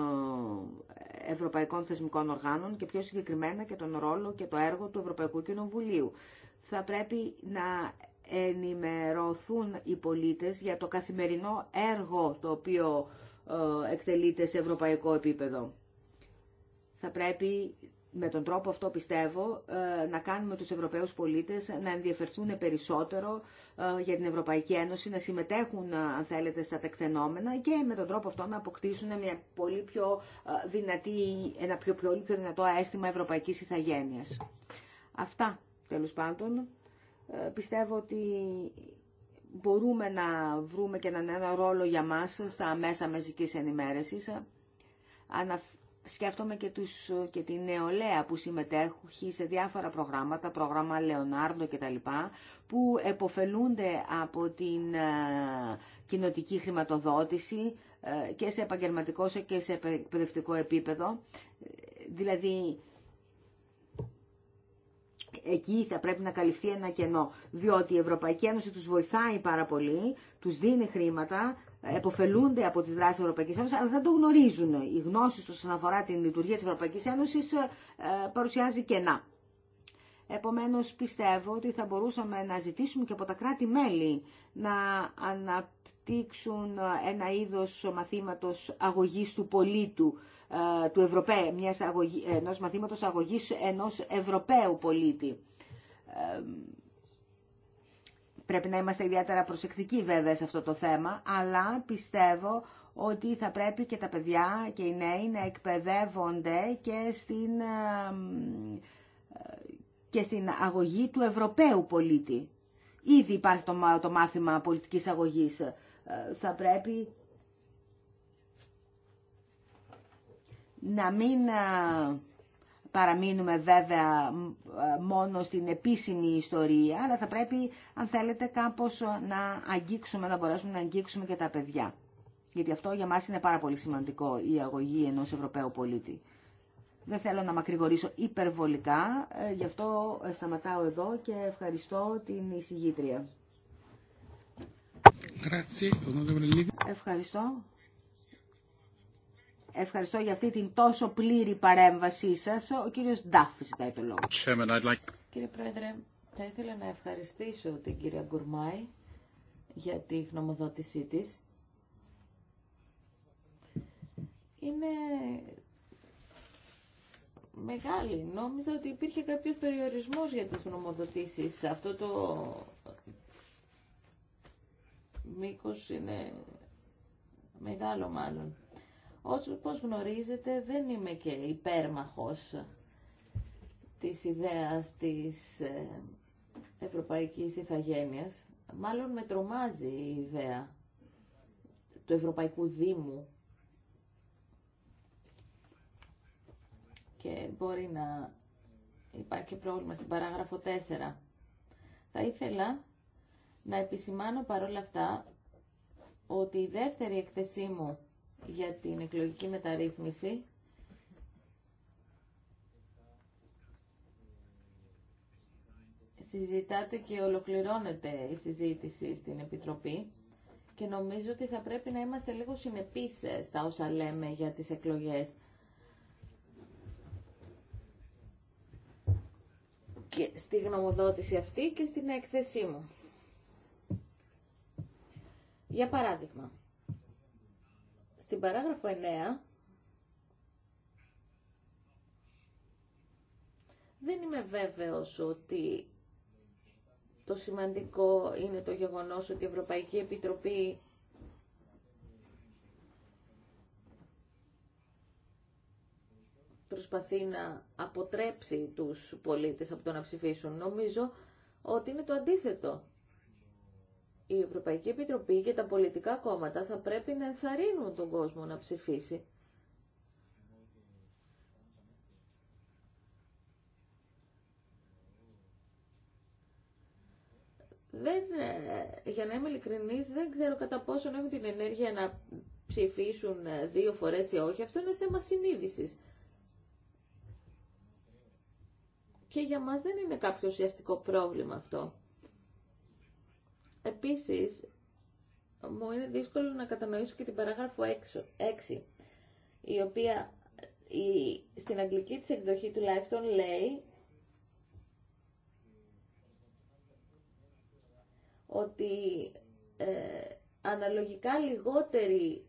[SPEAKER 1] ε, ευρωπαϊκών θεσμικών οργάνων και πιο συγκεκριμένα και τον ρόλο και το έργο του Ευρωπαϊκού Κοινοβουλίου. Θα πρέπει να ενημερωθούν οι πολίτες για το καθημερινό έργο το οποίο ε, εκτελείται σε ευρωπαϊκό επίπεδο. Θα πρέπει με τον τρόπο αυτό πιστεύω ε, να κάνουμε τους Ευρωπαίους πολίτες να ενδιαφερθούν περισσότερο ε, για την Ευρωπαϊκή Ένωση, να συμμετέχουν ε, αν θέλετε στα τεκτενόμενα και με τον τρόπο αυτό να αποκτήσουν μια πολύ πιο δυνατή, ένα πιο, πιο, πιο δυνατό αίσθημα ευρωπαϊκής Ιθαγένειας. Αυτά τέλος πάντων. Πιστεύω ότι μπορούμε να βρούμε και έναν ένα ρόλο για μας στα μέσα μεζικής ενημέρωσης σκέφτομαι και, τους, και την νεολαία που συμμετέχει σε διάφορα προγράμματα, πρόγραμμα Λεωνάρντο κτλ, που εποφελούνται από την ε, κοινοτική χρηματοδότηση ε, και σε επαγγελματικό και σε εκπαιδευτικό επίπεδο. Δηλαδή, εκεί θα πρέπει να καλυφθεί ένα κενό, διότι η Ευρωπαϊκή Ένωση τους βοηθάει πάρα πολύ, τους δίνει χρήματα, ε, εποφελούνται από τις δράσεις της Ευρωπαϊκής Ένωσης, αλλά δεν το γνωρίζουν. Η γνώση τους όσον αφορά την λειτουργία της Ευρωπαϊκής Ένωσης ε, ε, παρουσιάζει κενά. Επομένως πιστεύω ότι θα μπορούσαμε να ζητήσουμε και από τα κράτη-μέλη να αναπτύξουν ένα είδος μαθήματος αγωγής του πολίτου, του Ευρωπαίου, μιας αγωγή, ενό μαθήματος αγωγής ενός Ευρωπαίου πολίτη. Πρέπει να είμαστε ιδιαίτερα προσεκτικοί βέβαια σε αυτό το θέμα, αλλά πιστεύω ότι θα πρέπει και τα παιδιά και οι νέοι να εκπαιδεύονται και στην, και στην αγωγή του Ευρωπαίου πολίτη. Ήδη υπάρχει το, το μάθημα πολιτικής αγωγής. Ε, θα πρέπει να μην ε, παραμείνουμε βέβαια ε, μόνο στην επίσημη ιστορία, αλλά θα πρέπει, αν θέλετε, κάπως ε, να αγγίξουμε, να μπορέσουμε να αγγίξουμε και τα παιδιά. Γιατί αυτό για μας είναι πάρα πολύ σημαντικό, η αγωγή ενός Ευρωπαίου πολίτη. Δεν θέλω να μακρηγορήσω υπερβολικά, ε, γι' αυτό σταματάω εδώ και ευχαριστώ την εισηγήτρια. Ευχαριστώ. Ευχαριστώ για αυτή την τόσο πλήρη παρέμβασή σας. Ο κύριος Ντάφη ζητάει το λόγο.
[SPEAKER 3] Κύριε Πρόεδρε, θα ήθελα να ευχαριστήσω την κυρία Γκουρμάη για τη γνωμοδότησή της. Είναι μεγάλη. Νόμιζα ότι υπήρχε κάποιος περιορισμός για τις γνωμοδοτήσεις. Αυτό το μήκος είναι μεγάλο μάλλον. Όπως γνωρίζετε δεν είμαι και υπέρμαχος της ιδέας της ε, ευρωπαϊκής ηθαγένειας. Μάλλον με τρομάζει η ιδέα του Ευρωπαϊκού Δήμου και μπορεί να υπάρχει πρόβλημα στην παράγραφο 4. Θα ήθελα να επισημάνω παρόλα αυτά ότι η δεύτερη εκθεσή μου για την εκλογική μεταρρύθμιση συζητάτε και ολοκληρώνεται η συζήτηση στην Επιτροπή και νομίζω ότι θα πρέπει να είμαστε λίγο συνεπείς ε, στα όσα λέμε για τις εκλογές. Και στη γνωμοδότηση αυτή και στην έκθεσή μου. Για παράδειγμα, στην παράγραφο 9 δεν είμαι βέβαιος ότι το σημαντικό είναι το γεγονός ότι η Ευρωπαϊκή Επιτροπή προσπαθεί να αποτρέψει τους πολίτες από το να ψηφίσουν. Νομίζω ότι είναι το αντίθετο η Ευρωπαϊκή Επιτροπή και τα πολιτικά κόμματα θα πρέπει να ενθαρρύνουν τον κόσμο να ψηφίσει. Δεν, ε, για να είμαι ειλικρινής, δεν ξέρω κατά πόσον έχουν την ενέργεια να ψηφίσουν ε, δύο φορές ή όχι. Αυτό είναι θέμα συνείδησης. Και για μας δεν είναι κάποιο ουσιαστικό πρόβλημα αυτό. Επίσης, μου είναι δύσκολο να κατανοήσω και την παράγραφο 6, η οποία η, στην αγγλική της εκδοχή τουλάχιστον λέει ότι ε, αναλογικά λιγότεροι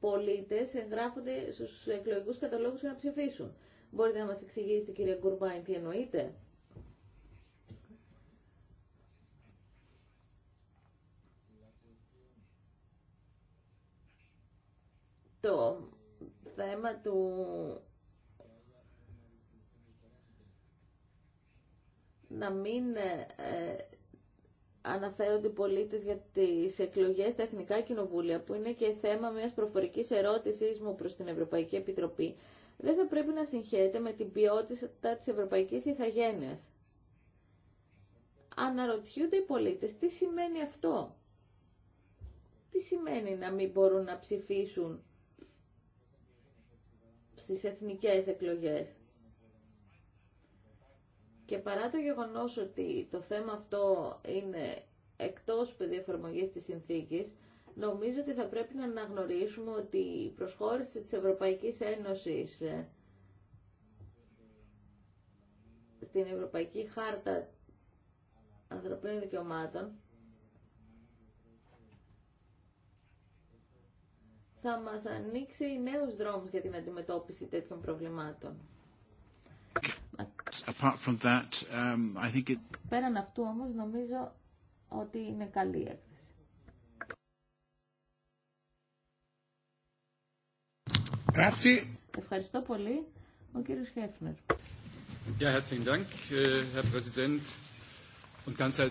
[SPEAKER 3] πολίτες εγγράφονται στους εκλογικούς καταλόγους για να ψηφίσουν. Μπορείτε να μας εξηγήσετε κυρία Γκουρμπάιν τι εννοείτε. θέμα του να μην ε, αναφέρονται οι πολίτες για τις εκλογές στα Εθνικά Κοινοβούλια, που είναι και θέμα μιας προφορικής ερώτησής μου προς την Ευρωπαϊκή Επιτροπή, δεν θα πρέπει να συγχαίρεται με την ποιότητα της Ευρωπαϊκής Ιθαγένειας. Αναρωτιούνται οι πολίτες τι σημαίνει αυτό. Τι σημαίνει να μην μπορούν να ψηφίσουν στις εθνικές εκλογές. Και παρά το γεγονός ότι το θέμα αυτό είναι εκτός πεδίου της συνθήκης, νομίζω ότι θα πρέπει να αναγνωρίσουμε ότι η προσχώρηση της Ευρωπαϊκής Ένωσης ε, στην Ευρωπαϊκή Χάρτα Ανθρωπίνων Δικαιωμάτων θα μας ανοίξει νέους δρόμους για την αντιμετώπιση τέτοιων προβλημάτων.
[SPEAKER 2] Apart from that, um,
[SPEAKER 3] Πέραν αυτού όμως νομίζω ότι είναι καλή έκθεση. Ευχαριστώ πολύ. Ο κύριος Χέφνερ. Äh,
[SPEAKER 2] ευχαριστώ,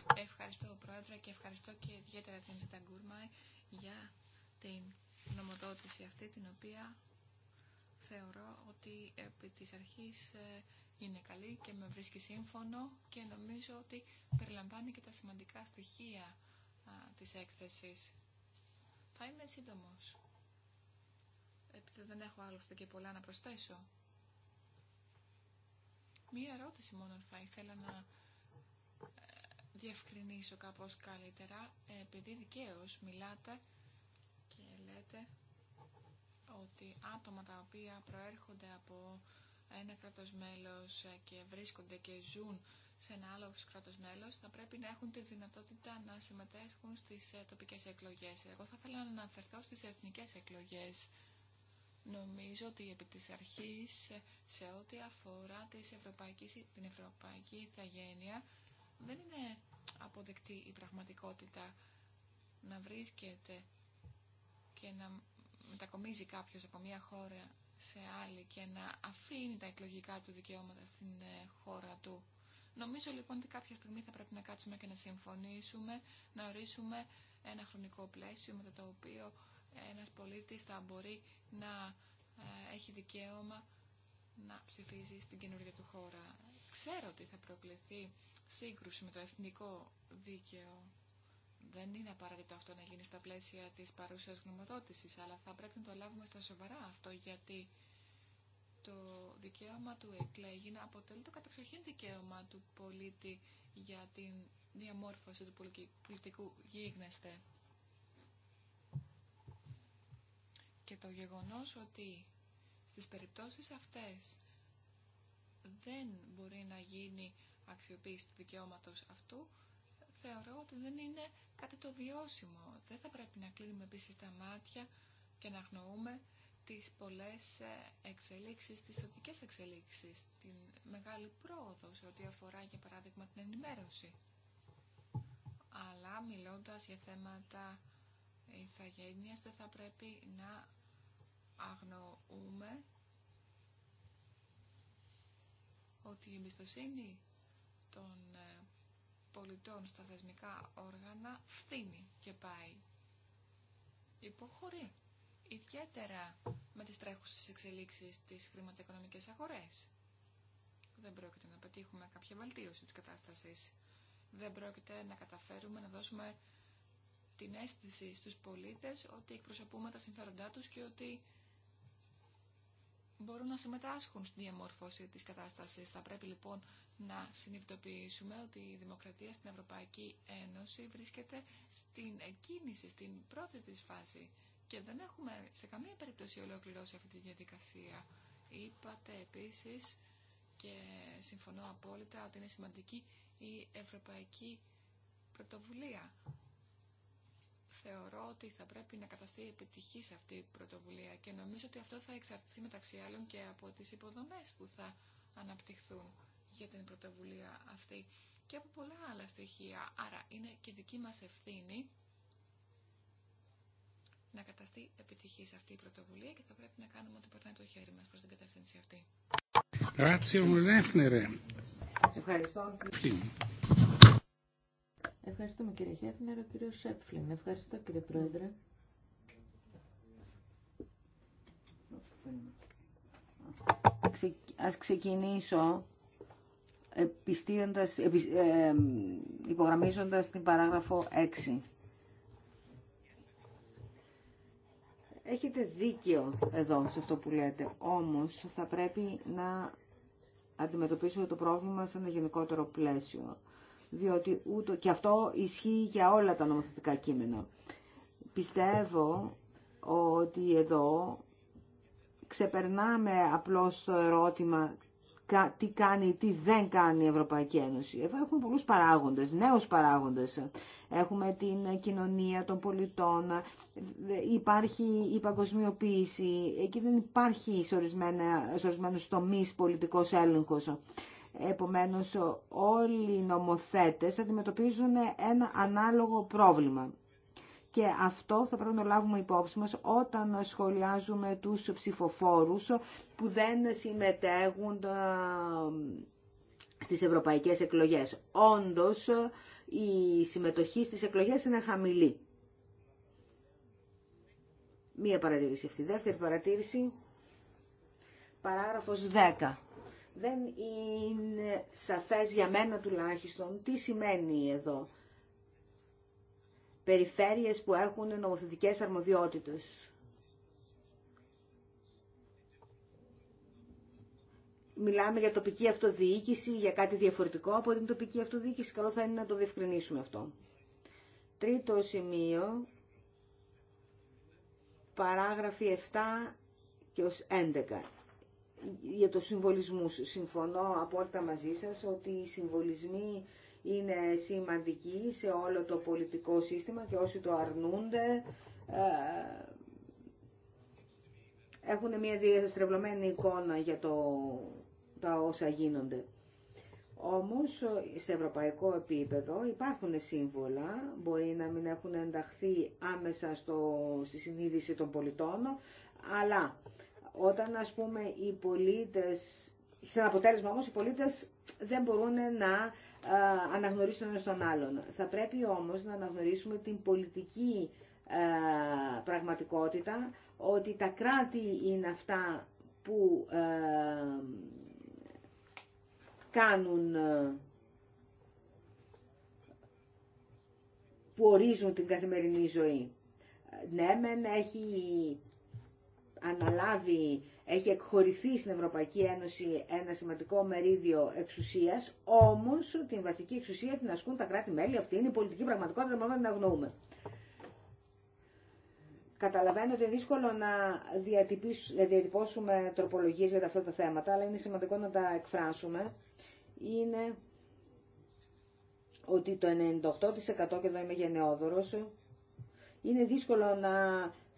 [SPEAKER 2] Πρόεδρε, και ευχαριστώ και ιδιαίτερα την Ζηταγκούρμα για την νομοδότηση αυτή την οποία θεωρώ ότι επί της αρχής ε, είναι καλή και με βρίσκει σύμφωνο και νομίζω ότι περιλαμβάνει και τα σημαντικά στοιχεία α, της έκθεσης. Θα είμαι σύντομος, επειδή δεν έχω άλλωστε και πολλά να προσθέσω. Μία ερώτηση μόνο θα ήθελα να ε, διευκρινίσω κάπως καλύτερα, ε, επειδή δικαίως μιλάτε ότι άτομα τα οποία προέρχονται από ένα κράτος μέλος και βρίσκονται και ζουν σε ένα άλλο κράτος μέλος θα πρέπει να έχουν τη δυνατότητα να συμμετέχουν στις ε, τοπικές εκλογές. Εγώ θα ήθελα να αναφερθώ στις εθνικές εκλογές. Νομίζω ότι επί της αρχής σε ό,τι αφορά της ευρωπαϊκές, την ευρωπαϊκή ηθαγένεια δεν είναι αποδεκτή η πραγματικότητα να βρίσκεται και να μετακομίζει κάποιος από μια χώρα σε άλλη και να αφήνει τα εκλογικά του δικαιώματα στην ε, χώρα του. Νομίζω λοιπόν ότι κάποια στιγμή θα πρέπει να κάτσουμε και να συμφωνήσουμε, να ορίσουμε ένα χρονικό πλαίσιο με το οποίο ένας πολίτης θα μπορεί να ε, έχει δικαίωμα να ψηφίζει στην καινούργια του χώρα. Ξέρω ότι θα προκληθεί σύγκρουση με το εθνικό δίκαιο δεν είναι απαραίτητο αυτό να γίνει στα πλαίσια της παρούσας γνωμοδότησης, αλλά θα πρέπει να το λάβουμε στα σοβαρά αυτό, γιατί το δικαίωμα του εκλέγει να αποτελεί το κατεξοχήν δικαίωμα του πολίτη για την διαμόρφωση του πολιτικού γίγνεσθε. Και το γεγονός ότι στις περιπτώσεις αυτές δεν μπορεί να γίνει αξιοποίηση του δικαιώματος αυτού θεωρώ ότι δεν είναι κάτι το βιώσιμο. Δεν θα πρέπει να κλείνουμε επίσης τα μάτια και να αγνοούμε τις πολλές ε, εξελίξεις, τις σωτικές εξελίξεις, την μεγάλη πρόοδο σε ό,τι αφορά για παράδειγμα την ενημέρωση. Αλλά μιλώντας για θέματα ηθαγένειας δεν θα πρέπει να αγνοούμε ότι η εμπιστοσύνη των ε, πολιτών στα θεσμικά όργανα φθήνει και πάει. Υποχωρεί. Ιδιαίτερα με τις τρέχουσες εξελίξεις στις χρηματοοικονομικές αγορές. Δεν πρόκειται να πετύχουμε κάποια βελτίωση της κατάστασης. Δεν πρόκειται να καταφέρουμε να δώσουμε την αίσθηση στους πολίτες ότι εκπροσωπούμε τα συμφέροντά τους και ότι μπορούν να συμμετάσχουν στη διαμόρφωση της κατάστασης. Θα πρέπει λοιπόν να συνειδητοποιήσουμε ότι η δημοκρατία στην Ευρωπαϊκή Ένωση βρίσκεται στην εκκίνηση, στην πρώτη της φάση και δεν έχουμε σε καμία περίπτωση ολοκληρώσει αυτή τη διαδικασία. Είπατε επίσης και συμφωνώ απόλυτα ότι είναι σημαντική η Ευρωπαϊκή Πρωτοβουλία. Θεωρώ ότι θα πρέπει να καταστεί επιτυχής αυτή η πρωτοβουλία και νομίζω ότι αυτό θα εξαρτηθεί μεταξύ άλλων και από τις υποδομές που θα αναπτυχθούν για την πρωτοβουλία αυτή και από πολλά άλλα στοιχεία. Άρα είναι και δική μας ευθύνη να καταστεί επιτυχής αυτή η πρωτοβουλία και θα πρέπει να κάνουμε ό,τι περνάει το χέρι μας προς την κατεύθυνση
[SPEAKER 1] αυτή.
[SPEAKER 3] Ευχαριστώ. Ευχαριστούμε κύριε Χέφνερ, κύριο Σέπφλιν. Ευχαριστώ κύριε Πρόεδρε.
[SPEAKER 1] Ας ξεκινήσω επιστήοντας, επι, ε, υπογραμμίζοντας την παράγραφο 6. Έχετε δίκιο εδώ σε αυτό που λέτε, όμως θα πρέπει να αντιμετωπίσουμε το πρόβλημα σε ένα γενικότερο πλαίσιο. Διότι και αυτό ισχύει για όλα τα νομοθετικά κείμενα. Πιστεύω ότι εδώ ξεπερνάμε απλώς το ερώτημα τι κάνει, τι δεν κάνει η Ευρωπαϊκή Ένωση. Εδώ έχουμε πολλούς παράγοντες, νέους παράγοντες. Έχουμε την κοινωνία των πολιτών, υπάρχει η παγκοσμιοποίηση, εκεί δεν υπάρχει σε, σε ορισμένους τομείς πολιτικός έλεγχος. Επομένως όλοι οι νομοθέτες αντιμετωπίζουν ένα ανάλογο πρόβλημα και αυτό θα πρέπει να λάβουμε υπόψη μας όταν σχολιάζουμε τους ψηφοφόρους που δεν συμμετέχουν ε, στις ευρωπαϊκές εκλογές. Όντως, η συμμετοχή στις εκλογές είναι χαμηλή. Μία παρατήρηση αυτή. Δεύτερη παρατήρηση, παράγραφος 10. Δεν είναι σαφές για μένα τουλάχιστον τι σημαίνει εδώ περιφέρειες που έχουν νομοθετικές αρμοδιότητες. Μιλάμε για τοπική αυτοδιοίκηση, για κάτι διαφορετικό από την τοπική αυτοδιοίκηση. Καλό θα είναι να το διευκρινίσουμε αυτό. Τρίτο σημείο, παράγραφοι 7 και ως 11. Για τους συμβολισμούς. Συμφωνώ απόλυτα μαζί σας ότι οι συμβολισμοί είναι σημαντική σε όλο το πολιτικό σύστημα και όσοι το αρνούνται ε, έχουν μια διαστρεβλωμένη εικόνα για το, τα όσα γίνονται. Όμως, σε ευρωπαϊκό επίπεδο υπάρχουν σύμβολα, μπορεί να μην έχουν ενταχθεί άμεσα στο, στη συνείδηση των πολιτών, αλλά όταν, ας πούμε, οι πολίτες, σε αποτέλεσμα όμως, οι πολίτες δεν μπορούν να αναγνωρίσουμε ένα τον άλλον. Θα πρέπει όμως να αναγνωρίσουμε την πολιτική πραγματικότητα ότι τα κράτη είναι αυτά που κάνουν που ορίζουν την καθημερινή ζωή. Ναι, μεν έχει αναλάβει, έχει εκχωρηθεί στην Ευρωπαϊκή Ένωση ένα σημαντικό μερίδιο εξουσίας, όμως την βασική εξουσία την ασκούν τα κράτη-μέλη, αυτή είναι η πολιτική πραγματικότητα, δεν μπορούμε να την αγνοούμε. Καταλαβαίνω ότι είναι δύσκολο να διατυπώσουμε τροπολογίες για αυτά τα θέματα, αλλά είναι σημαντικό να τα εκφράσουμε. Είναι ότι το 98% και εδώ είμαι γενναιόδωρος, είναι δύσκολο να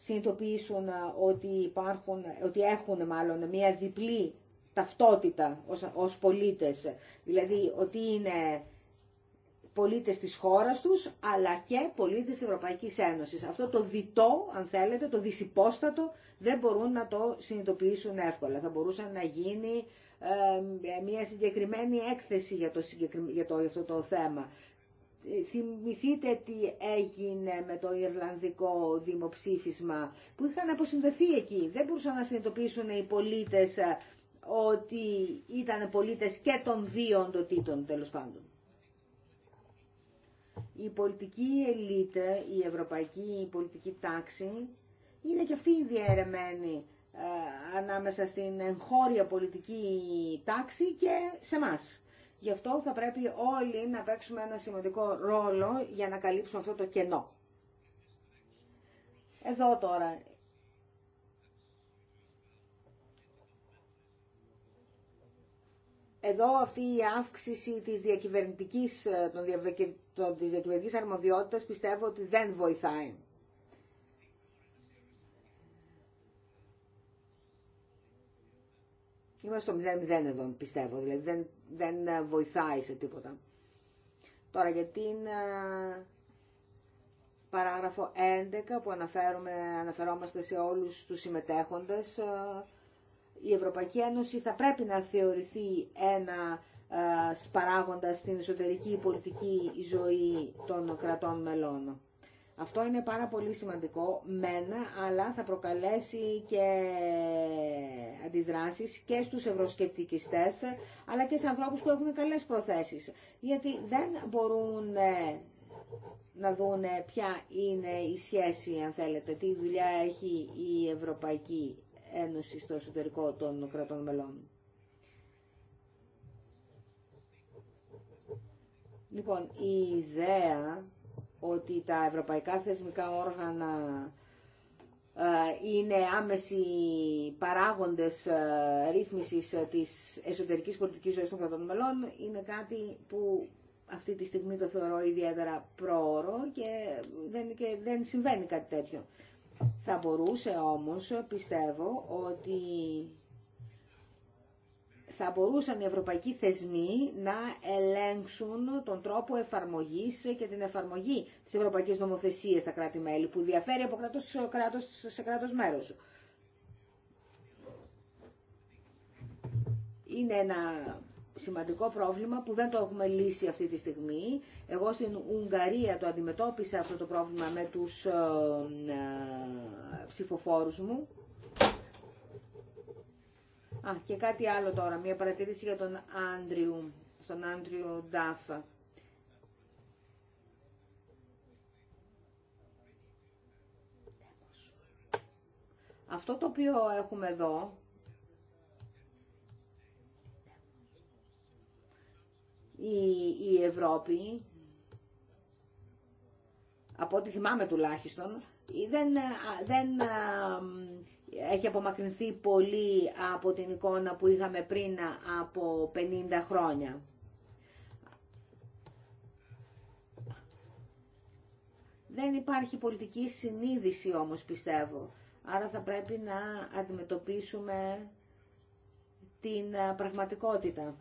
[SPEAKER 1] συνειδητοποιήσουν ε, ότι, υπάρχουν, ε, ότι έχουν μάλλον μια διπλή ταυτότητα ως, ως πολίτες. Δηλαδή ότι είναι πολίτες της χώρας τους, αλλά και πολίτες της Ευρωπαϊκής Ένωσης. Αυτό το διτό, αν θέλετε, το δυσυπόστατο, δεν μπορούν να το συνειδητοποιήσουν εύκολα. Θα μπορούσε να γίνει ε, μια συγκεκριμένη έκθεση για, το, για, το, για αυτό το θέμα θυμηθείτε τι έγινε με το Ιρλανδικό δημοψήφισμα που είχαν αποσυνδεθεί εκεί. Δεν μπορούσαν να συνειδητοποιήσουν οι πολίτες ε, ότι ήταν πολίτες και των δύο οντοτήτων τέλος πάντων. Η πολιτική ελίτ, η ευρωπαϊκή πολιτική τάξη είναι και αυτή διαιρεμένη ε, ανάμεσα στην εγχώρια πολιτική τάξη και σε μας. Γι' αυτό θα πρέπει όλοι να παίξουμε ένα σημαντικό ρόλο για να καλύψουμε αυτό το κενό. Εδώ τώρα. Εδώ αυτή η αύξηση της διακυβερνητικής, ε, των διακυβερνητικής αρμοδιότητας πιστεύω ότι δεν βοηθάει. Είμαστε στο 0-0 εδώ, πιστεύω. Δηλαδή δεν, δεν ε, βοηθάει σε τίποτα. Τώρα για την ε, παράγραφο 11 που αναφερόμαστε σε όλους τους συμμετέχοντες, ε, η Ευρωπαϊκή Ένωση θα πρέπει να θεωρηθεί ένα παράγοντα στην εσωτερική πολιτική ζωή των κρατών μελών. Αυτό είναι πάρα πολύ σημαντικό, μένα, αλλά θα προκαλέσει και αντιδράσεις και στους ευρωσκεπτικιστές, αλλά και σε ανθρώπους που έχουν καλές προθέσεις. Γιατί δεν μπορούν ε, να δουν ε, ποια είναι η σχέση, αν θέλετε, τι δουλειά έχει η Ευρωπαϊκή Ένωση στο εσωτερικό των κρατών μελών. Λοιπόν, η ιδέα ότι τα ευρωπαϊκά θεσμικά όργανα ε, είναι άμεση παράγοντες ε, ρύθμισης ε, της εσωτερικής πολιτικής ζωής των κρατών μελών είναι κάτι που αυτή τη στιγμή το θεωρώ ιδιαίτερα πρόωρο και δεν, και δεν συμβαίνει κάτι τέτοιο. Θα μπορούσε όμως, πιστεύω, ότι θα μπορούσαν οι ευρωπαϊκοί θεσμοί να ελέγξουν τον τρόπο εφαρμογής και την εφαρμογή της ευρωπαϊκής νομοθεσίας στα κράτη-μέλη, που διαφέρει από κράτος σε κράτος, σε κράτος μέρος. Είναι ένα σημαντικό πρόβλημα που δεν το έχουμε λύσει αυτή τη στιγμή. Εγώ στην Ουγγαρία το αντιμετώπισα αυτό το πρόβλημα με τους ε, ε, ψηφοφόρους μου Α, και κάτι άλλο τώρα, μια παρατήρηση για τον Άντριου, στον Άντριου Ντάφ. Αυτό το οποίο έχουμε εδώ η, η Ευρώπη από ό,τι θυμάμαι τουλάχιστον δεν, δεν έχει απομακρυνθεί πολύ από την εικόνα που είχαμε πριν από 50 χρόνια. Δεν υπάρχει πολιτική συνείδηση όμως πιστεύω. Άρα θα πρέπει να αντιμετωπίσουμε την πραγματικότητα.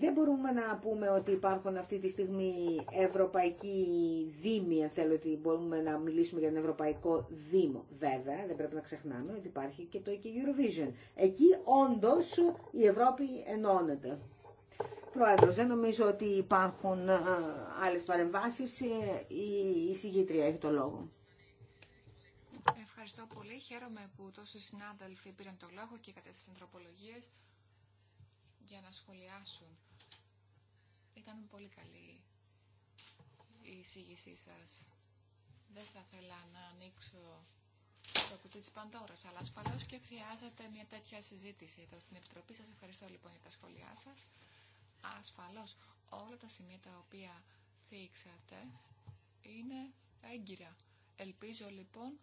[SPEAKER 1] Δεν μπορούμε να πούμε ότι υπάρχουν αυτή τη στιγμή ευρωπαϊκοί δήμοι, αν θέλω ότι μπορούμε να μιλήσουμε για ένα ευρωπαϊκό δήμο. Βέβαια, δεν πρέπει να ξεχνάμε ότι υπάρχει και το και Eurovision. Εκεί όντως η Ευρώπη ενώνεται. Πρόεδρος, δεν νομίζω ότι υπάρχουν ε, άλλες παρεμβάσεις. Ε, η συγγήτρια έχει το λόγο.
[SPEAKER 2] Ευχαριστώ πολύ. Χαίρομαι που τόσοι συνάδελφοι πήραν το λόγο και κατέθεσαν τροπολογίες για να σχολιάσουν ήταν πολύ καλή η εισήγησή σας. Δεν θα ήθελα να ανοίξω το κουτί της Παντόρας, αλλά ασφαλώς και χρειάζεται μια τέτοια συζήτηση εδώ στην Επιτροπή. Σας ευχαριστώ λοιπόν για τα σχόλιά σας. Ασφαλώς όλα τα σημεία τα οποία θίξατε είναι έγκυρα. Ελπίζω λοιπόν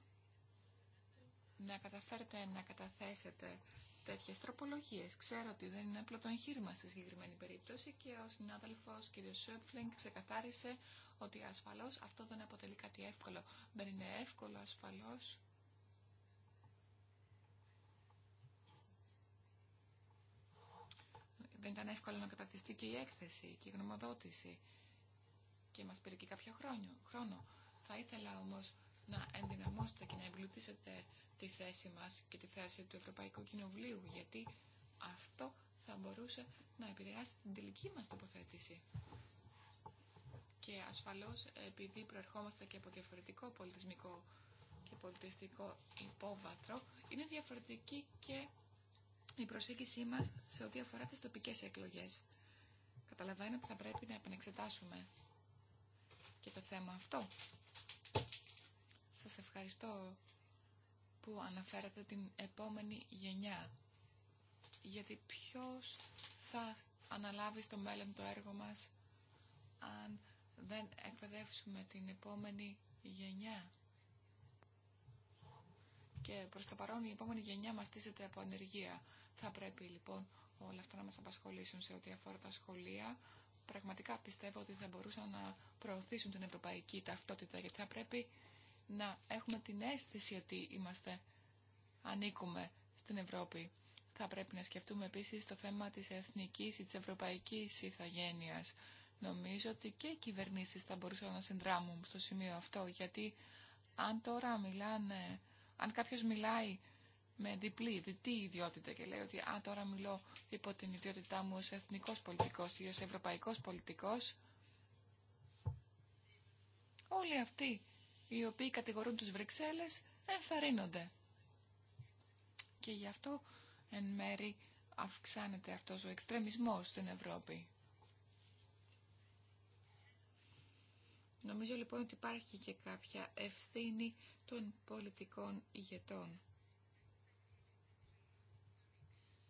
[SPEAKER 2] να καταφέρετε να καταθέσετε τέτοιες τροπολογίες. Ξέρω ότι δεν είναι απλό το εγχείρημα στη συγκεκριμένη περίπτωση και ο συνάδελφος κ. Σόπφλινγκ ξεκαθάρισε ότι ασφαλώς αυτό δεν αποτελεί κάτι εύκολο. Δεν είναι εύκολο ασφαλώς. Δεν ήταν εύκολο να κατακτηστεί και η έκθεση και η γνωμοδότηση και μας πήρε και κάποιο χρόνο. Θα ήθελα όμως να ενδυναμώσετε και να εμπλουτίσετε τη θέση μας και τη θέση του Ευρωπαϊκού Κοινοβουλίου, γιατί αυτό θα μπορούσε να επηρεάσει την τελική μας τοποθέτηση. Και ασφαλώς, επειδή προερχόμαστε και από διαφορετικό πολιτισμικό και πολιτιστικό υπόβαθρο, είναι διαφορετική και η προσέγγιση μας σε ό,τι αφορά τις τοπικές εκλογές. Καταλαβαίνω ότι θα πρέπει να επανεξετάσουμε και το θέμα αυτό. Σας ευχαριστώ που αναφέρατε την επόμενη γενιά. Γιατί ποιος θα αναλάβει στο μέλλον το έργο μας αν δεν εκπαιδεύσουμε την επόμενη γενιά. Και προς το παρόν η επόμενη γενιά μας στήσεται από ανεργία. Θα πρέπει λοιπόν όλα αυτά να μας απασχολήσουν σε ό,τι αφορά τα σχολεία. Πραγματικά πιστεύω ότι θα μπορούσαν να προωθήσουν την ευρωπαϊκή ταυτότητα γιατί θα πρέπει να έχουμε την αίσθηση ότι είμαστε, ανήκουμε στην Ευρώπη. Θα πρέπει να σκεφτούμε επίσης το θέμα της εθνικής ή της ευρωπαϊκής ηθαγένειας. Νομίζω ότι και οι κυβερνήσεις θα μπορούσαν να συνδράμουν στο σημείο αυτό, γιατί αν τώρα μιλάνε, αν κάποιος μιλάει με διπλή, διτή ιδιότητα και λέει ότι αν τώρα μιλώ υπό την ιδιότητά μου ως εθνικός πολιτικός ή ως ευρωπαϊκός πολιτικός, όλοι αυτοί οι οποίοι κατηγορούν τους Βρυξέλλες ενθαρρύνονται. Και γι' αυτό εν μέρη αυξάνεται αυτός ο εξτρεμισμός στην Ευρώπη. Νομίζω λοιπόν ότι υπάρχει και κάποια ευθύνη των πολιτικών ηγετών.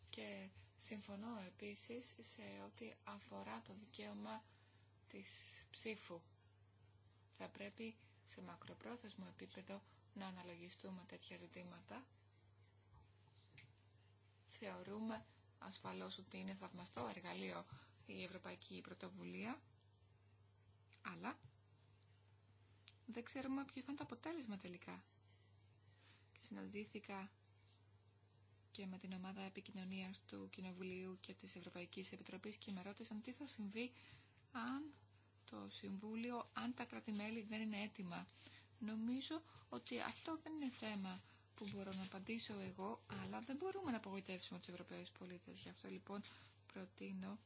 [SPEAKER 2] Και συμφωνώ επίσης σε ό,τι αφορά το δικαίωμα της ψήφου. Θα πρέπει σε μακροπρόθεσμο επίπεδο να αναλογιστούμε τέτοια ζητήματα. Θεωρούμε ασφαλώς ότι είναι θαυμαστό εργαλείο η Ευρωπαϊκή Πρωτοβουλία, αλλά δεν ξέρουμε ποιο θα είναι το αποτέλεσμα τελικά. Συναντήθηκα και με την ομάδα επικοινωνίας του Κοινοβουλίου και της Ευρωπαϊκής Επιτροπής και με ρώτησαν τι θα συμβεί αν το Συμβούλιο αν τα κρατημέλη δεν είναι έτοιμα. Νομίζω ότι αυτό δεν είναι θέμα που μπορώ να απαντήσω εγώ, αλλά δεν μπορούμε να απογοητεύσουμε τους Ευρωπαίους πολίτες. Γι' αυτό λοιπόν προτείνω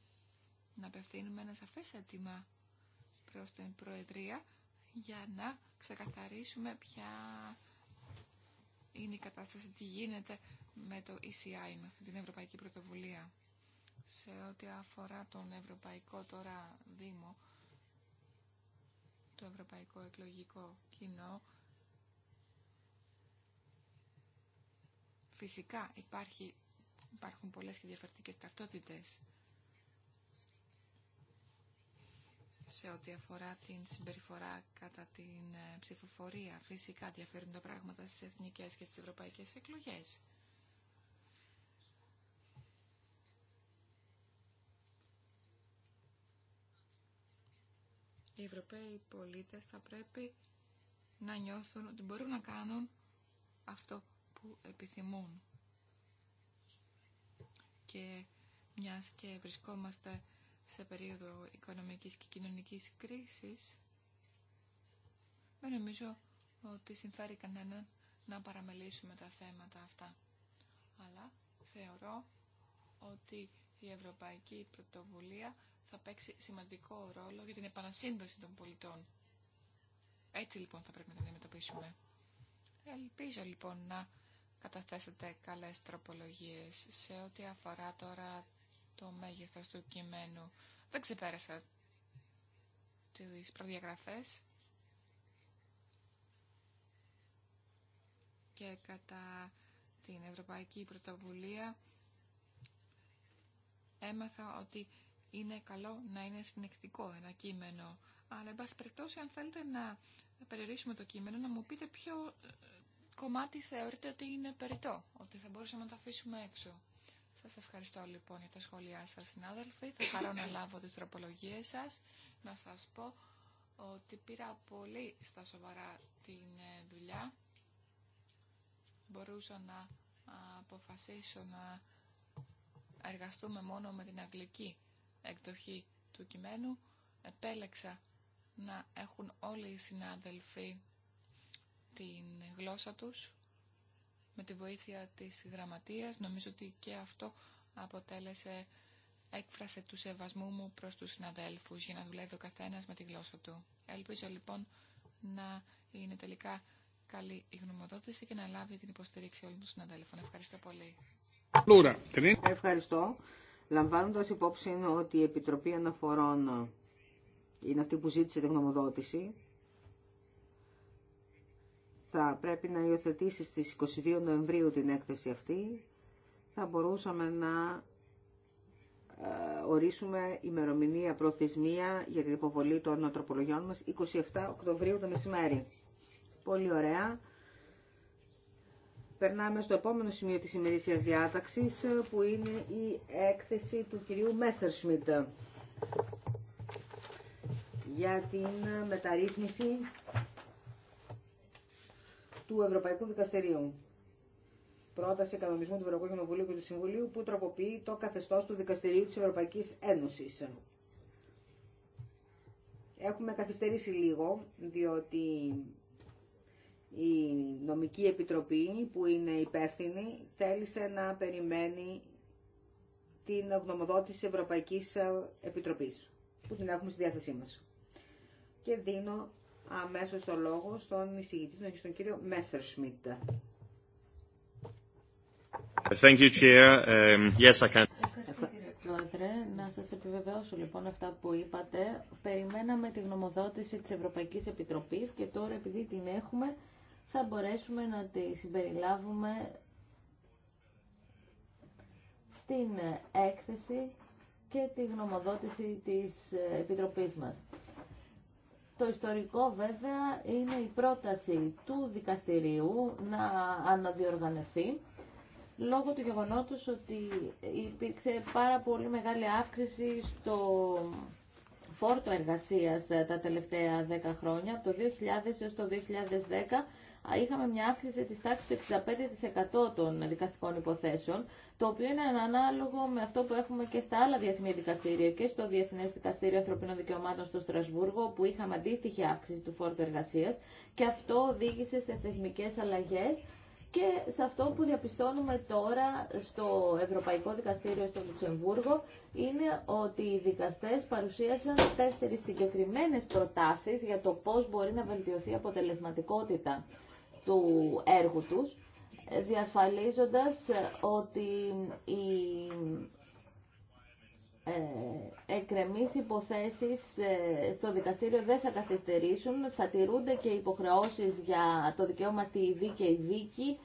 [SPEAKER 2] να απευθύνουμε ένα σαφές αίτημα προς την Προεδρία για να ξεκαθαρίσουμε ποια είναι η κατάσταση, τι γίνεται με το ECI, με αυτή την Ευρωπαϊκή Πρωτοβουλία. Σε ό,τι αφορά τον Ευρωπαϊκό τώρα Δήμο, το Ευρωπαϊκό Εκλογικό Κοινό. Φυσικά υπάρχει, υπάρχουν πολλές και διαφορετικές ταυτότητες σε ό,τι αφορά την συμπεριφορά κατά την ε, ψηφοφορία. Φυσικά διαφέρουν τα πράγματα στις εθνικές και στις ευρωπαϊκές εκλογές. οι Ευρωπαίοι πολίτες θα πρέπει να νιώθουν ότι μπορούν να κάνουν αυτό που επιθυμούν. Και μιας και βρισκόμαστε σε περίοδο οικονομικής και κοινωνικής κρίσης, δεν νομίζω ότι συμφέρει κανέναν να παραμελήσουμε τα θέματα αυτά. Αλλά θεωρώ ότι η Ευρωπαϊκή Πρωτοβουλία θα παίξει σημαντικό ρόλο για την επανασύνδεση των πολιτών. Έτσι λοιπόν θα πρέπει να τα αντιμετωπίσουμε. Ελπίζω λοιπόν να καταθέσετε καλές τροπολογίες σε ό,τι αφορά τώρα το μέγεθος του κειμένου. Δεν ξεπέρασα τις προδιαγραφές και κατά την Ευρωπαϊκή Πρωτοβουλία έμαθα ότι είναι καλό να είναι συνεκτικό ένα κείμενο. Αλλά, εν πάση περιπτώσει, αν θέλετε να περιορίσουμε το κείμενο, να μου πείτε ποιο ε, κομμάτι θεωρείτε ότι είναι περιττό, ότι θα μπορούσαμε να το αφήσουμε έξω. Σας ευχαριστώ λοιπόν για τα σχόλιά σας συνάδελφοι. Θα χαρώ να λάβω τις τροπολογίες σας. Να σας πω ότι πήρα πολύ στα σοβαρά την ε, δουλειά. Μπορούσα να αποφασίσω να εργαστούμε μόνο με την αγγλική εκδοχή του κειμένου επέλεξα να έχουν όλοι οι συνάδελφοι την γλώσσα τους με τη βοήθεια της γραμματείας. Νομίζω ότι και αυτό αποτέλεσε έκφρασε του σεβασμού μου προς τους συναδέλφους για να δουλεύει ο καθένας με τη γλώσσα του. Ελπίζω λοιπόν να είναι τελικά καλή η γνωμοδότηση και να λάβει την υποστήριξη όλων των συναδέλφων. Ευχαριστώ πολύ.
[SPEAKER 1] Ευχαριστώ λαμβάνοντας υπόψη ότι η Επιτροπή Αναφορών είναι αυτή που ζήτησε την γνωμοδότηση, θα πρέπει να υιοθετήσει στις 22 Νοεμβρίου την έκθεση αυτή, θα μπορούσαμε να ε, ορίσουμε ημερομηνία προθεσμία για την υποβολή των ανατροπολογιών μας 27 Οκτωβρίου το μεσημέρι. Πολύ ωραία. Περνάμε στο επόμενο σημείο της ημερήσιας διάταξης, που είναι η έκθεση του κυρίου Μέσσερ για την μεταρρύθμιση του Ευρωπαϊκού Δικαστηρίου. Πρόταση κανονισμού του Ευρωπαϊκού Κοινοβουλίου και του Συμβουλίου που τροποποιεί το καθεστώς του Δικαστηρίου της Ευρωπαϊκής Ένωσης. Έχουμε καθυστερήσει λίγο, διότι η νομική επιτροπή που είναι υπεύθυνη θέλησε να περιμένει την γνωμοδότηση Ευρωπαϊκής Επιτροπής που την έχουμε στη διάθεσή μας. Και δίνω αμέσως το λόγο στον εισηγητή, τον κύριο Μέσσερ Σμιτ. Thank you, Chair. Um, yes, I can.
[SPEAKER 3] Πρόεδρε, να σας επιβεβαιώσω λοιπόν αυτά που είπατε. Περιμέναμε τη γνωμοδότηση της Ευρωπαϊκής Επιτροπής και τώρα επειδή την έχουμε θα μπορέσουμε να τη συμπεριλάβουμε στην έκθεση και τη γνωμοδότηση της Επιτροπής μας. Το ιστορικό βέβαια είναι η πρόταση του δικαστηρίου να αναδιοργανωθεί λόγω του γεγονότος ότι υπήρξε πάρα πολύ μεγάλη αύξηση στο φόρτο εργασίας τα τελευταία 10 χρόνια, από το 2000 έως το 2010 είχαμε μια αύξηση της τάξης του 65% των δικαστικών υποθέσεων, το οποίο είναι ανάλογο με αυτό που έχουμε και στα άλλα διεθνή δικαστήρια και στο Διεθνές Δικαστήριο Ανθρωπίνων Δικαιωμάτων στο Στρασβούργο, που είχαμε αντίστοιχη αύξηση του φόρτου εργασίας και αυτό οδήγησε σε θεσμικές αλλαγές και σε αυτό που διαπιστώνουμε τώρα στο Ευρωπαϊκό Δικαστήριο στο Λουξεμβούργο είναι ότι οι δικαστές παρουσίασαν τέσσερις συγκεκριμένες προτάσεις για το πώς μπορεί να βελτιωθεί η αποτελεσματικότητα του έργου τους, διασφαλίζοντας ε, ότι οι εκκρεμείς υποθέσεις ε, στο δικαστήριο δεν θα καθυστερήσουν, θα τηρούνται και υποχρεώσεις για το δικαίωμα στη δίκαιη δίκη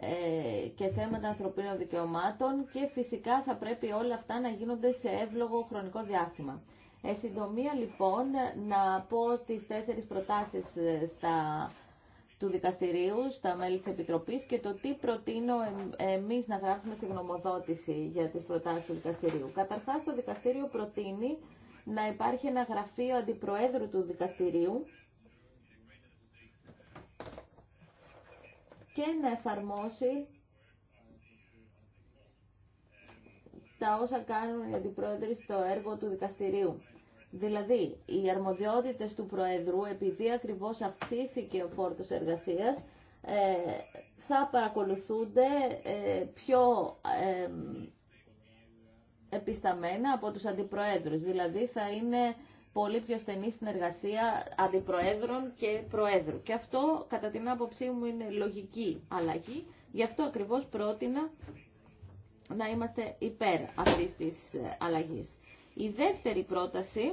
[SPEAKER 3] ε, και θέματα ανθρωπίνων δικαιωμάτων και φυσικά θα πρέπει όλα αυτά να γίνονται σε εύλογο χρονικό διάστημα. Ε, συντομία λοιπόν να πω τις τέσσερις προτάσεις στα του δικαστηρίου, στα μέλη της Επιτροπής και το τι προτείνω εμείς να γράφουμε στη γνωμοδότηση για τις προτάσεις του δικαστηρίου. Καταρχάς, το δικαστήριο προτείνει να υπάρχει ένα γραφείο αντιπροέδρου του δικαστηρίου και να εφαρμόσει τα όσα κάνουν οι αντιπρόεδροι στο έργο του δικαστηρίου. Δηλαδή, οι αρμοδιότητες του Προεδρού, επειδή ακριβώς αυξήθηκε ο φόρτος εργασίας, ε, θα παρακολουθούνται ε, πιο επισταμένα από τους αντιπροέδρους. Δηλαδή, θα είναι πολύ πιο στενή συνεργασία αντιπροέδρων και προέδρου. Και αυτό, κατά την άποψή μου, είναι λογική αλλαγή. Γι' αυτό ακριβώς πρότεινα να είμαστε υπέρ αυτής της αλλαγής. Η δεύτερη πρόταση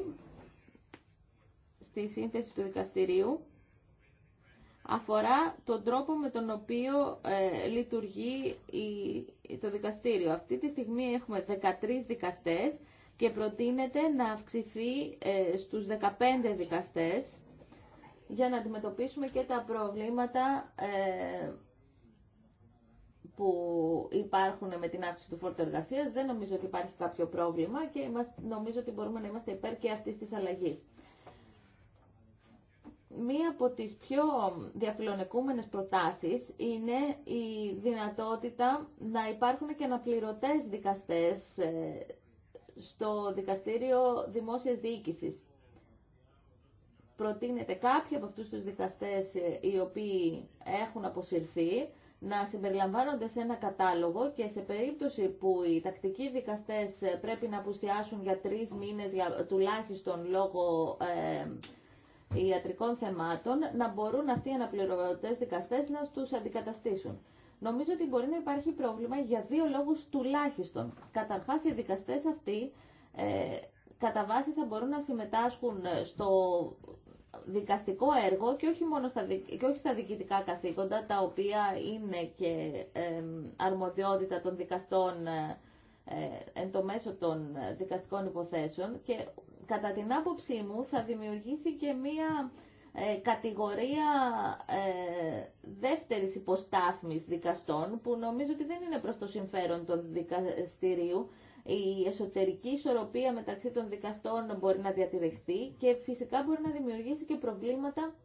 [SPEAKER 3] στη σύνθεση του δικαστηρίου αφορά τον τρόπο με τον οποίο ε, λειτουργεί η, το δικαστήριο. Αυτή τη στιγμή έχουμε 13 δικαστές και προτείνεται να αυξηθεί ε, στους 15 δικαστές για να αντιμετωπίσουμε και τα προβλήματα ε, που υπάρχουν με την αύξηση του φόρτου εργασία. Δεν νομίζω ότι υπάρχει κάποιο πρόβλημα και νομίζω ότι μπορούμε να είμαστε υπέρ και αυτή τη αλλαγή. Μία από τις πιο διαφιλονεκούμενε προτάσεις είναι η δυνατότητα να υπάρχουν και αναπληρωτές δικαστές ε, στο Δικαστήριο Δημόσιας Διοίκησης. Προτείνεται κάποιοι από αυτούς τους δικαστές ε, οι οποίοι έχουν αποσυρθεί να συμπεριλαμβάνονται σε ένα κατάλογο και σε περίπτωση που οι τακτικοί δικαστές πρέπει να απουσιάσουν για τρεις μήνες για, τουλάχιστον λόγω ε, ιατρικών θεμάτων, να μπορούν αυτοί οι αναπληρωτέ δικαστές να τους αντικαταστήσουν. Νομίζω ότι μπορεί να υπάρχει πρόβλημα για δύο λόγους τουλάχιστον. Καταρχάς, οι δικαστές αυτοί ε, κατά βάση θα μπορούν να συμμετάσχουν στο δικαστικό έργο και όχι, μόνο στα, και όχι στα διοικητικά καθήκοντα, τα οποία είναι και αρμοδιότητα των δικαστών ε, ε, εν το μέσο των δικαστικών υποθέσεων και κατά την άποψή μου θα δημιουργήσει και μία ε, κατηγορία ε, δεύτερης υποστάθμης δικαστών που νομίζω ότι δεν είναι προς το συμφέρον των δικαστηρίου η εσωτερική ισορροπία μεταξύ των δικαστών μπορεί να διατηρηθεί και φυσικά μπορεί να δημιουργήσει και προβλήματα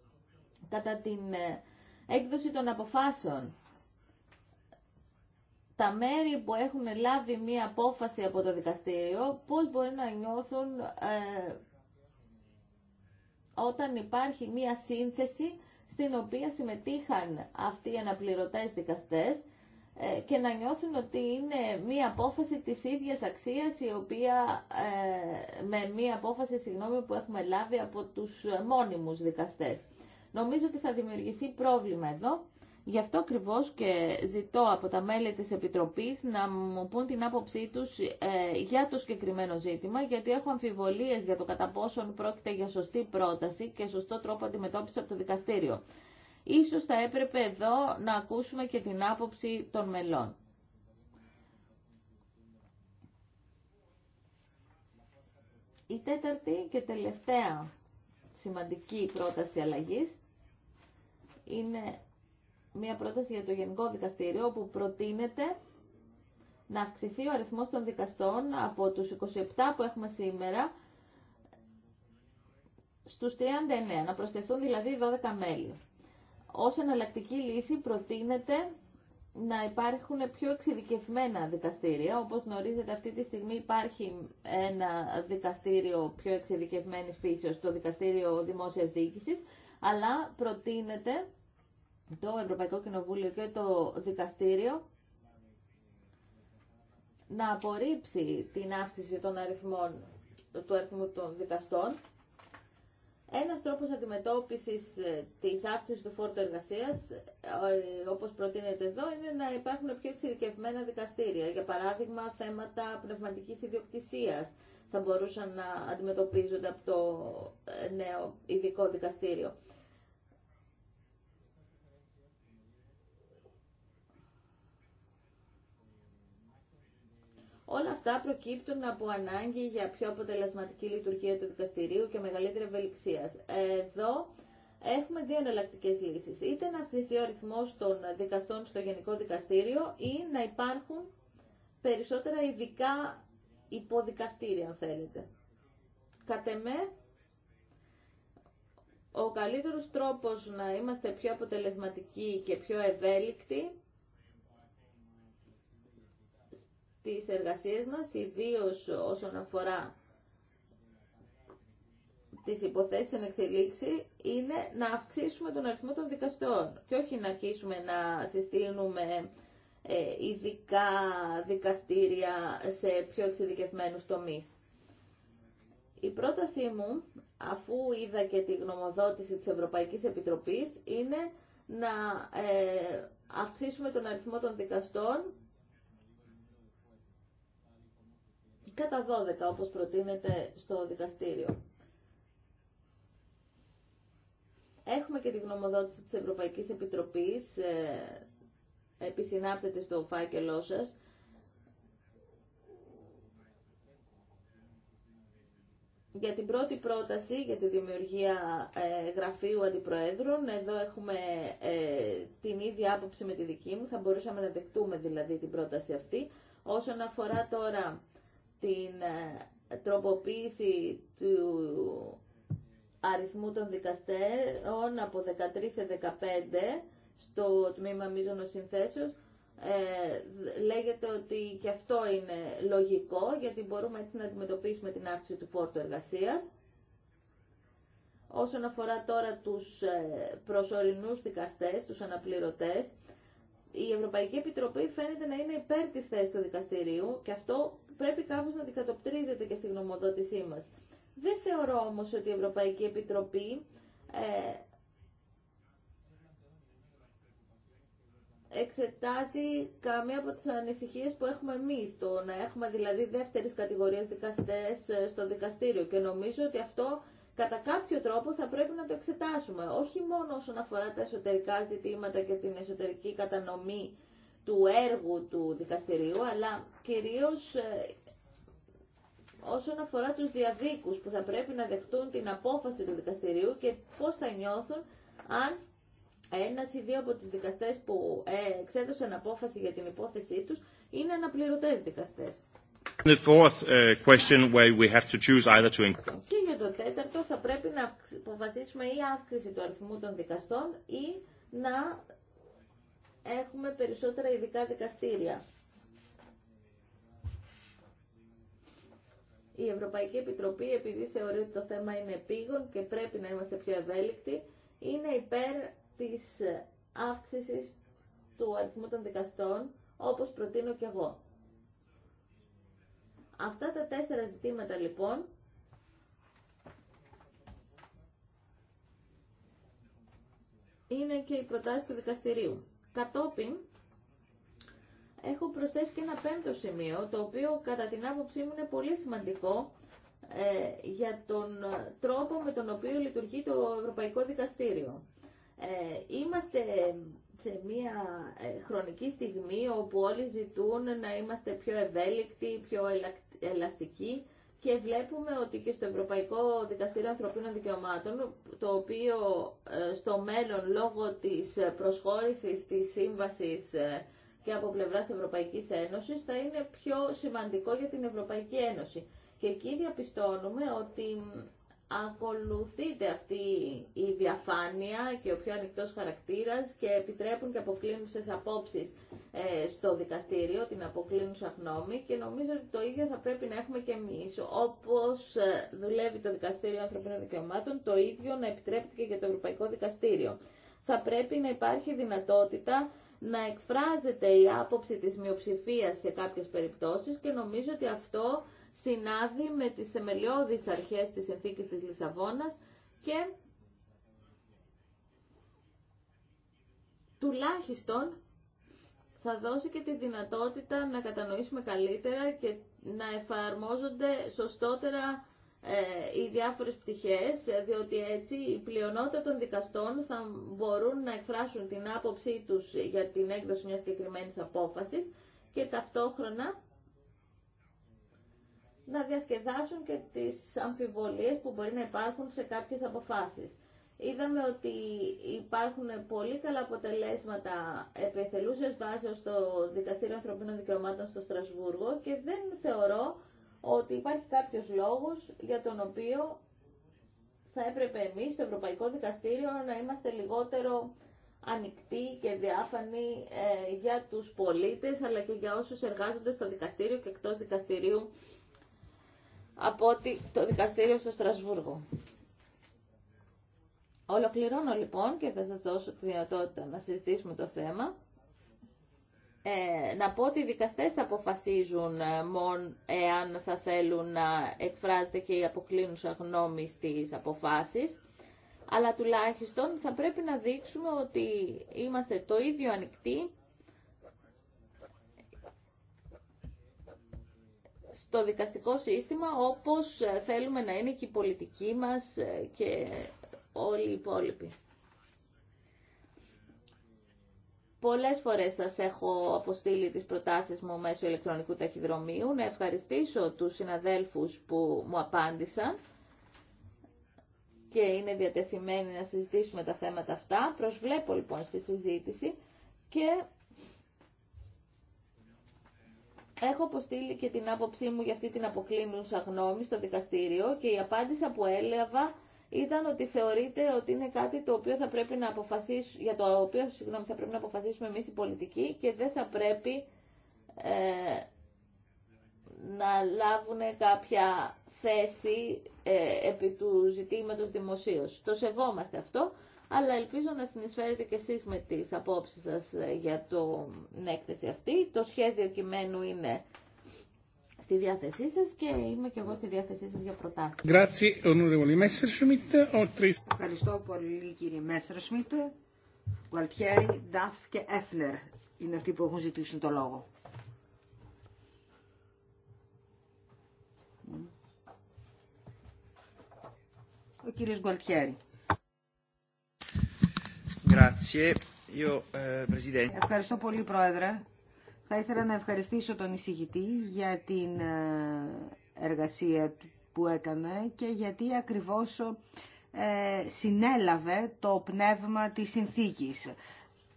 [SPEAKER 3] κατά την ε, έκδοση των αποφάσεων. Τα μέρη που έχουν λάβει μία απόφαση από το δικαστήριο, πώς μπορεί να νιώθουν ε, όταν υπάρχει μία σύνθεση στην οποία συμμετείχαν αυτοί οι αναπληρωτές δικαστές ε, και να νιώθουν ότι είναι μία απόφαση της ίδιας αξίας η οποία ε, με μία απόφαση που έχουμε λάβει από τους μόνιμους δικαστές. Νομίζω ότι θα δημιουργηθεί πρόβλημα εδώ. Γι' αυτό ακριβώ και ζητώ από τα μέλη της Επιτροπής να μου πούν την άποψή τους ε, για το συγκεκριμένο ζήτημα, γιατί έχω αμφιβολίες για το κατά πόσον πρόκειται για σωστή πρόταση και σωστό τρόπο αντιμετώπιση από το δικαστήριο. Ίσως θα έπρεπε εδώ να ακούσουμε και την άποψη των μελών. Η τέταρτη και τελευταία σημαντική πρόταση αλλαγής είναι μια πρόταση για το Γενικό Δικαστήριο που προτείνεται να αυξηθεί ο αριθμός των δικαστών από τους 27 που έχουμε σήμερα στους 39, να προσθεθούν δηλαδή 12 μέλη. Ως εναλλακτική λύση προτείνεται να υπάρχουν πιο εξειδικευμένα δικαστήρια. Όπως γνωρίζετε αυτή τη στιγμή υπάρχει ένα δικαστήριο πιο εξειδικευμένης φύσεως, το Δικαστήριο Δημόσιας Διοίκησης, αλλά προτείνεται το Ευρωπαϊκό Κοινοβούλιο και το Δικαστήριο να απορρίψει την αύξηση των αριθμών, του αριθμού των δικαστών ένας τρόπος αντιμετώπισης ε, της αύξησης του φόρτου εργασίας, ε, όπως προτείνεται εδώ, είναι να υπάρχουν πιο εξειδικευμένα δικαστήρια. Για παράδειγμα, θέματα πνευματικής ιδιοκτησίας θα μπορούσαν να αντιμετωπίζονται από το ε, νέο ειδικό δικαστήριο. Όλα αυτά προκύπτουν από ανάγκη για πιο αποτελεσματική λειτουργία του δικαστηρίου και μεγαλύτερη ευελιξία. Εδώ έχουμε δύο εναλλακτικέ λύσεις. Είτε να αυξηθεί ο αριθμό των δικαστών στο Γενικό Δικαστήριο ή να υπάρχουν περισσότερα ειδικά υποδικαστήρια, αν θέλετε. Κατ' εμέ, ο καλύτερος τρόπος να είμαστε πιο αποτελεσματικοί και πιο ευέλικτοι τις εργασίες μας, ιδίως όσον αφορά τις υποθέσεις εν εξελίξη είναι να αυξήσουμε τον αριθμό των δικαστών και όχι να αρχίσουμε να συστήνουμε ε, ειδικά δικαστήρια σε πιο εξειδικευμένους τομείς. Η πρότασή μου, αφού είδα και τη γνωμοδότηση της Ευρωπαϊκής Επιτροπής, είναι να ε, αυξήσουμε τον αριθμό των δικαστών κατά 12, όπως προτείνεται στο δικαστήριο. Έχουμε και τη γνωμοδότηση της Ευρωπαϊκής Επιτροπής, ε, επισυνάπτεται στο φάκελό σας. Για την πρώτη πρόταση, για τη δημιουργία ε, γραφείου αντιπροέδρων, εδώ έχουμε ε, την ίδια άποψη με τη δική μου, θα μπορούσαμε να δεχτούμε δηλαδή την πρόταση αυτή. Όσον αφορά τώρα την ε, τροποποίηση του αριθμού των δικαστέων από 13 σε 15 στο τμήμα μείζωνος συνθέσεως ε, λέγεται ότι και αυτό είναι λογικό γιατί μπορούμε έτσι να αντιμετωπίσουμε την αύξηση του φόρτου εργασίας. Όσον αφορά τώρα τους ε, προσωρινούς δικαστές, τους αναπληρωτές, η Ευρωπαϊκή Επιτροπή φαίνεται να είναι υπέρ της θέσης του δικαστηρίου και αυτό πρέπει κάπω να αντικατοπτρίζεται και στη γνωμοδότησή μας. Δεν θεωρώ όμως ότι η Ευρωπαϊκή Επιτροπή ε, εξετάζει καμία από τις ανησυχίες που έχουμε εμείς, το να έχουμε δηλαδή δεύτερης κατηγορίας δικαστές ε, στο δικαστήριο και νομίζω ότι αυτό κατά κάποιο τρόπο θα πρέπει να το εξετάσουμε, όχι μόνο όσον αφορά τα εσωτερικά ζητήματα και την εσωτερική κατανομή του έργου του δικαστηρίου, αλλά κυρίως ε, όσον αφορά τους διαδίκους που θα πρέπει να δεχτούν την απόφαση του δικαστηρίου και πώς θα νιώθουν αν ένα ή δύο από τους δικαστές που ε, εξέδωσαν απόφαση για την υπόθεσή τους είναι αναπληρωτές δικαστές.
[SPEAKER 1] The fourth ε, question where we have to choose either to...
[SPEAKER 3] Και για το τέταρτο θα πρέπει να αποφασίσουμε ή αύξηση του αριθμού των δικαστών ή να έχουμε περισσότερα ειδικά δικαστήρια. Η Ευρωπαϊκή Επιτροπή, επειδή θεωρεί ότι το θέμα είναι επίγον και πρέπει να είμαστε πιο ευέλικτοι, είναι υπέρ της αύξησης του αριθμού των δικαστών, όπως προτείνω και εγώ. Αυτά τα τέσσερα ζητήματα λοιπόν είναι και η προτάση του δικαστηρίου. Κατόπιν, έχω προσθέσει και ένα πέμπτο σημείο, το οποίο κατά την άποψή μου είναι πολύ σημαντικό ε, για τον τρόπο με τον οποίο λειτουργεί το Ευρωπαϊκό Δικαστήριο. Ε, είμαστε σε μια ε, χρονική στιγμή όπου όλοι ζητούν να είμαστε πιο ευέλικτοι, πιο ελαστικοί και βλέπουμε ότι και στο Ευρωπαϊκό Δικαστήριο Ανθρωπίνων Δικαιωμάτων, το οποίο ε, στο μέλλον λόγω της προσχώρησης της σύμβασης ε, και από πλευράς Ευρωπαϊκής Ένωσης θα είναι πιο σημαντικό για την Ευρωπαϊκή Ένωση. Και εκεί διαπιστώνουμε ότι ακολουθείται αυτή η διαφάνεια και ο πιο ανοιχτός χαρακτήρας και επιτρέπουν και αποκλίνουσες απόψεις ε, στο δικαστήριο, την αποκλίνουσα γνώμη και νομίζω ότι το ίδιο θα πρέπει να έχουμε και εμείς. Όπως ε, δουλεύει το Δικαστήριο Ανθρωπίνων Δικαιωμάτων, το ίδιο να επιτρέπεται και για το Ευρωπαϊκό Δικαστήριο. Θα πρέπει να υπάρχει δυνατότητα να εκφράζεται η άποψη της μειοψηφίας σε κάποιες περιπτώσεις και νομίζω ότι αυτό συνάδει με τις θεμελιώδεις αρχές της συνθήκης της Λισαβόνας και τουλάχιστον θα δώσει και τη δυνατότητα να κατανοήσουμε καλύτερα και να εφαρμόζονται σωστότερα ε, οι διάφορες πτυχές, διότι έτσι η πλειονότητα των δικαστών θα μπορούν να εκφράσουν την άποψή τους για την έκδοση μιας συγκεκριμένη απόφασης και ταυτόχρονα να διασκεδάσουν και τις αμφιβολίες που μπορεί να υπάρχουν σε κάποιες αποφάσεις. Είδαμε ότι υπάρχουν πολύ καλά αποτελέσματα επιθελούσες βάσεως στο Δικαστήριο Ανθρωπίνων Δικαιωμάτων στο Στρασβούργο και δεν θεωρώ ότι υπάρχει κάποιος λόγος για τον οποίο θα έπρεπε εμείς στο Ευρωπαϊκό Δικαστήριο να είμαστε λιγότερο ανοιχτή και διάφανη ε, για τους πολίτες αλλά και για όσους εργάζονται στο δικαστήριο και εκτός δικαστηρίου από ότι το δικαστήριο στο Στρασβούργο. Ολοκληρώνω λοιπόν και θα σας δώσω τη δυνατότητα να συζητήσουμε το θέμα. Ε, να πω ότι οι δικαστές θα αποφασίζουν ε, μόνο εάν θα θέλουν να εκφράζεται και η αποκλίνουσα γνώμη στις αποφάσεις, αλλά τουλάχιστον θα πρέπει να δείξουμε ότι είμαστε το ίδιο ανοιχτοί στο δικαστικό σύστημα όπως ε, θέλουμε να είναι και η πολιτική μας ε, και όλοι οι υπόλοιποι. Πολλές φορές σας έχω αποστείλει τις προτάσεις μου μέσω ηλεκτρονικού ταχυδρομείου. Να ευχαριστήσω τους συναδέλφους που μου απάντησαν και είναι διατεθειμένοι να συζητήσουμε τα θέματα αυτά. Προσβλέπω λοιπόν στη συζήτηση και Έχω αποστείλει και την άποψή μου για αυτή την αποκλίνουσα γνώμη στο δικαστήριο και η απάντηση που έλεγα ήταν ότι θεωρείται ότι είναι κάτι το οποίο θα πρέπει να αποφασίσουμε, για το οποίο συγγνώμη, θα πρέπει να αποφασίσουμε εμείς οι πολιτικοί και δεν θα πρέπει ε, να λάβουν κάποια θέση ε, επί του ζητήματος δημοσίως. Το σεβόμαστε αυτό αλλά ελπίζω να συνεισφέρετε και εσείς με τις απόψεις σας ε, για την έκθεση αυτή. Το σχέδιο κειμένου είναι στη διάθεσή σας και είμαι και εγώ στη διάθεσή σας για προτάσεις. Ευχαριστώ πολύ κύριε Μέσσερ Σμίτ.
[SPEAKER 1] Γουαλτιέρη, Νταφ και Έφνερ είναι αυτοί που έχουν ζητήσει το λόγο. Ο κύριος Γκουαλτιέρη. Eh, Ευχαριστώ πολύ, Πρόεδρε. Θα ήθελα να ευχαριστήσω τον εισηγητή για την ε, εργασία που έκανε και γιατί ακριβώς ε, συνέλαβε το πνεύμα της συνθήκης.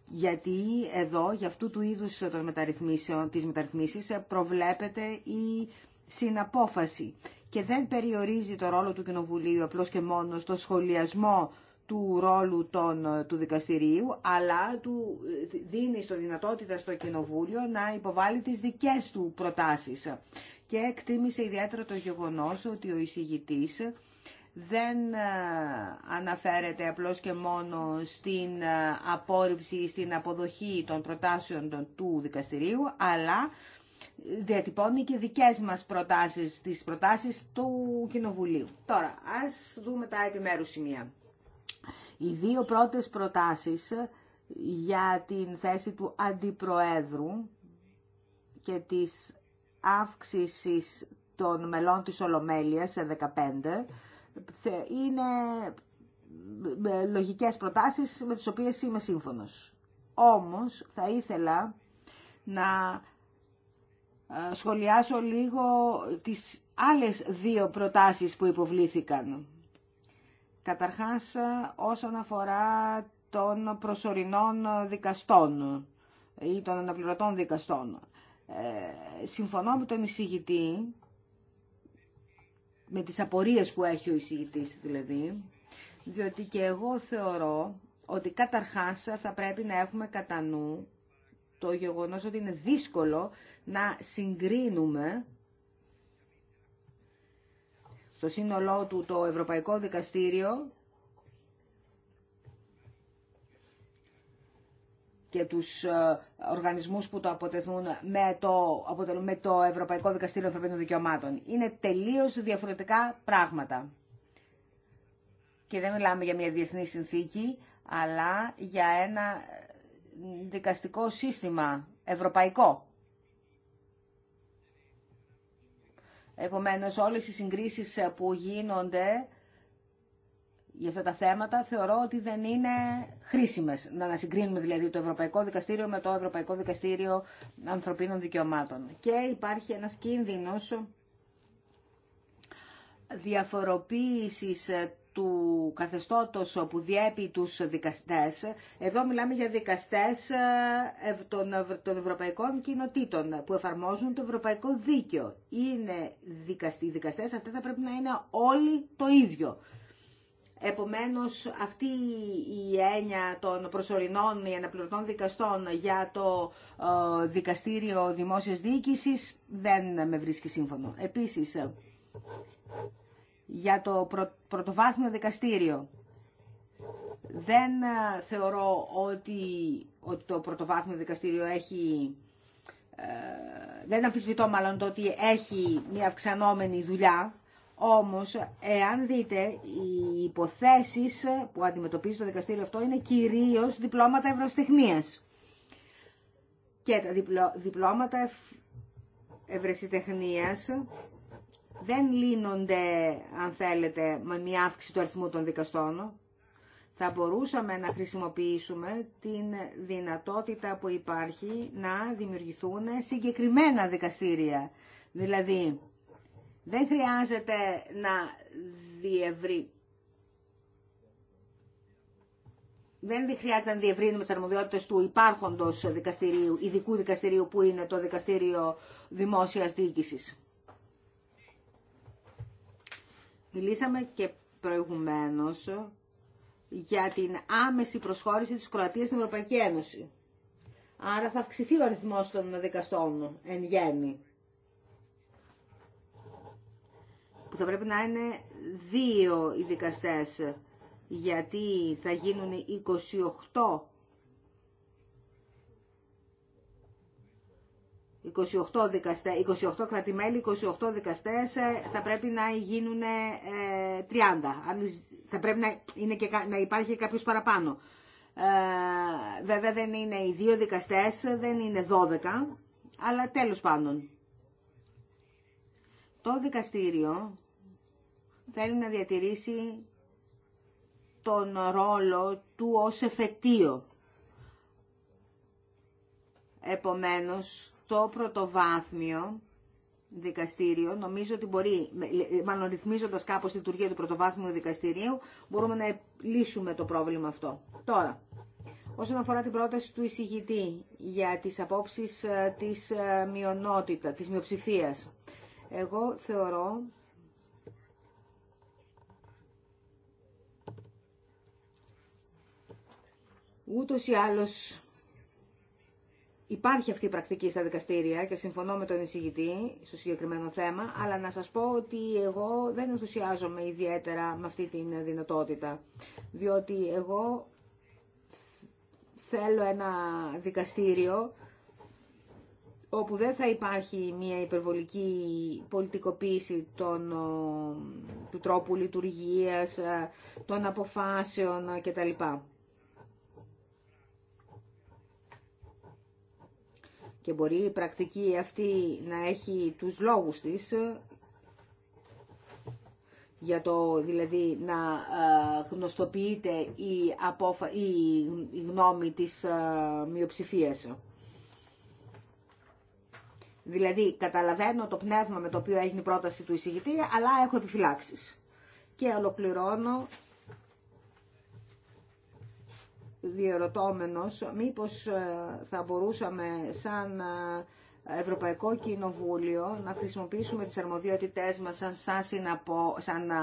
[SPEAKER 1] Γιατί εδώ, για αυτού του είδους των μεταρρυθμίσεων, της μεταρρυθμίσης, προβλέπεται η συναπόφαση και δεν περιορίζει το ρόλο του Κοινοβουλίου απλώς και μόνο στο σχολιασμό του ρόλου των, ε, του δικαστηρίου, αλλά του ε, δίνει στο δυνατότητα στο Κοινοβούλιο να υποβάλει τις δικές του προτάσεις. Και εκτίμησε ιδιαίτερα το γεγονός ότι ο εισηγητής δεν ε, αναφέρεται απλώς και μόνο στην απόρριψη ή στην αποδοχή των προτάσεων του δικαστηρίου, αλλά διατυπώνει και δικές μας προτάσεις, τις προτάσεις του Κοινοβουλίου. Τώρα, ας δούμε τα επιμέρους σημεία. Οι δύο πρώτες προτάσεις για την θέση του Αντιπροέδρου και της αύξησης των μελών της Ολομέλειας σε 15 είναι λογικές προτάσεις με τις οποίες είμαι σύμφωνος. Όμως θα ήθελα να ε, σχολιάσω λίγο τις άλλες δύο προτάσεις που υποβλήθηκαν. Καταρχάς όσον αφορά των προσωρινών δικαστών ή των αναπληρωτών δικαστών. Ε, συμφωνώ με τον εισηγητή, με τις απορίες που έχει ο εισηγητής δηλαδή, διότι και εγώ θεωρώ ότι καταρχάς θα πρέπει να έχουμε κατά νου το γεγονός ότι είναι δύσκολο να συγκρίνουμε στο σύνολό του το Ευρωπαϊκό Δικαστήριο και τους ε, οργανισμούς που το αποτελούν με το, με το Ευρωπαϊκό Δικαστήριο Ανθρωπίνων Δικαιωμάτων. Είναι τελείως διαφορετικά πράγματα. Και δεν μιλάμε για μια διεθνή συνθήκη, αλλά για ένα δικαστικό σύστημα ευρωπαϊκό. Επομένως όλες οι συγκρίσεις που γίνονται για αυτά τα θέματα θεωρώ ότι δεν είναι χρήσιμες. Να συγκρίνουμε δηλαδή το Ευρωπαϊκό Δικαστήριο με το Ευρωπαϊκό Δικαστήριο Ανθρωπίνων Δικαιωμάτων. Και υπάρχει ένας κίνδυνος διαφοροποίησης του καθεστώτος που διέπει τους δικαστές. Εδώ μιλάμε για δικαστές ε, των ευρωπαϊκών κοινοτήτων που εφαρμόζουν το ευρωπαϊκό δίκαιο. Είναι δικαστή Οι δικαστές θα πρέπει να είναι όλοι το ίδιο. Επομένως αυτή η έννοια των προσωρινών ή αναπληρωτών δικαστών για το ε, Δικαστήριο Δημόσιας Διοίκησης δεν με βρίσκει σύμφωνο. Επίσης, για το πρωτοβάθμιο δικαστήριο. Δεν ε, θεωρώ ότι, το πρωτοβάθμιο δικαστήριο έχει... Ε, δεν αμφισβητώ μάλλον το ότι έχει μια αυξανόμενη δουλειά, όμως εάν δείτε οι υποθέσεις που αντιμετωπίζει το δικαστήριο αυτό είναι κυρίως διπλώματα ευρωστεχνίας. Και τα διπλώματα ευρωστεχνίας δεν λύνονται, αν θέλετε, με μια αύξηση του αριθμού των δικαστών. Θα μπορούσαμε να χρησιμοποιήσουμε την δυνατότητα που υπάρχει να δημιουργηθούν συγκεκριμένα δικαστήρια. Δηλαδή, δεν χρειάζεται να Δεν χρειάζεται να διευρύνουμε τι αρμοδιότητε του υπάρχοντο δικαστηρίου, ειδικού δικαστηρίου που είναι το Δικαστήριο Δημόσια Διοίκηση. Μιλήσαμε και προηγουμένως για την άμεση προσχώρηση της Κροατίας στην Ευρωπαϊκή Ένωση. Άρα θα αυξηθεί ο αριθμός των δικαστών εν γέννη. Που θα πρέπει να είναι δύο οι δικαστές, γιατί θα γίνουν 28 28, δικαστέ, 28 κρατημέλη, 28 δικαστές ε, θα πρέπει να γίνουν 30. Ε, θα πρέπει να, είναι και, να υπάρχει κάποιος παραπάνω. Ε, βέβαια δεν είναι οι δύο δικαστές, δεν είναι 12, αλλά τέλος πάντων. Το δικαστήριο θέλει να διατηρήσει τον ρόλο του ως εφετείο. Επομένως, το πρωτοβάθμιο δικαστήριο, νομίζω ότι μπορεί, μάλλον ρυθμίζοντας κάπως τη λειτουργία του πρωτοβάθμιου δικαστηρίου, μπορούμε να λύσουμε το πρόβλημα αυτό. Τώρα, όσον αφορά την πρόταση του εισηγητή για τις απόψεις ε, της ε, μειονότητα, της μειοψηφίας, εγώ θεωρώ ούτως ή άλλως Υπάρχει αυτή η πρακτική στα δικαστήρια και συμφωνώ με τον εισηγητή στο συγκεκριμένο θέμα, αλλά να σας πω ότι εγώ δεν ενθουσιάζομαι ιδιαίτερα με αυτή τη δυνατότητα, διότι εγώ θέλω ένα δικαστήριο όπου δεν θα υπάρχει μια υπερβολική πολιτικοποίηση των, του τρόπου λειτουργίας, ε, των αποφάσεων κτλ. και μπορεί η πρακτική αυτή να έχει τους λόγους της για το δηλαδή να ε, γνωστοποιείται η, απόφα... η γνώμη της ε, μειοψηφίας. Δηλαδή, καταλαβαίνω το πνεύμα με το οποίο έγινε η πρόταση του εισηγητή, αλλά έχω επιφυλάξεις. Και ολοκληρώνω διερωτώμενος μήπως ε, θα μπορούσαμε σαν ε, Ευρωπαϊκό Κοινοβούλιο να χρησιμοποιήσουμε τις αρμοδιότητές μας σαν, σαν, συναπο, σαν ε,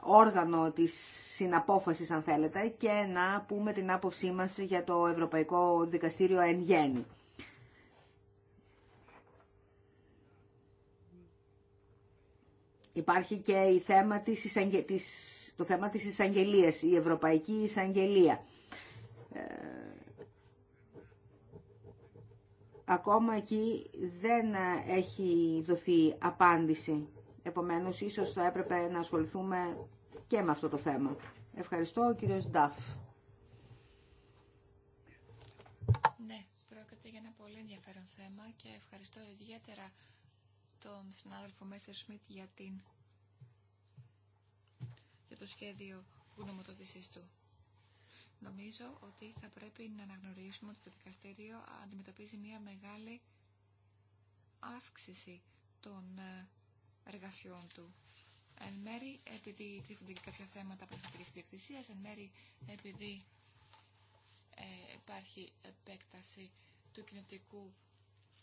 [SPEAKER 1] όργανο της συναπόφασης αν θέλετε και να πούμε την άποψή μας για το Ευρωπαϊκό Δικαστήριο εν γέννη. Υπάρχει και η θέμα της, το θέμα της εισαγγελία, η Ευρωπαϊκή Εισαγγελία. Ε, ακόμα εκεί δεν έχει δοθεί απάντηση. Επομένως, ίσως θα έπρεπε να ασχοληθούμε και με αυτό το θέμα. Ευχαριστώ, ο κύριος Νταφ.
[SPEAKER 2] Ναι, πρόκειται για ένα πολύ ενδιαφέρον θέμα και ευχαριστώ ιδιαίτερα τον συνάδελφο Μέσσερ Σμιτ για την για το σχέδιο γνωμοδότησής του. Νομίζω ότι θα πρέπει να αναγνωρίσουμε ότι το δικαστήριο αντιμετωπίζει μια μεγάλη αύξηση των ε, εργασιών του. Εν μέρη επειδή τρίφονται και κάποια θέματα πνευματικής διοκτησίας, εν μέρη επειδή ε, υπάρχει επέκταση του κοινωτικού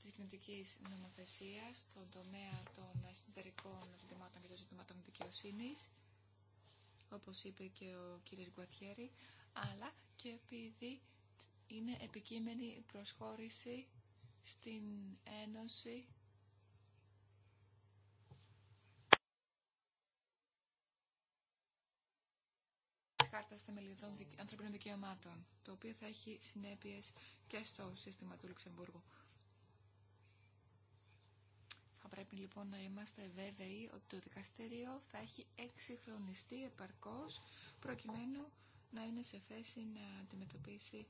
[SPEAKER 2] της κοινωτικής νομοθεσίας στον τομέα των εσωτερικών ζητημάτων και των ζητημάτων δικαιοσύνης όπως είπε και ο κύριος Γκουατιέρη, αλλά και επειδή είναι επικείμενη προσχώρηση στην Ένωση Χάρτας Θεμελιωδών Ανθρωπίνων Δικαιωμάτων, το οποίο θα έχει συνέπειες και στο σύστημα του Λουξεμβούργου πρέπει λοιπόν να είμαστε βέβαιοι ότι το δικαστήριο θα έχει εξυγχρονιστεί επαρκώς προκειμένου να είναι σε θέση να αντιμετωπίσει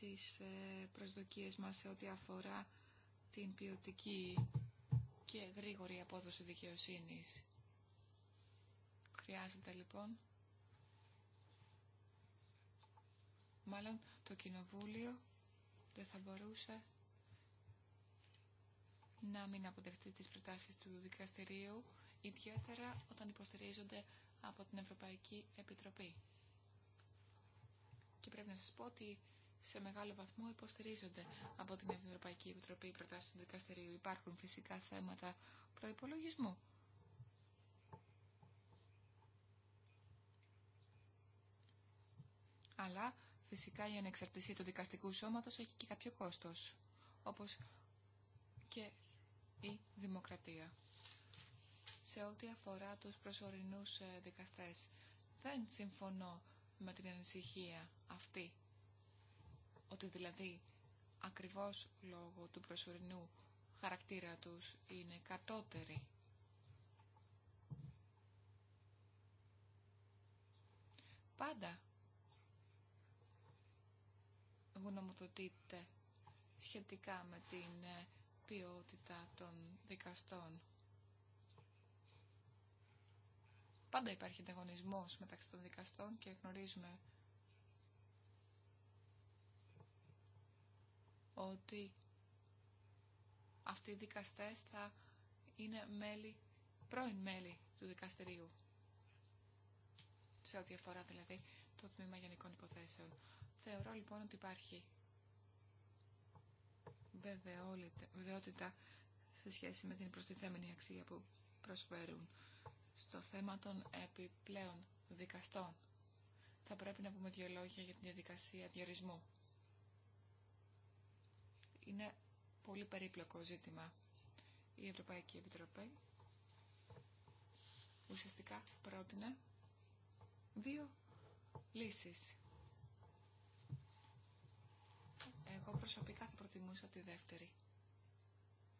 [SPEAKER 2] τις ε, προσδοκίες μας σε ό,τι αφορά την ποιοτική και γρήγορη απόδοση δικαιοσύνης. Χρειάζεται λοιπόν μάλλον το Κοινοβούλιο δεν θα μπορούσε να μην αποδεχτεί τις προτάσεις του δικαστηρίου, ιδιαίτερα όταν υποστηρίζονται από την Ευρωπαϊκή Επιτροπή. Και πρέπει να σας πω ότι σε μεγάλο βαθμό υποστηρίζονται από την Ευρωπαϊκή Επιτροπή οι προτάσεις του δικαστηρίου. Υπάρχουν φυσικά θέματα προϋπολογισμού. Αλλά φυσικά η ανεξαρτησία του δικαστικού σώματος έχει και κάποιο κόστος. Όπως και η δημοκρατία. Σε ό,τι αφορά τους προσωρινούς ε, δικαστές, δεν συμφωνώ με την ανησυχία αυτή, ότι δηλαδή ακριβώς λόγω του προσωρινού χαρακτήρα τους είναι κατώτεροι. Πάντα γνωμοδοτείται σχετικά με την ε, ποιότητα των δικαστών. Πάντα υπάρχει ανταγωνισμό μεταξύ των δικαστών και γνωρίζουμε ότι αυτοί οι δικαστές θα είναι μέλη, πρώην μέλη του δικαστηρίου. Σε ό,τι αφορά δηλαδή το τμήμα γενικών υποθέσεων. Θεωρώ λοιπόν ότι υπάρχει βεβαιότητα σε σχέση με την προστιθέμενη αξία που προσφέρουν στο θέμα των επιπλέον δικαστών. Θα πρέπει να πούμε δύο λόγια για την διαδικασία διορισμού. Είναι πολύ περίπλοκο ζήτημα. Η Ευρωπαϊκή Επιτροπή ουσιαστικά πρότεινε δύο λύσεις Εγώ προσωπικά θα προτιμούσα τη δεύτερη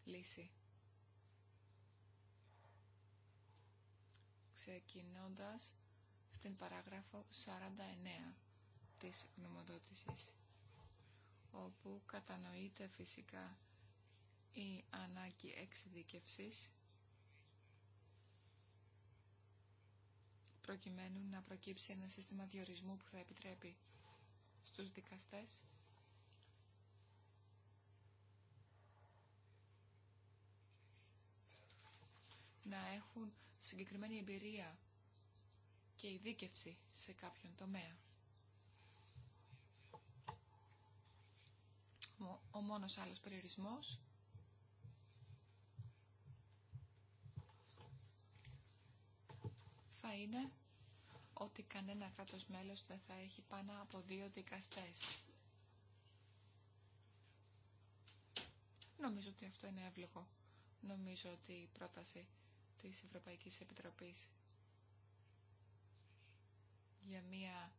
[SPEAKER 2] λύση. Ξεκινώντας στην παράγραφο 49 της νομοδότησης, όπου κατανοείται φυσικά η ανάγκη εξειδικευσής προκειμένου να προκύψει ένα σύστημα διορισμού που θα επιτρέπει στους δικαστές να έχουν συγκεκριμένη εμπειρία και ειδίκευση σε κάποιον τομέα. Ο μόνος άλλος περιορισμός θα είναι ότι κανένα κράτος μέλος δεν θα έχει πάνω από δύο δικαστές. Νομίζω ότι αυτό είναι εύλογο. Νομίζω ότι η πρόταση της Ευρωπαϊκής Επιτροπής για μία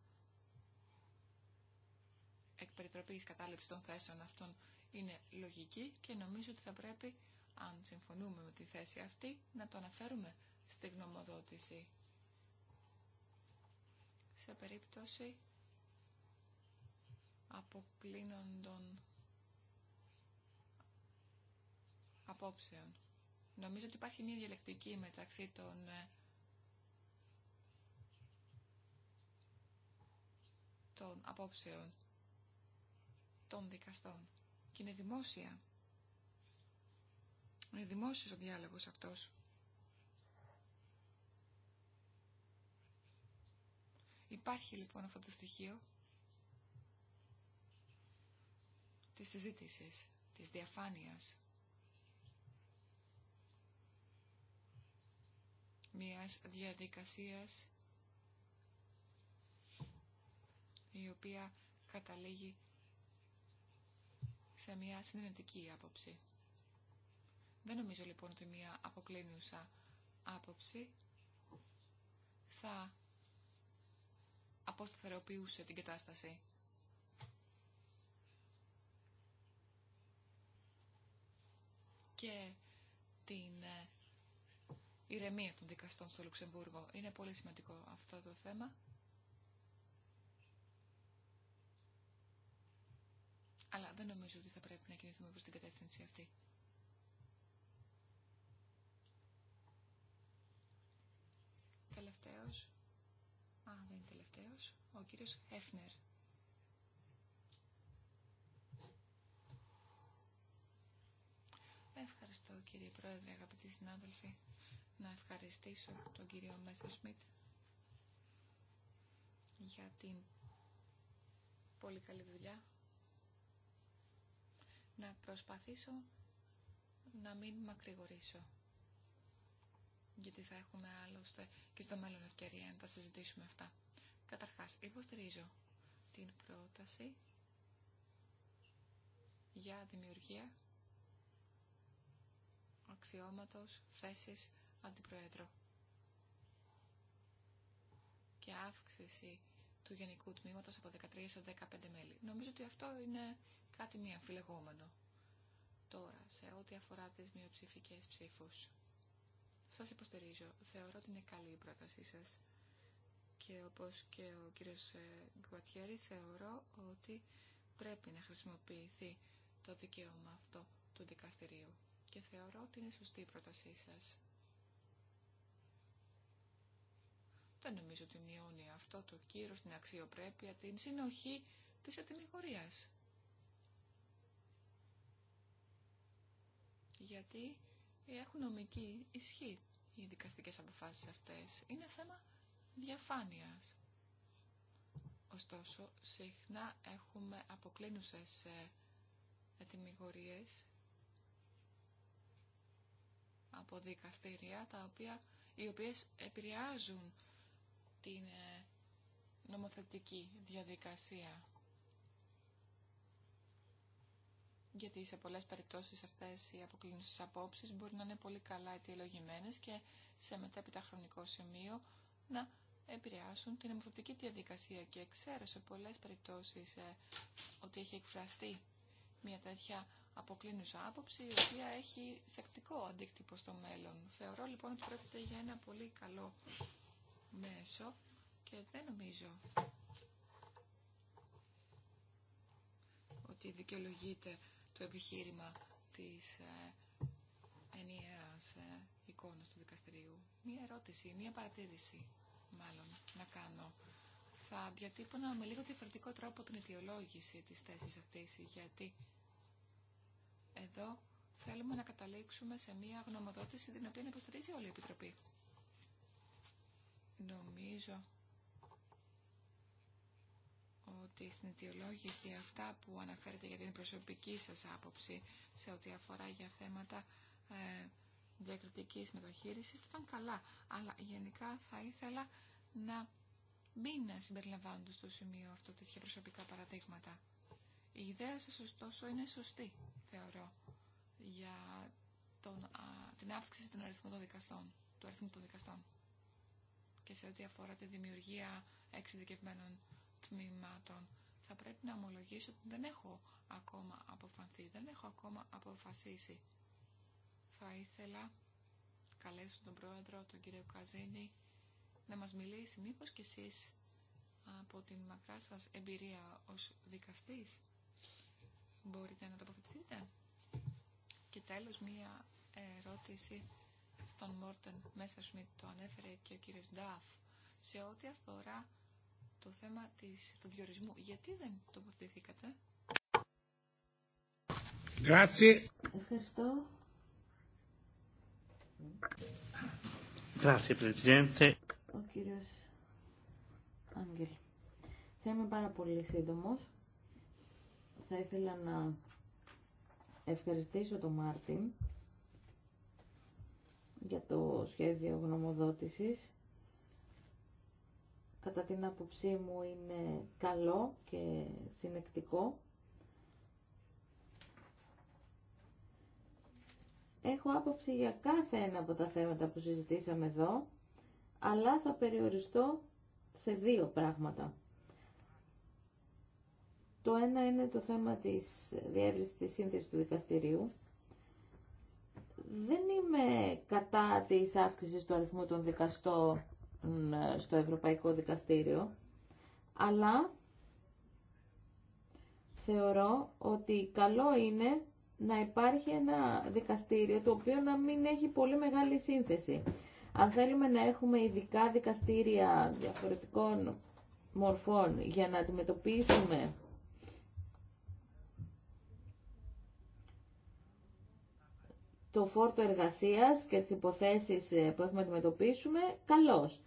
[SPEAKER 2] εκπεριτροπής κατάληψη των θέσεων αυτών είναι λογική και νομίζω ότι θα πρέπει, αν συμφωνούμε με τη θέση αυτή, να το αναφέρουμε στη γνωμοδότηση. Σε περίπτωση αποκλίνοντων απόψεων. Νομίζω ότι υπάρχει μια διαλεκτική μεταξύ των ε, των απόψεων των δικαστών και είναι δημόσια. Είναι δημόσιος ο διάλογος αυτός. Υπάρχει λοιπόν αυτό το στοιχείο της συζήτησης, της διαφάνειας. μιας διαδικασίας η οποία καταλήγει σε μια συνενετική άποψη. Δεν νομίζω λοιπόν ότι μια αποκλίνουσα άποψη θα αποσταθεροποιούσε την κατάσταση. Και την ε, ηρεμία των δικαστών στο Λουξεμβούργο. Είναι πολύ σημαντικό αυτό το θέμα. Αλλά δεν νομίζω ότι θα πρέπει να κινηθούμε προς την κατεύθυνση αυτή. Τελευταίος. Α, δεν είναι τελευταίος. Ο κύριος Έφνερ. Ευχαριστώ κύριε Πρόεδρε, αγαπητοί συνάδελφοι να ευχαριστήσω τον κύριο Μέσσερ για την πολύ καλή δουλειά. Να προσπαθήσω να μην μακρηγορήσω. Γιατί θα έχουμε άλλωστε και στο μέλλον ευκαιρία να τα συζητήσουμε αυτά. Καταρχάς, υποστηρίζω την πρόταση για δημιουργία αξιώματος, θέσεις Αντιπρόεδρο και αύξηση του Γενικού Τμήματος από 13 σε 15 μέλη. Νομίζω ότι αυτό είναι κάτι μη αμφιλεγόμενο. Τώρα, σε ό,τι αφορά τις μειοψηφικές ψήφους, σας υποστηρίζω. Θεωρώ ότι είναι καλή η πρότασή σας. Και όπως και ο κύριος ε, Γκουατιέρη, θεωρώ ότι πρέπει να χρησιμοποιηθεί το δικαίωμα αυτό του δικαστηρίου. Και θεωρώ ότι είναι σωστή η πρότασή σας. Δεν νομίζω ότι μειώνει αυτό το κύρος, την αξιοπρέπεια, την συνοχή της ατιμιγορίας. Γιατί έχουν νομική ισχύ οι δικαστικές αποφάσεις αυτές. Είναι θέμα διαφάνειας. Ωστόσο, συχνά έχουμε αποκλίνουσες ετοιμιγορίες από δικαστήρια, τα οποία, οι οποίες επηρεάζουν την ε, νομοθετική διαδικασία. Γιατί σε πολλές περιπτώσεις αυτές οι αποκλίνουσες απόψεις μπορεί να είναι πολύ καλά αιτιολογημένες και σε μετέπειτα χρονικό σημείο να επηρεάσουν την νομοθετική διαδικασία. Και ξέρω σε πολλές περιπτώσεις ε, ότι έχει εκφραστεί μια τέτοια αποκλίνουσα άποψη, η οποία έχει θεκτικό αντίκτυπο στο μέλλον. Θεωρώ λοιπόν ότι πρόκειται για ένα πολύ καλό μέσο και δεν νομίζω ότι δικαιολογείται το επιχείρημα της ε, ενιαίας ε, εικόνας του δικαστηρίου. Μία ερώτηση, μία παρατήρηση μάλλον να κάνω. Θα διατύπωνα με λίγο διαφορετικό τρόπο την αιτιολόγηση της θέσης αυτής, γιατί εδώ θέλουμε να καταλήξουμε σε μία γνωμοδότηση την οποία υποστηρίζει όλη η Επιτροπή. Νομίζω ότι στην αιτιολόγηση αυτά που αναφέρετε για την προσωπική σας άποψη σε ό,τι αφορά για θέματα ε, διακριτικής μεταχείρισης ήταν καλά. Αλλά γενικά θα ήθελα να μην συμπεριλαμβάνονται στο σημείο αυτό τέτοια προσωπικά παραδείγματα. Η ιδέα σας ωστόσο είναι σωστή, θεωρώ, για τον, την αύξηση των του αριθμού των δικαστών και σε ό,τι αφορά τη δημιουργία εξειδικευμένων τμήματων. Θα πρέπει να ομολογήσω ότι δεν έχω ακόμα αποφανθεί, δεν έχω ακόμα αποφασίσει. Θα ήθελα καλέσω τον πρόεδρο, τον κύριο Καζίνη, να μας μιλήσει μήπως κι εσείς από την μακρά σας εμπειρία ως δικαστής μπορείτε να τοποθετηθείτε. Και τέλος μία ερώτηση στον Μόρτεν Μέσσερ Σμιτ, το ανέφερε και ο κύριος Ντάφ, σε ό,τι αφορά το θέμα της, του διορισμού. Γιατί δεν τοποθετηθήκατε. Ευχαριστώ. Ο
[SPEAKER 3] κύριος Άγγελ. Θα είμαι πάρα πολύ σύντομος. Θα ήθελα να ευχαριστήσω τον Μάρτιν για το σχέδιο γνωμοδότησης. Κατά την άποψή μου είναι καλό και συνεκτικό. Έχω άποψη για κάθε ένα από τα θέματα που συζητήσαμε εδώ, αλλά θα περιοριστώ σε δύο πράγματα. Το ένα είναι το θέμα της διεύρυνσης της σύνθεσης του δικαστηρίου δεν είμαι κατά της αύξησης του αριθμού των δικαστών ε, στο Ευρωπαϊκό Δικαστήριο, αλλά θεωρώ ότι καλό είναι να υπάρχει ένα δικαστήριο το οποίο να μην έχει πολύ μεγάλη σύνθεση. Αν θέλουμε να έχουμε ειδικά δικαστήρια διαφορετικών μορφών για να αντιμετωπίσουμε το φόρτο εργασίας και τις υποθέσεις ε, που έχουμε να αντιμετωπίσουμε, καλός.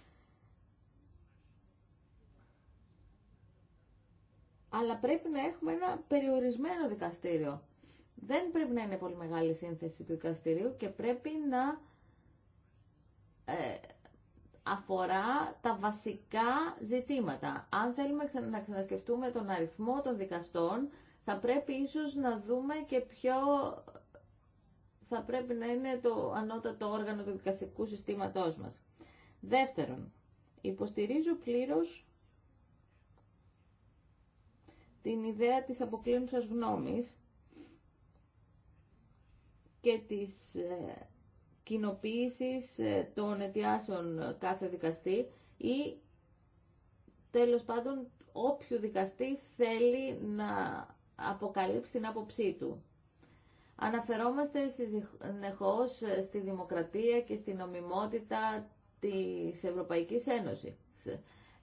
[SPEAKER 3] Αλλά πρέπει να έχουμε ένα περιορισμένο δικαστήριο. Δεν πρέπει να είναι πολύ μεγάλη σύνθεση του δικαστηρίου και πρέπει να ε, αφορά τα βασικά ζητήματα. Αν θέλουμε να ξανασκεφτούμε τον αριθμό των δικαστών, θα πρέπει ίσως να δούμε και πιο θα πρέπει να είναι το ανώτατο όργανο του δικαστικού συστήματός μας. Δεύτερον, υποστηρίζω πλήρως την ιδέα της αποκλίνουσας γνώμης και της ε, κοινοποίησης ε, των αιτιάσεων κάθε δικαστή ή τέλος πάντων όποιου δικαστή θέλει να αποκαλύψει την άποψή του. Αναφερόμαστε συνεχώς στη δημοκρατία και στη νομιμότητα της Ευρωπαϊκής Ένωσης.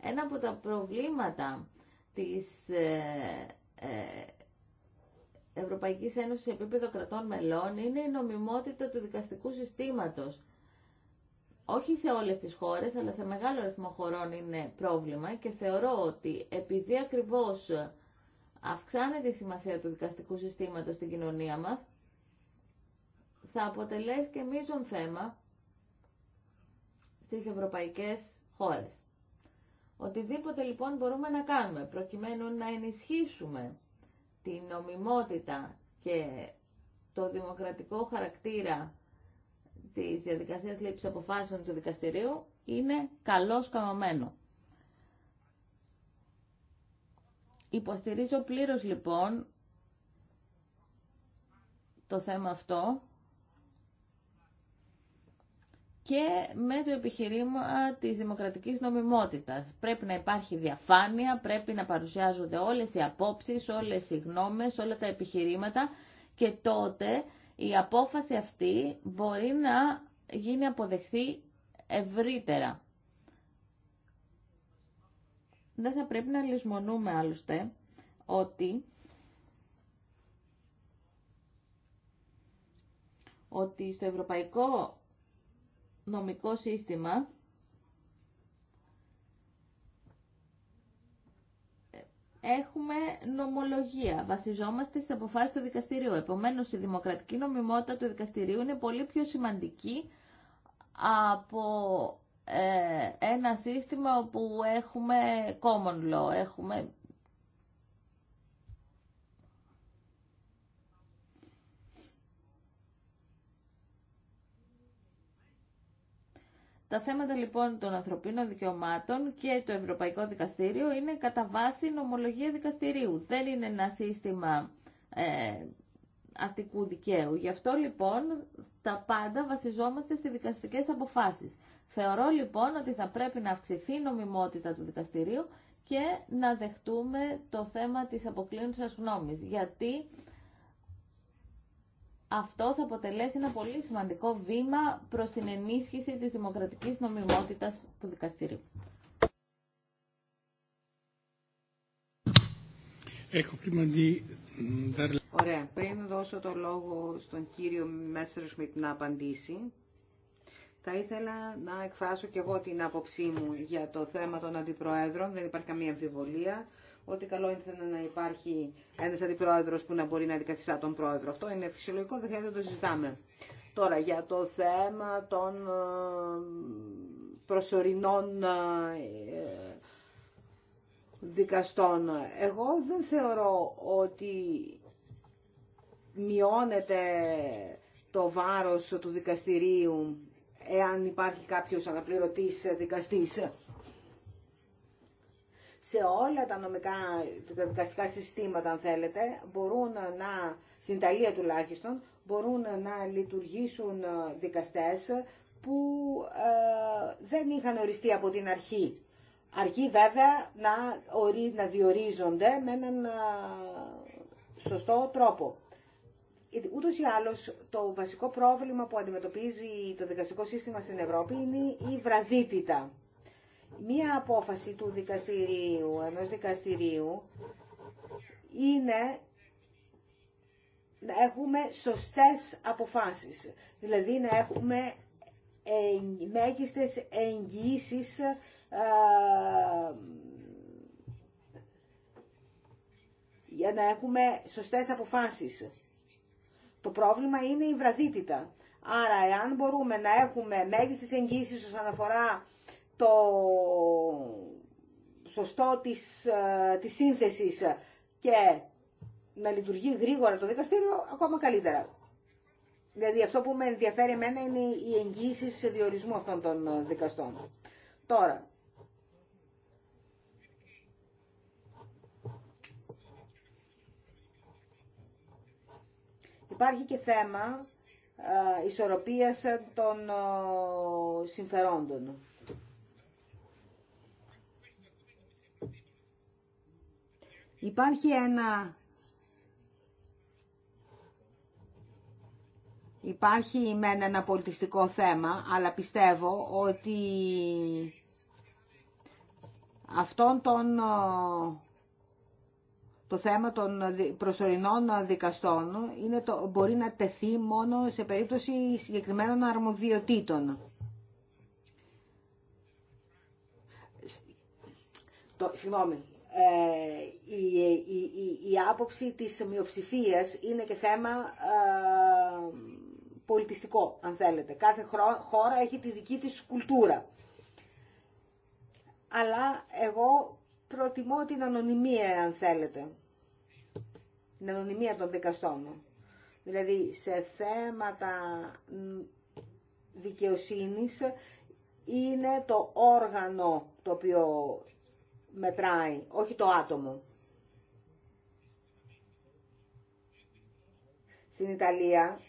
[SPEAKER 3] Ένα από τα προβλήματα της ε, ε, Ευρωπαϊκής Ένωσης σε επίπεδο κρατών μελών είναι η νομιμότητα του δικαστικού συστήματος. Όχι σε όλες τις χώρες, αλλά σε μεγάλο αριθμό χωρών είναι πρόβλημα και θεωρώ ότι επειδή ακριβώς αυξάνεται η σημασία του δικαστικού συστήματος στην κοινωνία μας, θα αποτελέσει και μείζον θέμα στις ευρωπαϊκές χώρες. Οτιδήποτε λοιπόν μπορούμε να κάνουμε προκειμένου να ενισχύσουμε την νομιμότητα και το δημοκρατικό χαρακτήρα της διαδικασίας λήψης αποφάσεων του δικαστηρίου είναι καλώς καμωμένο. Υποστηρίζω πλήρως λοιπόν το θέμα αυτό και με το επιχειρήμα της δημοκρατικής νομιμότητας. Πρέπει να υπάρχει διαφάνεια, πρέπει να παρουσιάζονται όλες οι απόψεις, όλες οι γνώμες, όλα τα επιχειρήματα και τότε η απόφαση αυτή μπορεί να γίνει αποδεχθεί ευρύτερα. Δεν θα πρέπει να λησμονούμε άλλωστε ότι ότι στο ευρωπαϊκό νομικό σύστημα έχουμε νομολογία. Βασιζόμαστε στις αποφάσεις του δικαστηρίου. Επομένως, η δημοκρατική νομιμότητα του δικαστηρίου είναι πολύ πιο σημαντική από ε, ένα σύστημα όπου έχουμε common law, έχουμε Τα θέματα λοιπόν των ανθρωπίνων δικαιωμάτων και το Ευρωπαϊκό Δικαστήριο είναι κατά βάση νομολογία δικαστηρίου. Δεν είναι ένα σύστημα ε, αστικού δικαίου. Γι' αυτό λοιπόν τα πάντα βασιζόμαστε στις δικαστικές αποφάσεις. Θεωρώ λοιπόν ότι θα πρέπει να αυξηθεί η νομιμότητα του δικαστηρίου και να δεχτούμε το θέμα της αποκλίνουσας γνώμης. Γιατί αυτό θα αποτελέσει ένα πολύ σημαντικό βήμα προς την ενίσχυση της δημοκρατικής νομιμότητας του δικαστηρίου.
[SPEAKER 2] Έχω
[SPEAKER 1] Ωραία. Πριν δώσω το λόγο στον κύριο Μέσσερ Σμιτ να απαντήσει, θα ήθελα να εκφράσω και εγώ την άποψή μου για το θέμα των αντιπροέδρων. Δεν υπάρχει καμία αμφιβολία ότι καλό ήταν να υπάρχει ένας αντιπρόεδρος που να μπορεί να αντικαθιστά τον πρόεδρο. Αυτό είναι φυσιολογικό, δεν χρειάζεται να το συζητάμε. Τώρα, για το θέμα των ε, προσωρινών ε, δικαστών. Εγώ δεν θεωρώ ότι μειώνεται το βάρος του δικαστηρίου εάν υπάρχει κάποιος αναπληρωτής δικαστής σε όλα τα νομικά, τα δικαστικά συστήματα, αν θέλετε, μπορούν να, στην Ιταλία τουλάχιστον, μπορούν να λειτουργήσουν ε, δικαστές που ε, δεν είχαν οριστεί από την αρχή. Αρχή, βέβαια να, ορί, να διορίζονται με έναν ε, σωστό τρόπο. Ούτως ή άλλως το βασικό πρόβλημα που αντιμετωπίζει το δικαστικό σύστημα στην Ευρώπη είναι η βραδύτητα μία απόφαση του δικαστηρίου, ενός δικαστηρίου, είναι να έχουμε σωστές αποφάσεις. Δηλαδή να έχουμε μέγιστες εγγύσεις για να έχουμε σωστές αποφάσεις. Το πρόβλημα είναι η βραδύτητα. Άρα, εάν μπορούμε να έχουμε μέγιστες εγγύησεις όσον αφορά το σωστό της, ε, της σύνθεσης και να λειτουργεί γρήγορα το δικαστήριο, ακόμα καλύτερα. Δηλαδή αυτό που με ενδιαφέρει εμένα είναι οι εγγύσεις σε διορισμό αυτών των ε, δικαστών. Τώρα, υπάρχει και θέμα ε, ισορροπίας των συμφερόντων. Υπάρχει ένα... Υπάρχει με ένα πολιτιστικό θέμα, αλλά πιστεύω ότι αυτόν τον, το θέμα των προσωρινών δικαστών είναι το, μπορεί να τεθεί μόνο σε περίπτωση συγκεκριμένων αρμοδιοτήτων. Το, συγγνώμη, ε, η, η, άποψη της μειοψηφία είναι και θέμα ε, πολιτιστικό, αν θέλετε. Κάθε χώρα έχει τη δική της κουλτούρα. Αλλά εγώ προτιμώ την ανωνυμία, αν θέλετε. Την ανωνυμία των δικαστών. Δηλαδή, σε θέματα δικαιοσύνης είναι το όργανο το οποίο μετράει, όχι το άτομο. Στην Ιταλία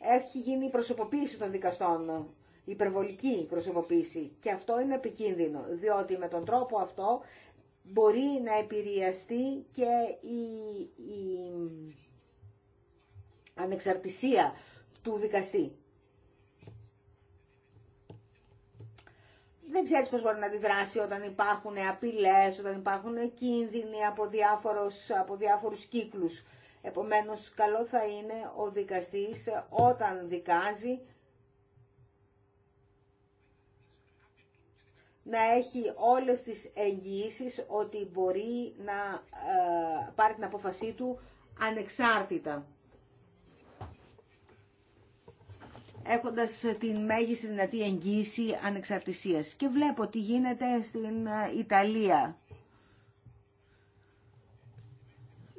[SPEAKER 1] έχει γίνει η προσωποποίηση των δικαστών, υπερβολική προσωποποίηση και αυτό είναι επικίνδυνο, διότι με τον τρόπο αυτό μπορεί να επηρεαστεί και η ανεξαρτησία του δικαστή. δεν ξέρει πώ μπορεί να αντιδράσει όταν υπάρχουν απειλέ, όταν υπάρχουν κίνδυνοι από, διάφορους, από διάφορους κύκλους. Επομένως, καλό θα είναι ο δικαστής όταν δικάζει να έχει όλες τις εγγυήσεις ότι μπορεί να ε, πάρει την απόφασή του ανεξάρτητα. έχοντας την μέγιστη δυνατή εγγύηση ανεξαρτησίας. Και βλέπω τι γίνεται στην ε, Ιταλία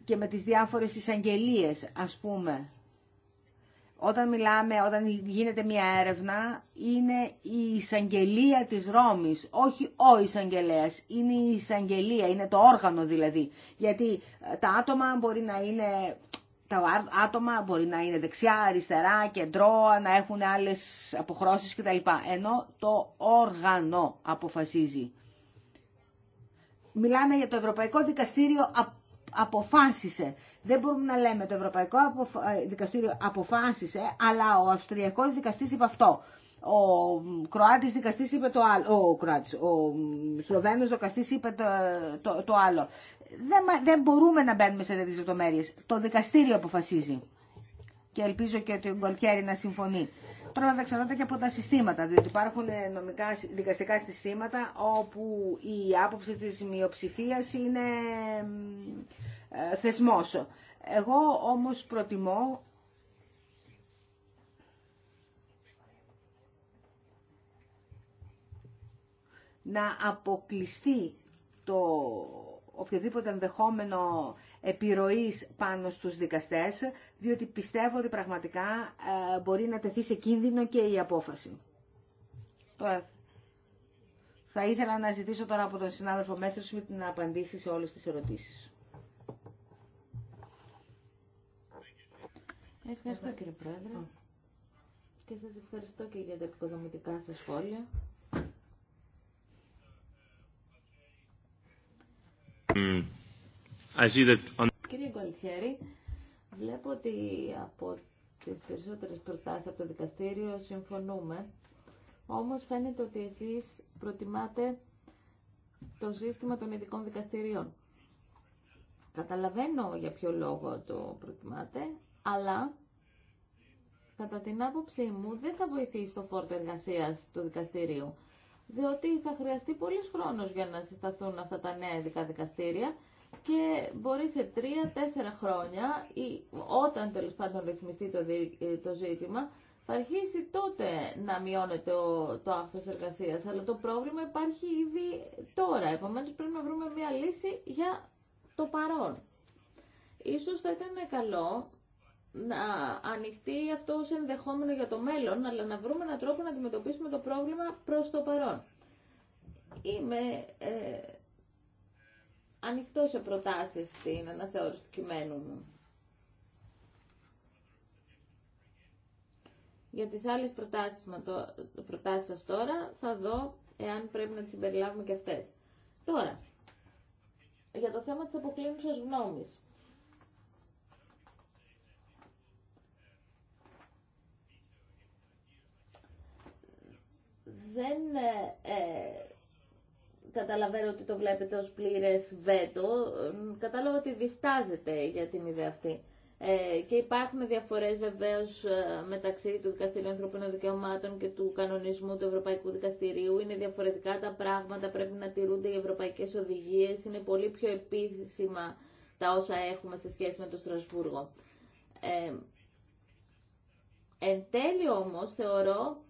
[SPEAKER 1] και με τις διάφορες εισαγγελίε, ας πούμε. Όταν μιλάμε, όταν γίνεται μια έρευνα, είναι η εισαγγελία της Ρώμης, όχι ο εισαγγελέα. Είναι η εισαγγελία, είναι το όργανο δηλαδή. Γιατί τα άτομα μπορεί να είναι τα άτομα μπορεί να είναι δεξιά, αριστερά, κεντρό, να έχουν άλλες αποχρώσεις κτλ. Ενώ το όργανο αποφασίζει. Μιλάμε για το Ευρωπαϊκό Δικαστήριο αποφάσισε. Δεν μπορούμε να λέμε το Ευρωπαϊκό ε, Δικαστήριο αποφάσισε, αλλά ο Αυστριακός δικαστής είπε αυτό. Ο Κροατίς δικαστής είπε το άλλο. Ο Κροάτη. ο είπε το, το, το άλλο. Δεν, δεν μπορούμε να μπαίνουμε σε τέτοιες λεπτομέρειε. Το δικαστήριο αποφασίζει. Και ελπίζω και ότι ο Γκολτιέρη να συμφωνεί. Τώρα να τα και από τα συστήματα, διότι υπάρχουν ε, νομικά, δικαστικά συστήματα όπου η άποψη της μειοψηφία είναι ε, θεσμός. Εγώ όμως προτιμώ να αποκλειστεί το οποιοδήποτε ενδεχόμενο επιρροής πάνω στους δικαστές, διότι πιστεύω ότι πραγματικά ε, μπορεί να τεθεί σε κίνδυνο και η απόφαση. Τώρα, θα ήθελα να ζητήσω τώρα από τον συνάδελφο μέσα σου να απαντήσει σε όλες τις ερωτήσεις.
[SPEAKER 3] Ευχαριστώ κύριε Πρόεδρε και σας ευχαριστώ και για τα επικοδομητικά σας σχόλια. Κύριε Γκολιθιέρη, βλέπω ότι από τις περισσότερες προτάσεις από το δικαστήριο συμφωνούμε, όμως φαίνεται ότι εσείς προτιμάτε το σύστημα των ειδικών δικαστηριών. Καταλαβαίνω για ποιο λόγο το προτιμάτε, αλλά κατά την άποψή μου δεν θα βοηθήσει το φόρτο εργασίας του δικαστηρίου διότι θα χρειαστεί πολλής χρόνος για να συσταθούν αυτά τα νέα ειδικά δικαστήρια και μπορεί σε τρία-τέσσερα χρόνια ή όταν τέλος πάντων ρυθμιστεί το, το ζήτημα θα αρχίσει τότε να μειώνεται το, το άφθος εργασίας, αλλά το πρόβλημα υπάρχει ήδη τώρα, επομένως πρέπει να βρούμε μια λύση για το παρόν. Ίσως θα ήταν καλό να ανοιχτεί αυτό ως ενδεχόμενο για το μέλλον, αλλά να βρούμε έναν τρόπο να αντιμετωπίσουμε το πρόβλημα προς το παρόν. Είμαι ε, ανοιχτό σε προτάσεις στην αναθεώρηση του κειμένου μου. Για τις άλλες προτάσεις, το, προτάσεις σας τώρα θα δω εάν πρέπει να τις συμπεριλάβουμε και αυτές. Τώρα, για το θέμα της αποκλίνουσας γνώμης. δεν ε, ε, καταλαβαίνω ότι το βλέπετε ως πλήρες βέτο. Κατάλαβα ότι διστάζετε για την ιδέα αυτή. Ε, και υπάρχουν διαφορές βεβαίως ε, μεταξύ του Δικαστηρίου Ανθρωπίνων Δικαιωμάτων και του κανονισμού του Ευρωπαϊκού Δικαστηρίου. Είναι διαφορετικά τα πράγματα, πρέπει να τηρούνται οι ευρωπαϊκές οδηγίες. Είναι πολύ πιο επίσημα τα όσα έχουμε σε σχέση με το Στρασβούργο. Ε, εν τέλει όμως θεωρώ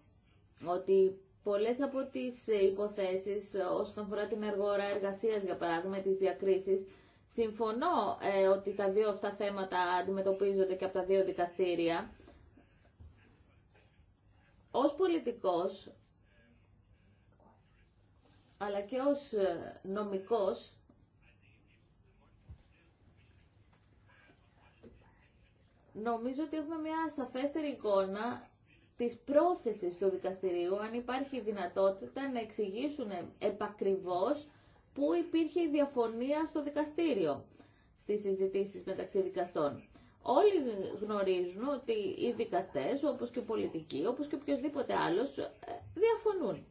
[SPEAKER 3] ότι Πολλές από τις ε, υποθέσεις ε, όσον αφορά την εργόρα εργασίας, για παράδειγμα, τις διακρίσεις, συμφωνώ ε, ότι τα δύο αυτά θέματα αντιμετωπίζονται και από τα δύο δικαστήρια. Ως πολιτικός, αλλά και ως νομικός, νομίζω ότι έχουμε μια σαφέστερη εικόνα της πρόθεσης του δικαστηρίου, αν υπάρχει δυνατότητα να εξηγήσουν επακριβώς πού υπήρχε η διαφωνία στο δικαστήριο στις συζητήσεις μεταξύ δικαστών. Όλοι γνωρίζουν ότι οι δικαστές, όπως και οι πολιτικοί, όπως και οποιοδήποτε άλλος, ε, διαφωνούν.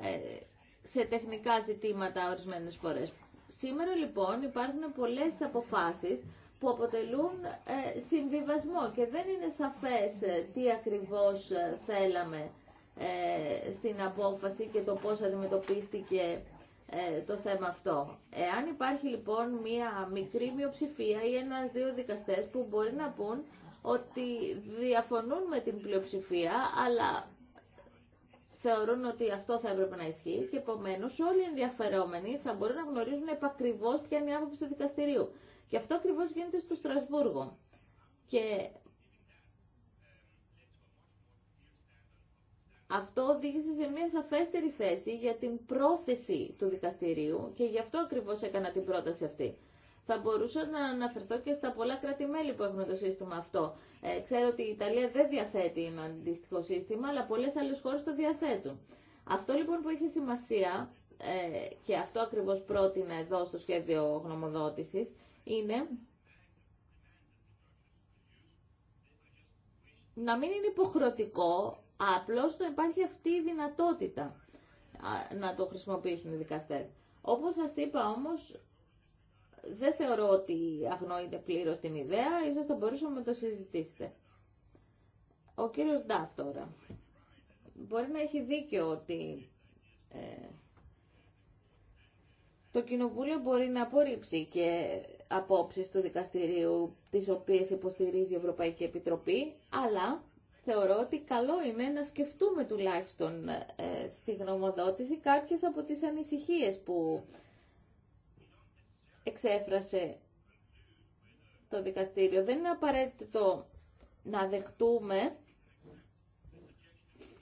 [SPEAKER 3] Ε, σε τεχνικά ζητήματα ορισμένες φορές. Σήμερα λοιπόν υπάρχουν πολλές αποφάσεις που αποτελούν ε, συμβιβασμό και δεν είναι σαφές ε, τι ακριβώς ε, θέλαμε στην απόφαση και το πώς αντιμετωπίστηκε το θέμα αυτό. Εάν υπάρχει λοιπόν μία μικρή μειοψηφία ή ένας-δύο δικαστές που μπορεί να πούν ότι διαφωνούν με την πλειοψηφία, αλλά θεωρούν ότι αυτό θα έπρεπε να ισχύει και επομένω όλοι οι ενδιαφερόμενοι θα μπορούν να γνωρίζουν επακριβώς ποια είναι η άποψη του δικαστηρίου. Και αυτό ακριβώ γίνεται στο Στρασβούργο. Και Αυτό οδήγησε σε μια σαφέστερη θέση για την πρόθεση του δικαστηρίου και γι' αυτό ακριβώ έκανα την πρόταση αυτή. Θα μπορούσα να αναφερθώ και στα πολλά κράτη-μέλη που έχουν το σύστημα αυτό. Ε, ξέρω ότι η Ιταλία δεν διαθέτει ένα αντίστοιχο σύστημα, αλλά πολλέ άλλε χώρε το διαθέτουν. Αυτό λοιπόν που έχει σημασία, ε, και αυτό ακριβώ πρότεινα εδώ στο σχέδιο γνωμοδότηση είναι να μην είναι υποχρεωτικό, απλώς να υπάρχει αυτή η δυνατότητα να το χρησιμοποιήσουν οι δικαστές. Όπως σας είπα όμως, δεν θεωρώ ότι αγνοείται πλήρως την ιδέα, ίσως θα μπορούσαμε να το συζητήσετε. Ο κύριος Νταφ τώρα. Μπορεί να έχει δίκιο ότι ε, το κοινοβούλιο μπορεί να απορρίψει και απόψεις του δικαστηρίου, τις οποίες υποστηρίζει η Ευρωπαϊκή Επιτροπή, αλλά θεωρώ ότι καλό είναι να σκεφτούμε τουλάχιστον ε, στη γνωμοδότηση κάποιες από τις ανησυχίες που εξέφρασε το δικαστήριο. Δεν είναι απαραίτητο να δεχτούμε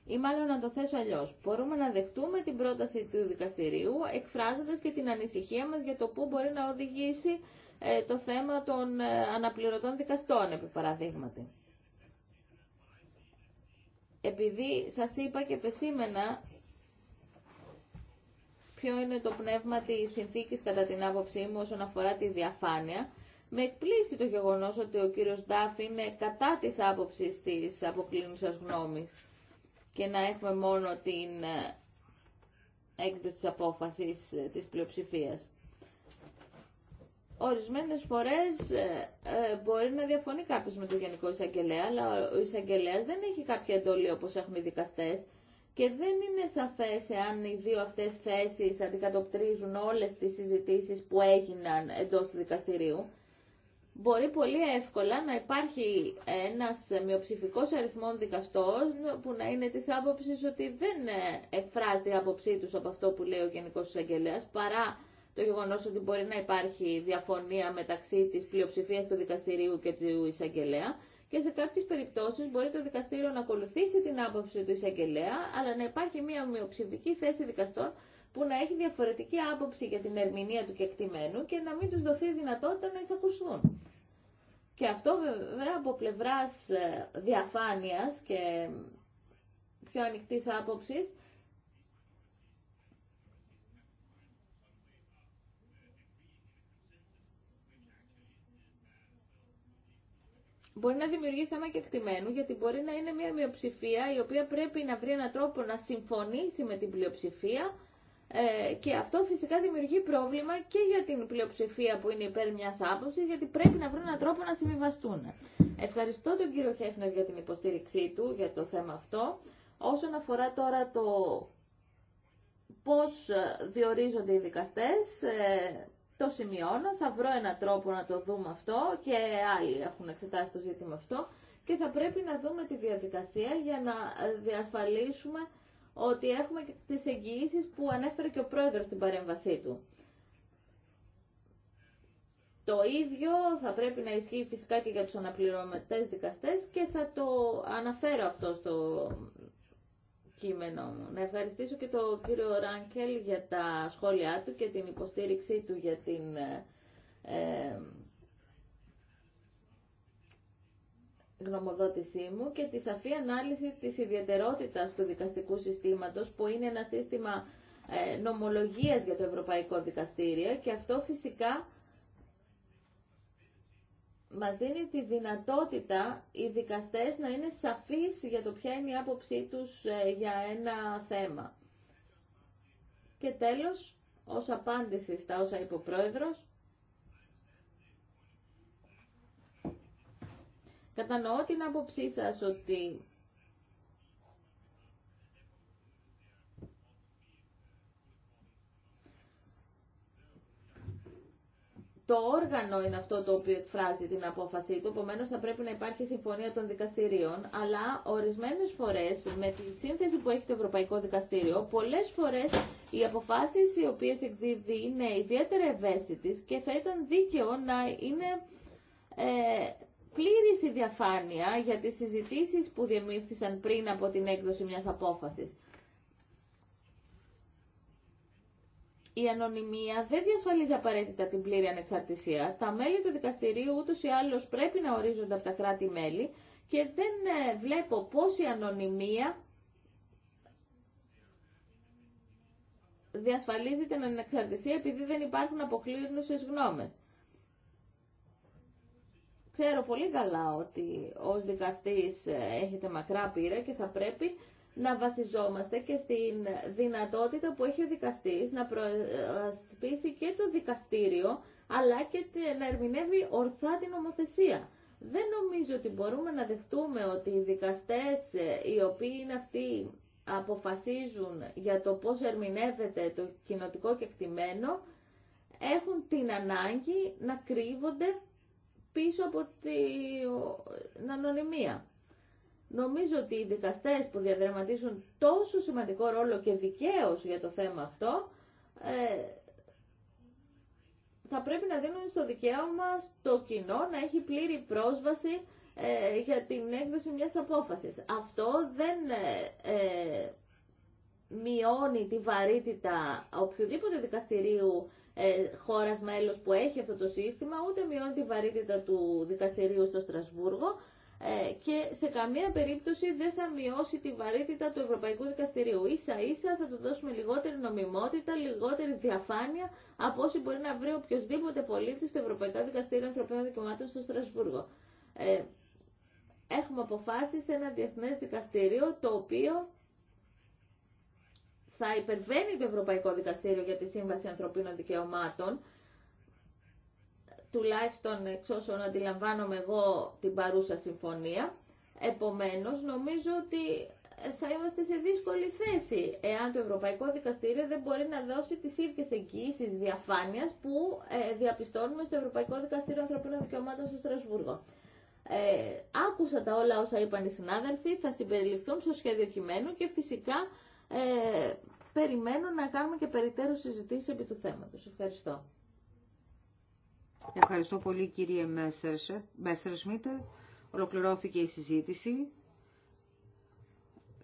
[SPEAKER 3] ή μάλλον να το θέσω αλλιώς. Μπορούμε να δεχτούμε την πρόταση του δικαστηρίου εκφράζοντας και την ανησυχία μας για το πού μπορεί να οδηγήσει ε, το θέμα των ε, αναπληρωτών δικαστών, επί παραδείγματι. Επειδή σας είπα και επεσήμενα ποιο είναι το πνεύμα της συνθήκης κατά την άποψή μου όσον αφορά τη διαφάνεια, με εκπλήσει το γεγονός ότι ο κύριος Ντάφ είναι κατά της άποψης της αποκλίνουσας γνώμης και να έχουμε μόνο την ε, έκδοση της απόφασης της πλειοψηφίας. Ορισμένες φορές ε, ε, μπορεί να διαφωνεί κάποιος με τον Γενικό Εισαγγελέα, αλλά ο Εισαγγελέας δεν έχει κάποια εντολή όπως έχουν οι δικαστές και δεν είναι σαφές εάν οι δύο αυτές θέσεις αντικατοπτρίζουν όλες τις συζητήσεις που έγιναν εντός του δικαστηρίου. Μπορεί πολύ εύκολα να υπάρχει ένας μειοψηφικό αριθμό δικαστών που να είναι της άποψης ότι δεν ε, εκφράζει η άποψή τους από αυτό που λέει ο Γενικός Εισαγγελέας παρά το γεγονός ότι μπορεί να υπάρχει διαφωνία μεταξύ της πλειοψηφίας του δικαστηρίου και του εισαγγελέα και σε κάποιες περιπτώσεις μπορεί το δικαστήριο να ακολουθήσει την άποψη του εισαγγελέα, αλλά να υπάρχει μια ομοιοψηφική θέση δικαστών που να έχει διαφορετική άποψη για την ερμηνεία του κεκτημένου και να μην τους δοθεί δυνατότητα να εισακουστούν. Και αυτό βέβαια από πλευράς ε, διαφάνειας και πιο ανοιχτής άποψης μπορεί να δημιουργεί θέμα και εκτιμένου, γιατί μπορεί να είναι μια μειοψηφία η οποία πρέπει να βρει έναν τρόπο να συμφωνήσει με την πλειοψηφία ε, και αυτό φυσικά δημιουργεί πρόβλημα και για την πλειοψηφία που είναι υπέρ μια άποψη, γιατί πρέπει να βρουν έναν τρόπο να συμβιβαστούν. Ευχαριστώ τον κύριο Χέφνερ για την υποστήριξή του για το θέμα αυτό. Όσον αφορά τώρα το πώς ε, διορίζονται οι δικαστές, ε, το σημειώνω, θα βρω έναν τρόπο να το δούμε αυτό και άλλοι έχουν εξετάσει το ζήτημα αυτό και θα πρέπει να δούμε τη διαδικασία για να ε, διασφαλίσουμε ότι έχουμε τις εγγυήσεις που ανέφερε και ο πρόεδρος στην παρέμβασή του. Το ίδιο θα πρέπει να ισχύει φυσικά και για τους αναπληρωματές δικαστές και θα το αναφέρω αυτό στο κείμενό Να ευχαριστήσω και τον κύριο Ράνκελ για τα σχόλιά του και την υποστήριξή του για την ε, ε γνωμοδότησή μου και τη σαφή ανάλυση της ιδιαιτερότητας του δικαστικού συστήματος που είναι ένα σύστημα ε, νομολογίας για το Ευρωπαϊκό Δικαστήριο και αυτό φυσικά μας δίνει τη δυνατότητα οι δικαστές να είναι σαφείς για το ποια είναι η άποψή τους ε, για ένα θέμα. Και τέλος, ως απάντηση στα όσα είπε ο Πρόεδρος, κατανοώ την άποψή σας ότι το όργανο είναι αυτό το οποίο εκφράζει την απόφασή του, επομένω θα πρέπει να υπάρχει συμφωνία των δικαστηρίων, αλλά ορισμένες φορές με τη σύνθεση που έχει το Ευρωπαϊκό Δικαστήριο, πολλές φορές οι αποφάσεις οι οποίες εκδίδει είναι ιδιαίτερα ευαίσθητες και θα ήταν δίκαιο να είναι ε, πλήρης η διαφάνεια για τις συζητήσεις που διεμήφθησαν πριν από την έκδοση μιας απόφασης. η ανωνυμία δεν διασφαλίζει απαραίτητα την πλήρη ανεξαρτησία. Τα μέλη του δικαστηρίου ούτως ή άλλως πρέπει να ορίζονται από τα κράτη-μέλη και δεν ε, βλέπω πώς η ανωνυμία διασφαλίζει την ανεξαρτησία επειδή δεν υπάρχουν αποκλίνουσες γνώμες. Ξέρω πολύ καλά ότι ως δικαστής ε, έχετε μακρά πείρα και θα πρέπει να βασιζόμαστε και στην δυνατότητα που έχει ο δικαστής να προασπίσει και το δικαστήριο, αλλά και να ερμηνεύει ορθά την νομοθεσία. Δεν νομίζω ότι μπορούμε να δεχτούμε ότι οι δικαστές ε, οι οποίοι είναι αυτοί αποφασίζουν για το πώς ερμηνεύεται το κοινοτικό κεκτημένο έχουν την ανάγκη να κρύβονται πίσω από την ανωνυμία. Νομίζω ότι οι δικαστές που διαδραματίζουν τόσο σημαντικό ρόλο και δικαίως για το θέμα αυτό, ε, θα πρέπει να δίνουν στο δικαίωμα στο κοινό να έχει πλήρη πρόσβαση ε, για την έκδοση μιας απόφασης. Αυτό δεν ε, μειώνει τη βαρύτητα οποιοδήποτε δικαστηρίου ε, χώρας μέλος που έχει αυτό το σύστημα, ούτε μειώνει τη βαρύτητα του δικαστηρίου στο Στρασβούργο, ε, και σε καμία περίπτωση δεν θα μειώσει τη βαρύτητα του Ευρωπαϊκού Δικαστηρίου. Ίσα ίσα θα του δώσουμε λιγότερη νομιμότητα, λιγότερη διαφάνεια από όσοι μπορεί να βρει οποιοδήποτε πολίτη στο Ευρωπαϊκό Δικαστήριο Ανθρωπίνων Δικαιωμάτων στο Στρασβούργο. Ε, έχουμε αποφάσει σε ένα διεθνές δικαστήριο το οποίο θα υπερβαίνει το Ευρωπαϊκό Δικαστήριο για τη Σύμβαση Ανθρωπίνων Δικαιωμάτων τουλάχιστον εξ όσων αντιλαμβάνομαι εγώ την παρούσα συμφωνία. Επομένως, νομίζω ότι θα είμαστε σε δύσκολη θέση εάν το Ευρωπαϊκό Δικαστήριο δεν μπορεί να δώσει τις ίδιες εγγύησεις διαφάνειας που ε, διαπιστώνουμε στο Ευρωπαϊκό Δικαστήριο Ανθρωπίνων Δικαιωμάτων στο Στρασβούργο. Ε, άκουσα τα όλα όσα είπαν οι συνάδελφοι, θα συμπεριληφθούν στο σχέδιο κειμένου και φυσικά ε, περιμένω να κάνουμε και περιττέρω συζητήσεις επί του θέματος. Ευχαριστώ.
[SPEAKER 1] Ευχαριστώ πολύ κύριε Μέσσερ Ολοκληρώθηκε η συζήτηση.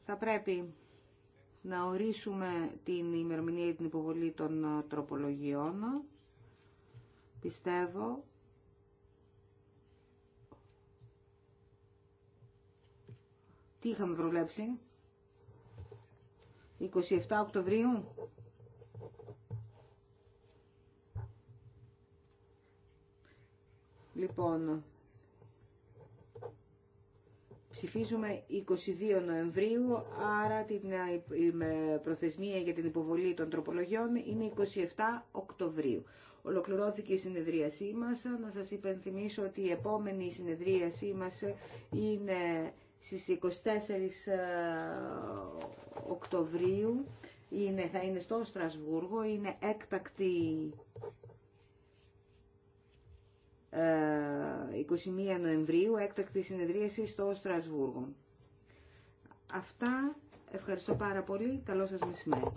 [SPEAKER 1] Θα πρέπει να ορίσουμε την ημερομηνία για την υποβολή των ε, τροπολογιών. Πιστεύω Τι είχαμε προβλέψει, 27 Οκτωβρίου. Λοιπόν, ψηφίζουμε 22 Νοεμβρίου, άρα την ε, προθεσμία για την υποβολή των τροπολογιών είναι 27 Οκτωβρίου. Ολοκληρώθηκε η συνεδρίασή μας. Να σας υπενθυμίσω ότι η επόμενη συνεδρίασή μας είναι στις 24 ε, Οκτωβρίου. Είναι, θα είναι στο Στρασβούργο, είναι έκτακτη 21 ε, Νοεμβρίου, έκτακτη συνεδρίαση στο Στρασβούργο. Αυτά. Ευχαριστώ πάρα πολύ. Καλό σας μεσημέρι.